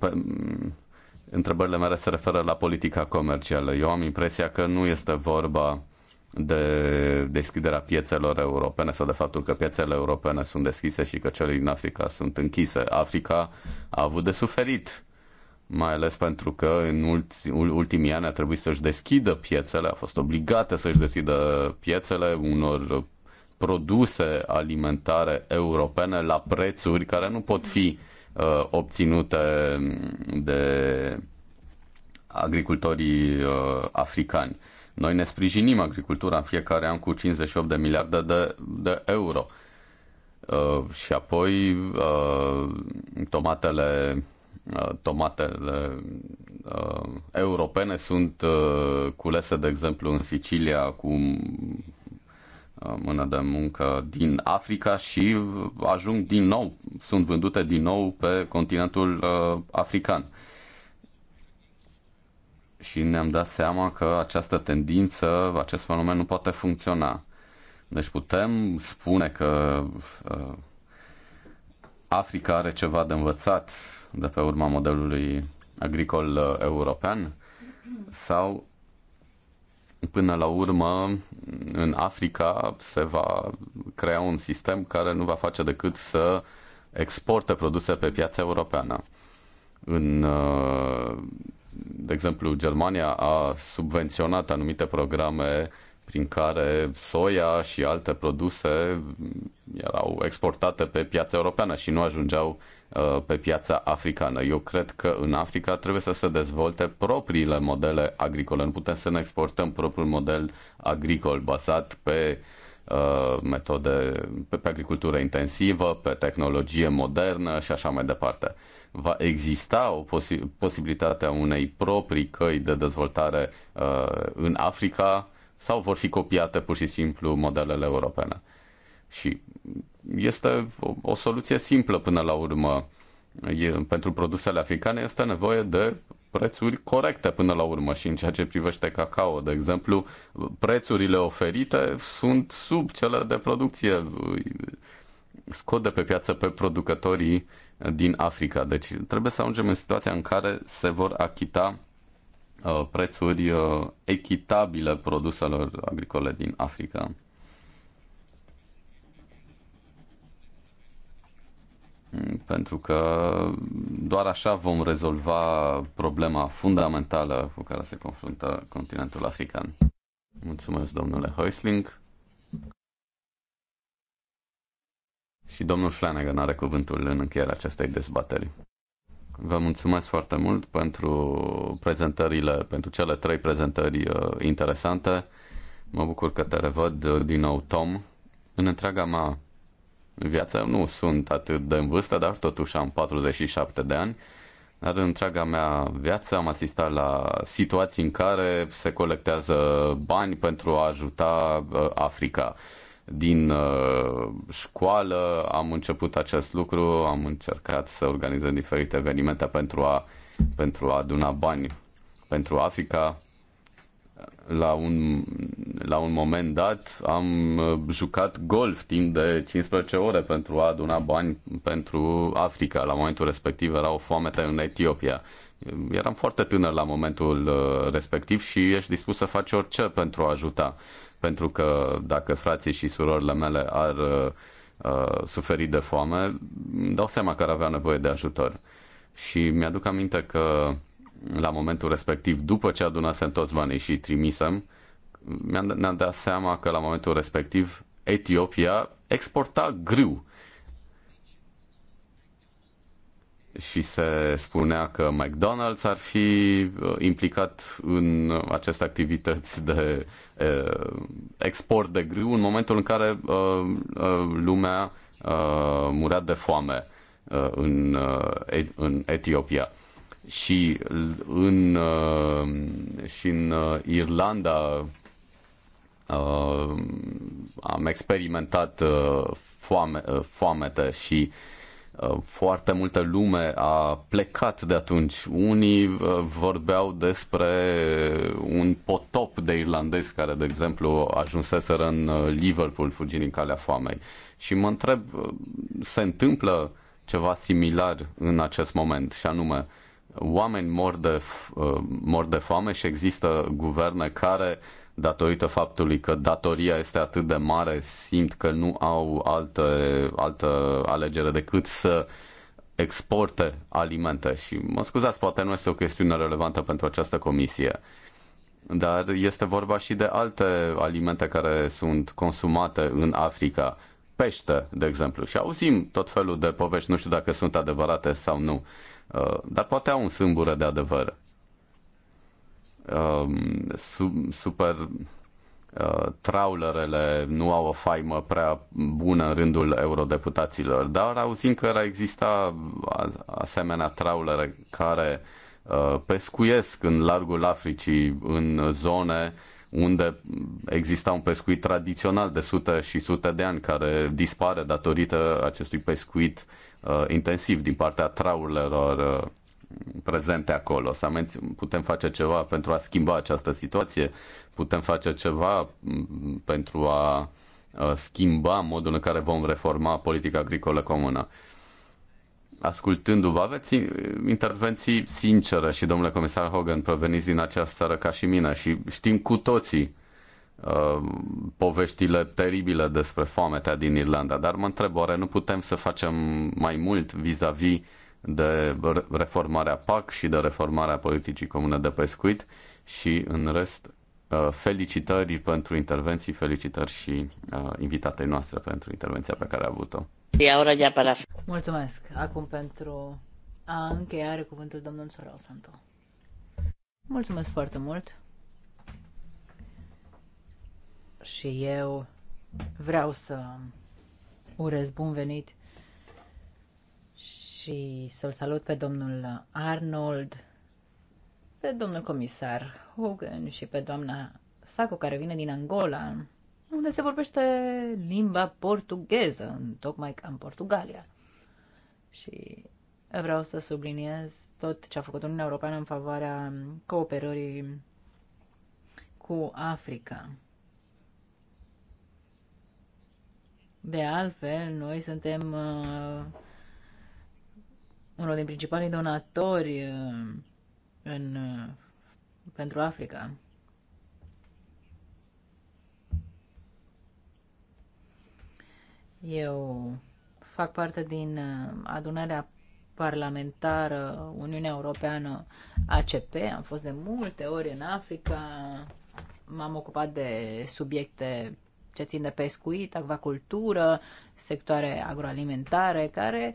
întrebările mele se referă la politica comercială. Eu am impresia că nu este vorba de deschiderea piețelor europene sau de faptul că piețele europene sunt deschise și că cele din Africa sunt închise. Africa a avut de suferit, mai ales pentru că în ultimii ani a trebuit să-și deschidă piețele, a fost obligată să-și deschidă piețele unor produse alimentare europene la prețuri care nu pot fi uh, uh, obținute de agricultorii uh, africani. Noi ne sprijinim agricultura în fiecare an cu 58 de miliarde de, de euro. Uh, și apoi uh, tomatele uh, tomatele uh, europene sunt uh, culese, de exemplu, în Sicilia cu Uh, mână de muncă din Africa și ajung din nou, sunt vândute din nou pe continentul uh, african. Și ne-am dat seama că această tendință, acest fenomen nu poate funcționa. Deci putem spune că uh, Africa are ceva de învățat de pe urma modelului agricol uh, european sau până la urmă, în Africa se va crea un sistem care nu va face decât să exporte produse pe piața europeană. În, de exemplu, Germania a subvenționat anumite programe prin care soia și alte produse erau exportate pe piața europeană și nu ajungeau Uh, pe piața africană. Eu cred că în Africa trebuie să se dezvolte propriile modele agricole. Nu putem să ne exportăm propriul model agricol bazat pe uh, metode pe, pe agricultură intensivă, pe tehnologie modernă și așa mai departe. Va exista o posi- posibilitatea unei proprii căi de dezvoltare uh, în Africa sau vor fi copiate pur și simplu modelele europene? Și este o, o soluție simplă până la urmă. E, pentru produsele africane este nevoie de prețuri corecte până la urmă și în ceea ce privește cacao, de exemplu, prețurile oferite sunt sub cele de producție. Scot de pe piață pe producătorii din Africa. Deci trebuie să ajungem în situația în care se vor achita uh, prețuri uh, echitabile produselor agricole din Africa. pentru că doar așa vom rezolva problema fundamentală cu care se confruntă continentul african. Mulțumesc, domnule Heusling. Și domnul Flanagan are cuvântul în încheierea acestei dezbateri. Vă mulțumesc foarte mult pentru prezentările, pentru cele trei prezentări uh, interesante. Mă bucur că te revăd uh, din nou, Tom, în întreaga mea viață. Nu sunt atât de în vârstă, dar totuși am 47 de ani. Dar în întreaga mea viață am asistat la situații în care se colectează bani pentru a ajuta uh, Africa. Din uh, școală am început acest lucru, am încercat să organizăm diferite evenimente pentru a, pentru a aduna bani pentru Africa, la un, la un moment dat am uh, jucat golf timp de 15 ore pentru a aduna bani pentru Africa. La momentul respectiv era o foamete în Etiopia. Eram foarte tânăr la momentul uh, respectiv și ești dispus să faci orice pentru a ajuta. Pentru că dacă frații și surorile mele ar uh, uh suferi de foame, dau seama că ar avea nevoie de ajutor. Și mi-aduc aminte că la momentul respectiv, după ce adunasem toți banii și trimisem, ne-am dat seama că la momentul respectiv Etiopia exporta grâu și se spunea că McDonald's ar fi uh, implicat în uh, aceste activități de uh, export de grâu în momentul în care lumea murea de foame în, în Etiopia. Uh, și în, și uh, în Irlanda uh, am experimentat foame, foamete și foarte multă lume a plecat de atunci. Unii vorbeau despre un potop de irlandezi care, de exemplu, ajunseseră în Liverpool fugind din calea foamei. Și mă întreb, se întâmplă ceva similar în acest moment și anume, uh, oameni mor de, uh, mor de foame și există guverne care, datorită faptului că datoria este atât de mare, simt că nu au altă, altă alegere decât să exporte alimente. Și mă scuzați, poate nu este o chestiune relevantă pentru această comisie. Dar este vorba și de alte alimente care sunt consumate în Africa, pește, de exemplu, și auzim tot felul de povești, nu știu dacă sunt adevărate sau nu. Uh, Uh, dar poate au un sâmbură de adevăr. Uh, super uh, traulerele nu au o faimă prea bună în rândul eurodeputaților, dar auzim că exista asemenea traulere care pescuiesc în largul Africii, în zone unde exista un pescuit tradițional de sute și sute de ani care dispare datorită acestui pescuit uh, intensiv din partea traurilor uh, prezente acolo. Să menț- putem face ceva pentru a schimba această situație, putem face ceva mm, pentru a uh, schimba modul în care vom reforma politica agricolă comună. Ascultându-vă, aveți intervenții sincere și, domnule comisar Hogan, proveniți din această țară ca și mine și știm cu toții Uh, poveștile teribile despre foametea din Irlanda, dar mă întreb, oare nu putem să facem mai mult vis-a-vis -vis de reformarea PAC și de reformarea politicii comune de pescuit și în rest uh, felicitări pentru intervenții, felicitări și uh, invitatei noastre pentru intervenția pe care a avut-o. Mulțumesc. Acum pentru a încheia are cuvântul domnul Sorau Santo. Mulțumesc foarte mult și eu vreau să urez bun venit și să-l salut pe domnul Arnold, pe domnul comisar Hogan și pe doamna Saco, care vine din Angola, unde se vorbește limba portugheză, tocmai ca în Portugalia. Și vreau să subliniez tot ce a făcut Uniunea Europeană în favoarea cooperării cu Africa. De altfel, noi suntem uh, unul din principalii donatori uh, în, uh, pentru Africa. Eu fac parte din uh, adunarea parlamentară Uniunea Europeană ACP, am fost de multe ori în Africa, m-am ocupat de subiecte ce țin de pescuit, acvacultură, sectoare agroalimentare, care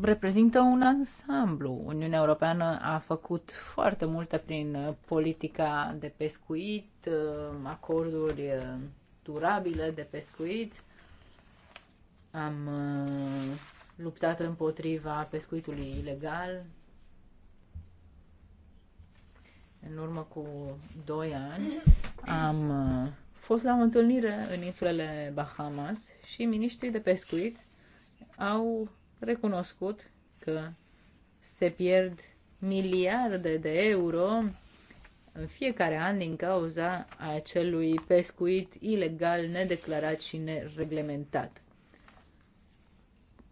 reprezintă un ansamblu. Uniunea Europeană a făcut foarte multe prin uh, politica de pescuit, uh, acorduri uh, durabile de pescuit. Am luptat împotriva pescuitului ilegal. În urmă cu 2 ani am fost la o întâlnire în insulele Bahamas și miniștrii de pescuit au recunoscut că se pierd miliarde de euro în fiecare an din cauza acelui pescuit ilegal, nedeclarat și nereglementat.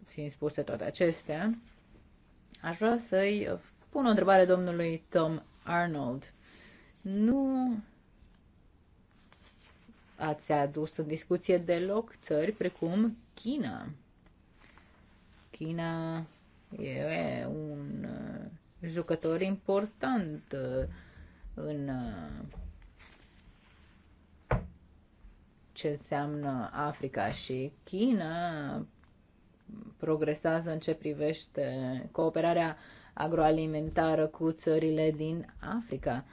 Fiind spuse toate acestea, aș vrea să-i pun o întrebare domnului Tom Arnold. Nu ați adus în discuție deloc țări precum China. China e un uh, jucător important uh, în uh, ce înseamnă Africa și China progresează în ce privește cooperarea agroalimentară cu țările din Africa.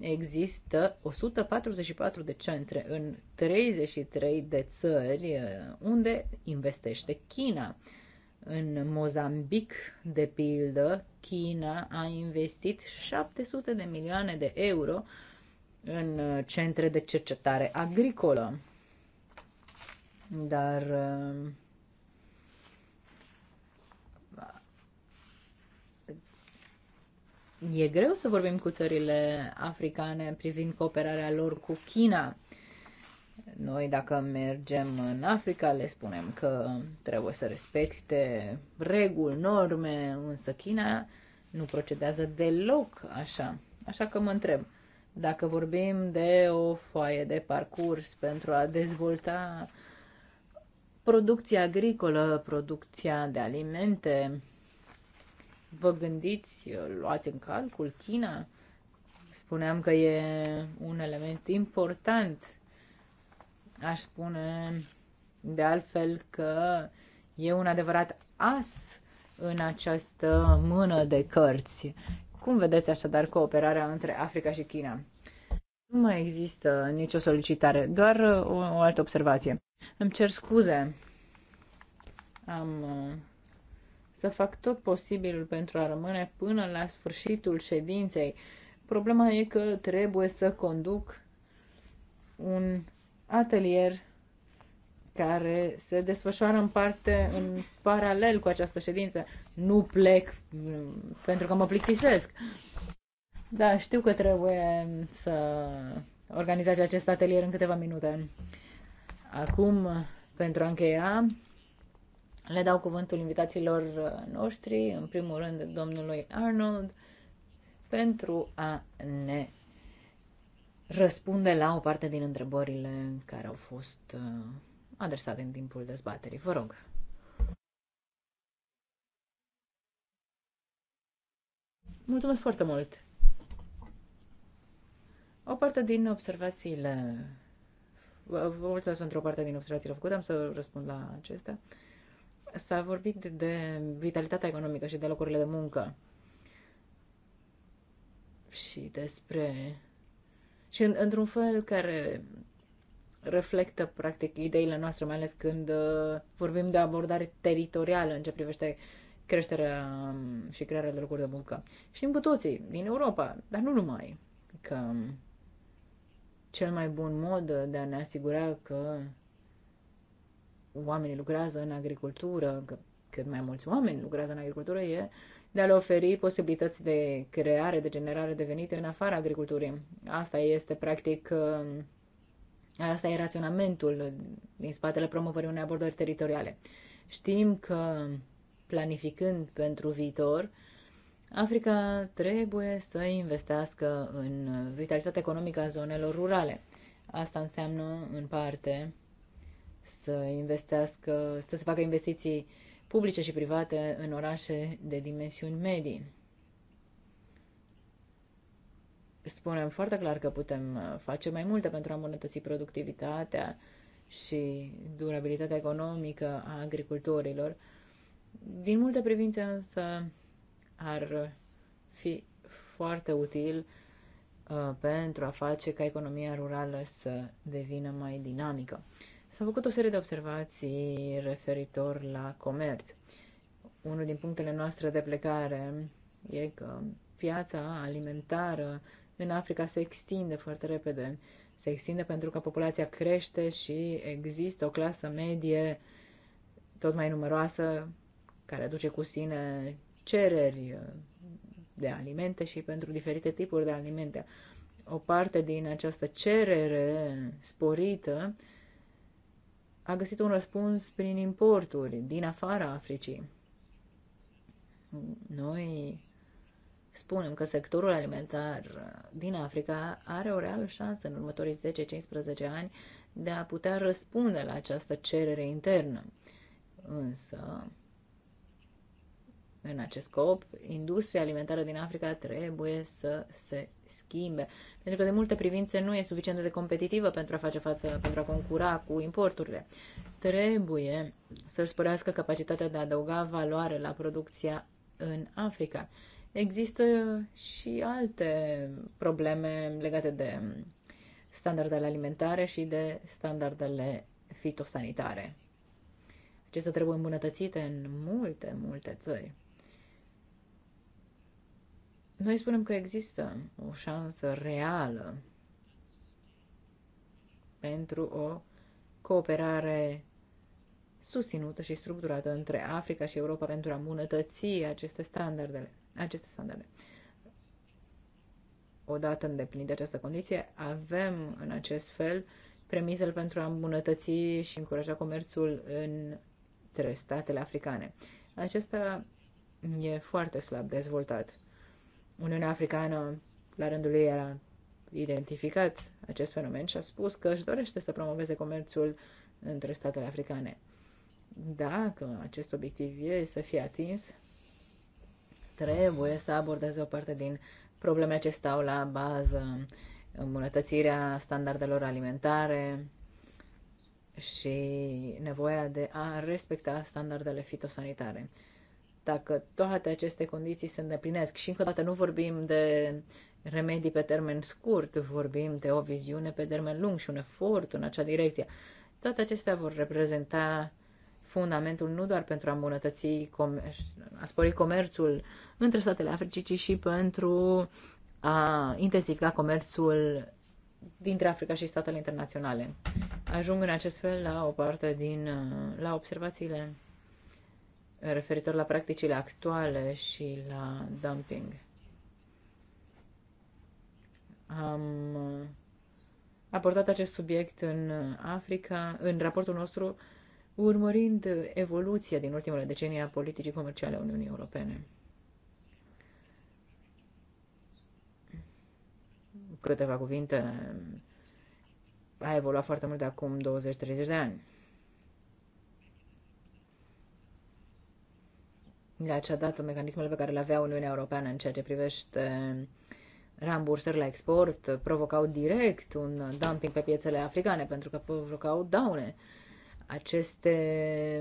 Există 144 de centre în 33 de țări uh, unde investește China. În Mozambic, de pildă, China a investit 700 de milioane de euro în uh, centre de cercetare agricolă. Dar uh, E greu să vorbim cu țările africane privind cooperarea lor cu China. Noi, dacă mergem în Africa, le spunem că trebuie să respecte reguli, norme, însă China nu procedează deloc așa. Așa că mă întreb, dacă vorbim de o foaie de parcurs pentru a dezvolta producția agricolă, producția de alimente, vă gândiți, uh, luați în calcul China? Spuneam că e un element important. Aș spune de altfel că e un adevărat as în această mână de cărți. Cum vedeți așadar cooperarea între Africa și China? Nu mai există nicio solicitare, doar uh, o, o altă observație. Îmi cer scuze. Am uh, să fac tot posibilul pentru a rămâne până la sfârșitul ședinței. Problema e că trebuie să conduc un atelier care se desfășoară în parte în paralel cu această ședință. Nu plec mm, pentru că mă plictisesc. Da, știu că trebuie să organizați acest atelier în câteva minute. Acum, pentru a încheia, le dau cuvântul invitațiilor uh, noștri, în primul rând domnului Arnold, pentru a ne răspunde la o parte din întrebările care au fost uh, adresate în timpul dezbaterii. Vă rog. Mulțumesc foarte mult! O parte din observațiile... Vă mulțumesc pentru o parte din observațiile făcute, am să răspund la acestea. S-a vorbit de vitalitatea economică și de locurile de muncă și despre... și în, într-un fel care reflectă, practic, ideile noastre, mai ales când uh, vorbim de abordare teritorială în ce privește creșterea um, și crearea de locuri de muncă. Știm cu toții, din Europa, dar nu numai, că cel mai bun mod de a ne asigura că oamenii lucrează în agricultură, că cât mai mulți oameni lucrează în agricultură, e de a le oferi posibilități de creare, de generare de venite în afara agriculturii. Asta este practic, uh, asta e raționamentul din spatele promovării unei abordări teritoriale. Știm că planificând pentru viitor, Africa trebuie să investească în vitalitatea economică a zonelor rurale. Asta înseamnă, în parte, să investească, să se facă investiții publice și private în orașe de dimensiuni medii. Spunem foarte clar că putem uh, face mai multe pentru a îmbunătăți productivitatea și durabilitatea economică a agricultorilor. Din multe privințe însă ar fi foarte util uh, pentru a face ca economia rurală să devină mai dinamică. S-au făcut o serie de observații referitor la comerț. Unul din punctele noastre de plecare e că piața alimentară în Africa se extinde foarte repede. Se extinde pentru că populația crește și există o clasă medie tot mai numeroasă care aduce cu sine cereri de alimente și pentru diferite tipuri de alimente. O parte din această cerere sporită a găsit un răspuns prin importuri din afara Africii. Noi spunem că sectorul alimentar din Africa are o reală șansă în următorii 10-15 ani de a putea răspunde la această cerere internă. Însă, în acest scop, industria alimentară din Africa trebuie să se schimbe, pentru că de multe privințe nu e suficient de competitivă pentru a face față, pentru a concura cu importurile. Trebuie să-și sporească capacitatea de a adăuga valoare la producția în Africa. Există și alte probleme legate de standardele alimentare și de standardele fitosanitare. Acestea trebuie îmbunătățite în multe, multe țări. Noi spunem că există o șansă reală pentru o cooperare susținută și structurată între Africa și Europa pentru a îmbunătăți aceste standarde, aceste standarde. Odată îndeplinite această condiție, avem în acest fel premisele pentru a îmbunătăți și încuraja comerțul între statele africane. Acesta e foarte slab dezvoltat. Uniunea Africană, la rândul ei, a identificat acest fenomen și a spus că își dorește să promoveze comerțul între statele africane. Dacă acest obiectiv e să fie atins, trebuie să abordeze o parte din problemele ce stau la bază, îmbunătățirea standardelor alimentare și nevoia de a respecta standardele fitosanitare. Dacă toate aceste condiții se îndeplinesc și încă o dată nu vorbim de remedii pe termen scurt, vorbim de o viziune pe termen lung și un efort în acea direcție. Toate acestea vor reprezenta fundamentul nu doar pentru a îmbunătăți, a spori comerțul între statele Africii, ci și pentru a intensifica comerțul dintre Africa și statele internaționale. Ajung în acest fel la o parte din la observațiile referitor la practicile actuale și la dumping. Am uh, abordat acest subiect în Africa, în raportul nostru, urmărind evoluția din ultimele decenii a politicii comerciale a Uniunii Europene. Câteva cuvinte a evoluat foarte mult de acum 20-30 de ani. le-a cedat mecanismele pe care le avea Uniunea Europeană în ceea ce privește rambursări la export, provocau direct un dumping pe piețele africane pentru că provocau daune. Aceste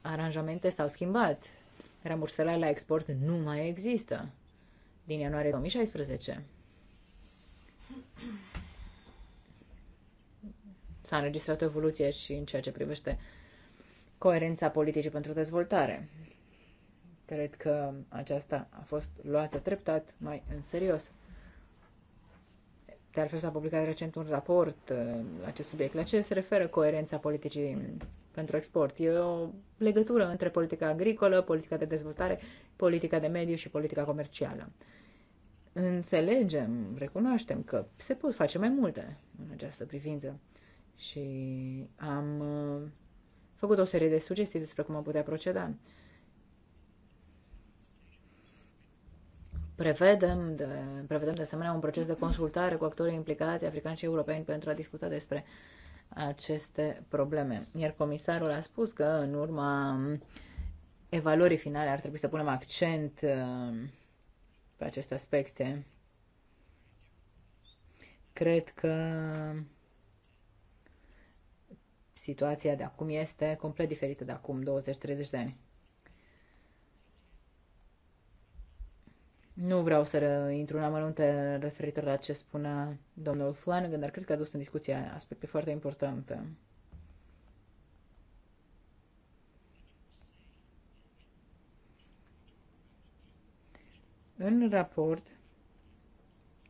aranjamente s-au schimbat. Rambursările la export nu mai există din ianuarie 2016. S-a înregistrat o evoluție și în ceea ce privește coerența politicii pentru dezvoltare. Cred că aceasta a fost luată treptat mai în serios. De altfel s-a publicat recent un raport uh, la acest subiect. La ce se referă coerența politicii pentru export? E o legătură între politica agricolă, politica de dezvoltare, politica de mediu și politica comercială. Înțelegem, recunoaștem că se pot face mai multe în această privință și am uh, făcut o serie de sugestii despre cum am putea proceda. Prevedem de, prevedem de asemenea un proces de consultare cu actorii implicați, africani și europeni, pentru a discuta despre aceste probleme. Iar comisarul a spus că în urma evaluării finale ar trebui să punem accent uh, pe aceste aspecte. Cred că situația de acum este complet diferită de acum 20-30 de ani. Nu vreau să intru în amănunte referitor la ce spunea domnul Flanagan, dar cred că a dus în discuție aspecte foarte importante. În raport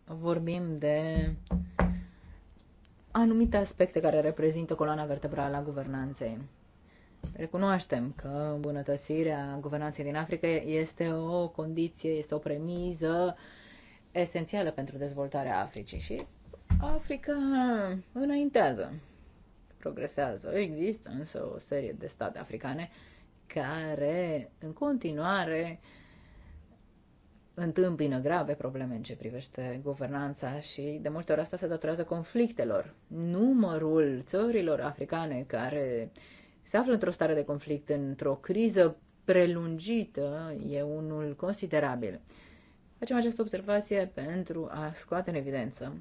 vorbim de anumite aspecte care reprezintă coloana vertebrală a guvernanței. Recunoaștem că îmbunătățirea guvernanței din Africa este o condiție, este o premiză esențială pentru dezvoltarea Africii și Africa înaintează, progresează. Există însă o serie de state africane care în continuare întâmpină grave probleme în ce privește guvernanța și de multe ori asta se datorează conflictelor. Numărul țărilor africane care se află într-o stare de conflict, într-o criză prelungită, e unul considerabil. Facem această observație pentru a scoate în evidență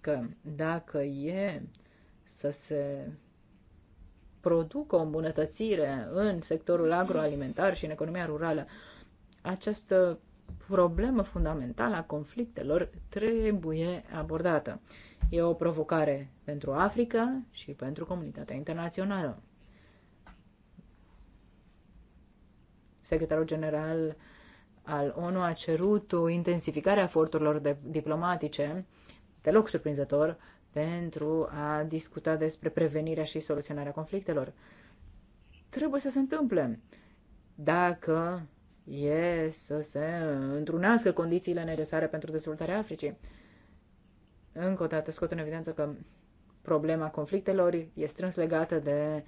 că dacă e să se producă o îmbunătățire în sectorul agroalimentar și în economia rurală, această problemă fundamentală a conflictelor trebuie abordată. E o provocare pentru Africa și pentru comunitatea internațională. secretarul general al ONU a cerut o intensificare a eforturilor de, diplomatice, deloc surprinzător, pentru a discuta despre prevenirea și soluționarea conflictelor. Trebuie să se întâmple. Dacă e să se întrunească condițiile necesare pentru dezvoltarea Africii. Încă o dată scot în evidență că problema conflictelor e strâns legată de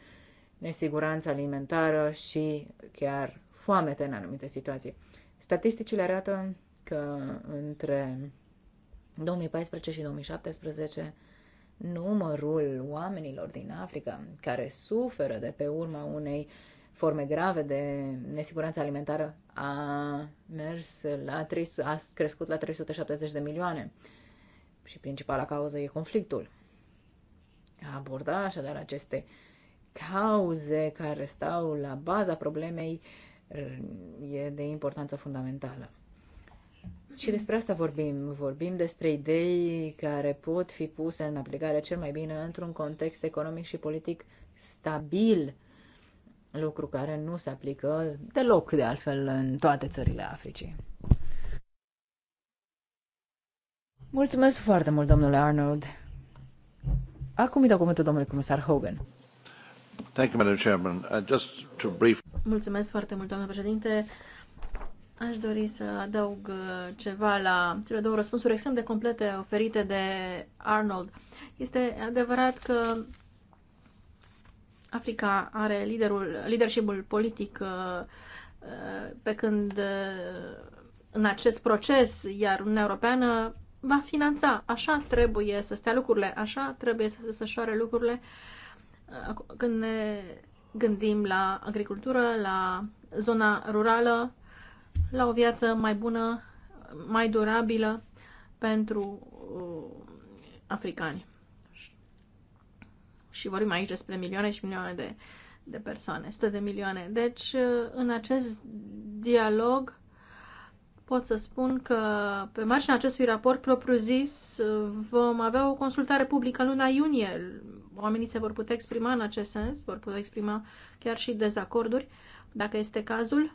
nesiguranța alimentară și chiar foamete în anumite situații. Statisticile arată că între 2014 și 2017 numărul oamenilor din Africa care suferă de pe urma unei forme grave de nesiguranță alimentară a mers la 300, a crescut la 370 de milioane. Și principala cauză e conflictul. A aborda așadar aceste cauze care stau la baza problemei uh, Uh, e de importanță fundamentală. Și despre asta vorbim. Vorbim despre idei care pot fi puse în aplicare cel mai bine într-un context economic și politic stabil, lucru care nu se aplică deloc, de altfel, în toate țările Africii. Mulțumesc foarte mult, domnule Arnold. Acum îi dau cuvântul domnului comisar Hogan. Thank you, Madam Chairman. Uh, just to brief... Mulțumesc foarte mult, doamnă președinte. Aș dori să adaug uh, ceva la cele două răspunsuri extrem de complete oferite de Arnold. Este adevărat că Africa are liderul, leadership politic uh, uh, pe când în acest proces, iar Uniunea Europeană va finanța. Așa trebuie să stea lucrurile, așa trebuie să se desfășoare lucrurile când ne gândim la agricultură, la zona rurală, la o viață mai bună, mai durabilă pentru uh, africani. Și vorbim aici despre milioane și milioane de, de persoane, sute de milioane. Deci, uh, în acest dialog, pot să spun că pe marginea acestui raport propriu-zis uh, vom avea o consultare publică luna iunie Oamenii se vor putea exprima în acest sens, vor putea exprima chiar și dezacorduri, dacă este cazul.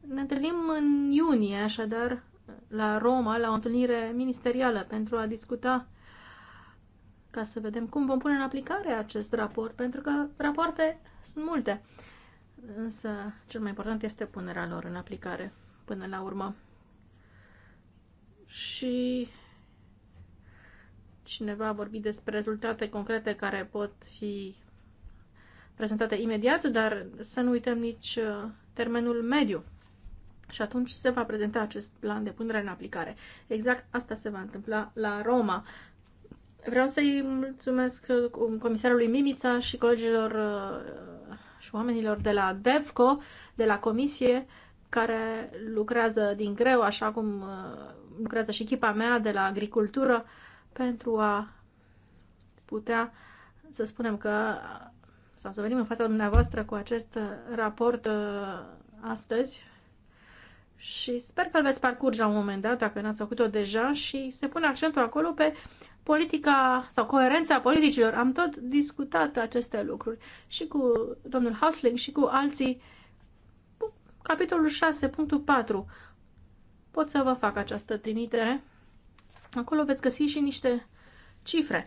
Ne întâlnim în iunie, așadar, la Roma, la o întâlnire ministerială pentru a discuta ca să vedem cum vom pune în aplicare acest raport, pentru că rapoarte sunt multe, însă cel mai important este punerea lor în aplicare până la urmă. Și Cineva a vorbit despre rezultate concrete care pot fi prezentate imediat, dar să nu uităm nici uh, termenul mediu. Și atunci se va prezenta acest plan de punere în aplicare. Exact asta se va întâmpla la Roma. Vreau să-i mulțumesc uh, comisarului Mimița și colegilor uh, și oamenilor de la DEVCO, de la Comisie, care lucrează din greu, așa cum lucrează și echipa mea de la agricultură pentru a putea să spunem că sau să venim în fața dumneavoastră cu acest raport uh, astăzi și sper că îl veți parcurge la un moment dat, dacă n-ați făcut-o deja, și se pune accentul acolo pe politica sau coerența politicilor. Am tot discutat aceste lucruri și cu domnul Hausling și cu alții. Capitolul 6.4. Pot să vă fac această trimitere? Acolo veți găsi și niște cifre.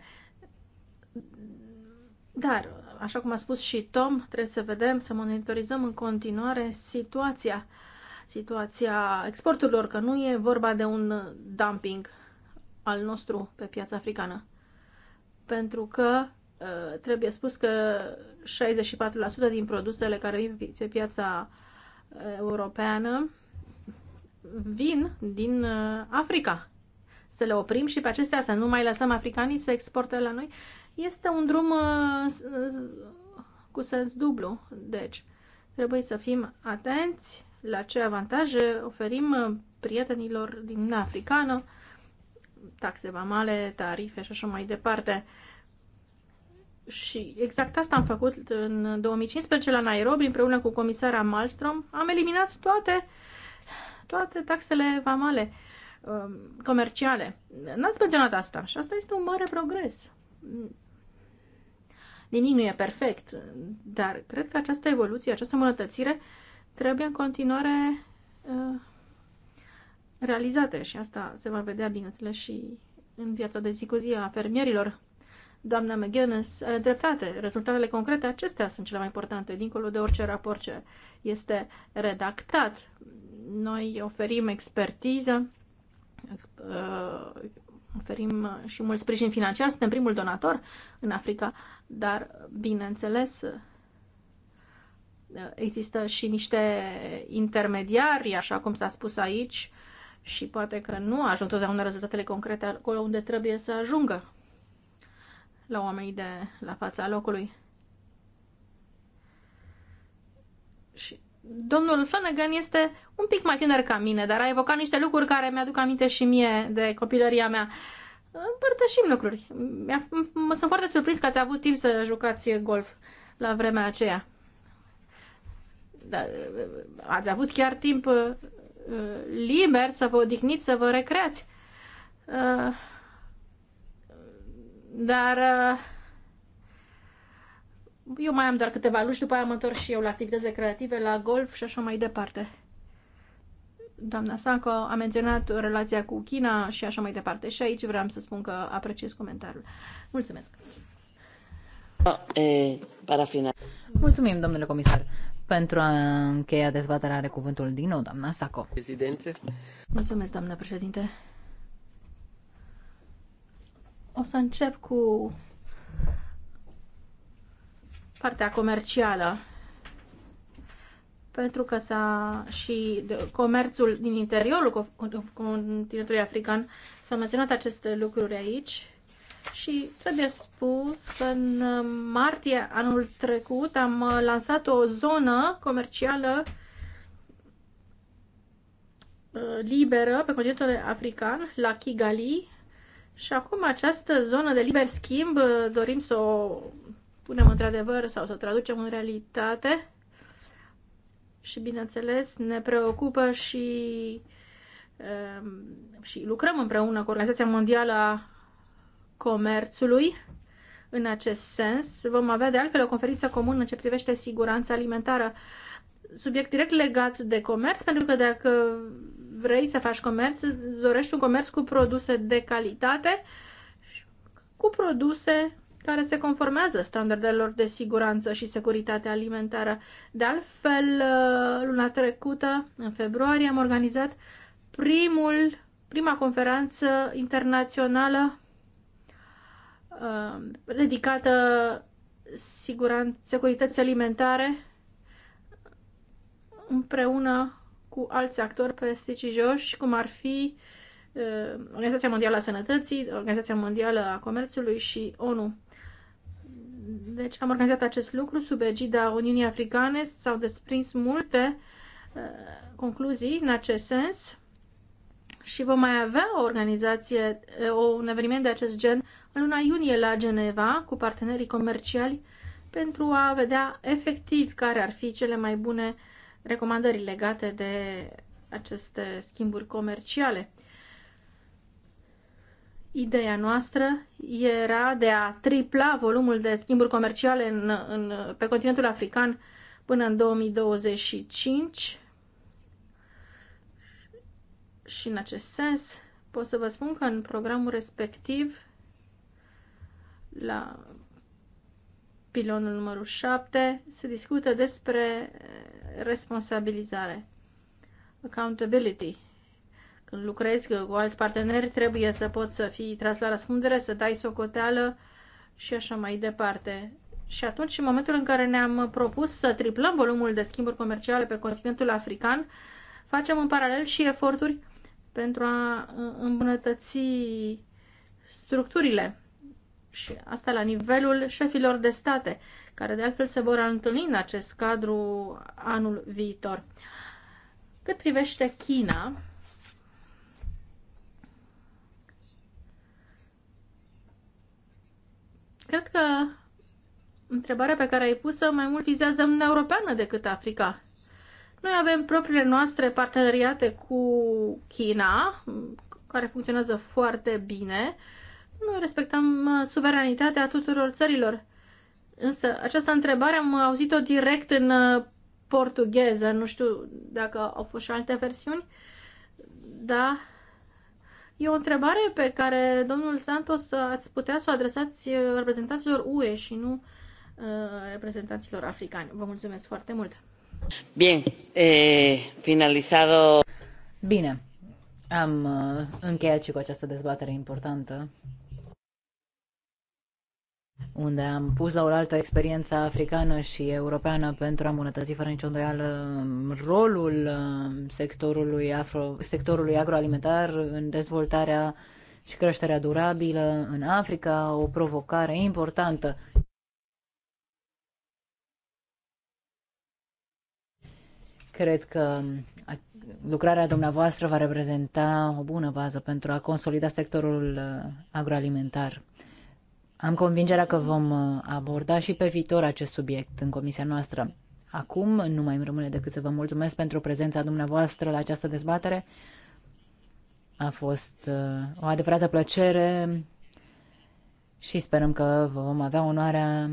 Dar, așa cum a spus și Tom, trebuie să vedem, să monitorizăm în continuare situația, situația exporturilor, că nu e vorba de un dumping al nostru pe piața africană. Pentru că ă, trebuie spus că 64% din produsele care vin pe piața ă, europeană vin din ă, Africa să le oprim și pe acestea să nu mai lăsăm africanii să exporte la noi, este un drum uh, cu sens dublu. Deci, trebuie să fim atenți la ce avantaje oferim uh, prietenilor din africană, taxe vamale, tarife și așa mai departe. Și exact asta am făcut în 2015 la Nairobi împreună cu comisara Malmström. Am eliminat toate, toate taxele vamale Um, comerciale. N-ați menționat asta și asta este un mare progres. Nimic nu e perfect, dar cred că această evoluție, această îmbunătățire trebuie în continuare uh, realizate și asta se va vedea, bineînțeles, și în viața de zi cu zi a fermierilor. Doamna McGuinness are dreptate. Rezultatele concrete, acestea sunt cele mai importante, dincolo de orice raport ce este redactat. Noi oferim expertiză Uh, oferim și mult sprijin financiar, suntem primul donator în Africa, dar, bineînțeles, există și niște intermediari, așa cum s-a spus aici, și poate că nu ajung totdeauna rezultatele concrete acolo unde trebuie să ajungă la oamenii de la fața locului. Și Domnul Flanagan este un pic mai tânăr ca mine, dar a evocat niște lucruri care mi-aduc aminte și mie de copilăria mea. Împărtășim lucruri. Mă sunt foarte surprins că ați avut timp să jucați golf la vremea aceea. Da, ați avut chiar timp uh, liber să vă odihniți, să vă recreați. Uh, dar uh, eu mai am doar câteva luni și după aia mă întorc și eu la activități creative, la golf și așa mai departe. Doamna Sanco a menționat relația cu China și așa mai departe. Și aici vreau să spun că apreciez comentariul. Mulțumesc! Da, Mulțumim, domnule comisar. Pentru a încheia dezbaterea are cuvântul din nou, doamna Saco. Președinte. Mulțumesc, doamnă președinte. O să încep cu partea comercială, pentru că s-a și comerțul din interiorul continentului african s-au menționat aceste lucruri aici și trebuie spus că în martie anul trecut am lansat o zonă comercială uh, liberă pe continentul african, la Kigali, și acum această zonă de liber schimb uh, dorim să o punem într-adevăr sau să traducem în realitate. Și, bineînțeles, ne preocupă și, um, și lucrăm împreună cu Organizația Mondială a Comerțului în acest sens. Vom avea, de altfel, o conferință comună în ce privește siguranța alimentară, subiect direct legat de comerț, pentru că dacă vrei să faci comerț, dorești un comerț cu produse de calitate, cu produse care se conformează standardelor de siguranță și securitate alimentară. De altfel, uh, luna trecută, în februarie, am organizat primul, prima conferință internațională uh, dedicată securității alimentare împreună cu alți actori prestigioși, cum ar fi uh, Organizația Mondială a Sănătății, Organizația Mondială a Comerțului și ONU. Deci am organizat acest lucru sub egida Uniunii Africane, s-au desprins multe uh, concluzii în acest sens și vom mai avea o organizație, uh, o, un eveniment de acest gen în luna iunie la Geneva cu partenerii comerciali pentru a vedea efectiv care ar fi cele mai bune recomandări legate de aceste schimburi comerciale. Ideea noastră era de a tripla volumul de schimburi comerciale în, în, pe continentul african până în 2025 și în acest sens pot să vă spun că în programul respectiv la pilonul numărul 7 se discută despre responsabilizare, accountability când lucrezi cu alți parteneri, trebuie să poți să fii tras la răspundere, să dai socoteală și așa mai departe. Și atunci, în momentul în care ne-am propus să triplăm volumul de schimburi comerciale pe continentul african, facem în paralel și eforturi pentru a uh, îmbunătăți structurile și asta la nivelul șefilor de state, care de altfel se vor întâlni în acest cadru anul viitor. Cât privește China, Cred că întrebarea pe care ai pus-o mai mult vizează Uniunea Europeană decât Africa. Noi avem propriile noastre parteneriate cu China, care funcționează foarte bine. Noi respectăm uh, suveranitatea tuturor țărilor. Însă, această întrebare am auzit-o direct în uh, portugheză. Nu știu dacă au fost și alte versiuni. Da, E o întrebare pe care, domnul Santos, ați putea să o adresați reprezentanților UE și nu uh, reprezentanților africani. Vă mulțumesc foarte mult! Bien, eh, finalizado... Bine, am uh, încheiat și cu această dezbatere importantă unde am pus la oaltă experiența africană și europeană pentru a îmbunătăți fără nicio îndoială rolul uh, sectorului, afro, sectorului agroalimentar în dezvoltarea și creșterea durabilă în Africa, o provocare importantă. Cred că lucrarea dumneavoastră va reprezenta o bună bază pentru a consolida sectorul uh, agroalimentar. Am convingerea că vom uh, aborda și pe viitor acest subiect în comisia noastră. Acum nu mai îmi rămâne decât să vă mulțumesc pentru prezența dumneavoastră la această dezbatere. A fost uh, o adevărată plăcere și sperăm că vom avea onoarea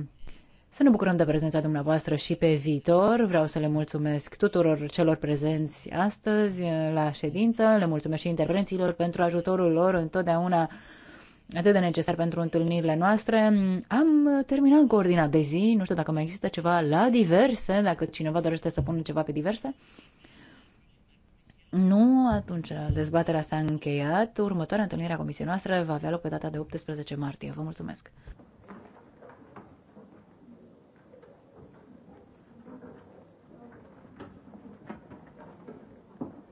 să ne bucurăm de prezența dumneavoastră și pe viitor. Vreau să le mulțumesc tuturor celor prezenți astăzi la ședință, le mulțumesc și intervențiilor pentru ajutorul lor întotdeauna atât de necesar pentru întâlnirile noastre. Am terminat cu ordinea de zi, nu știu dacă mai există ceva la diverse, dacă cineva dorește să pună ceva pe diverse. Nu, atunci dezbaterea s-a încheiat. Următoarea întâlnire a comisiei noastre va avea loc pe data de 18 martie. Vă mulțumesc!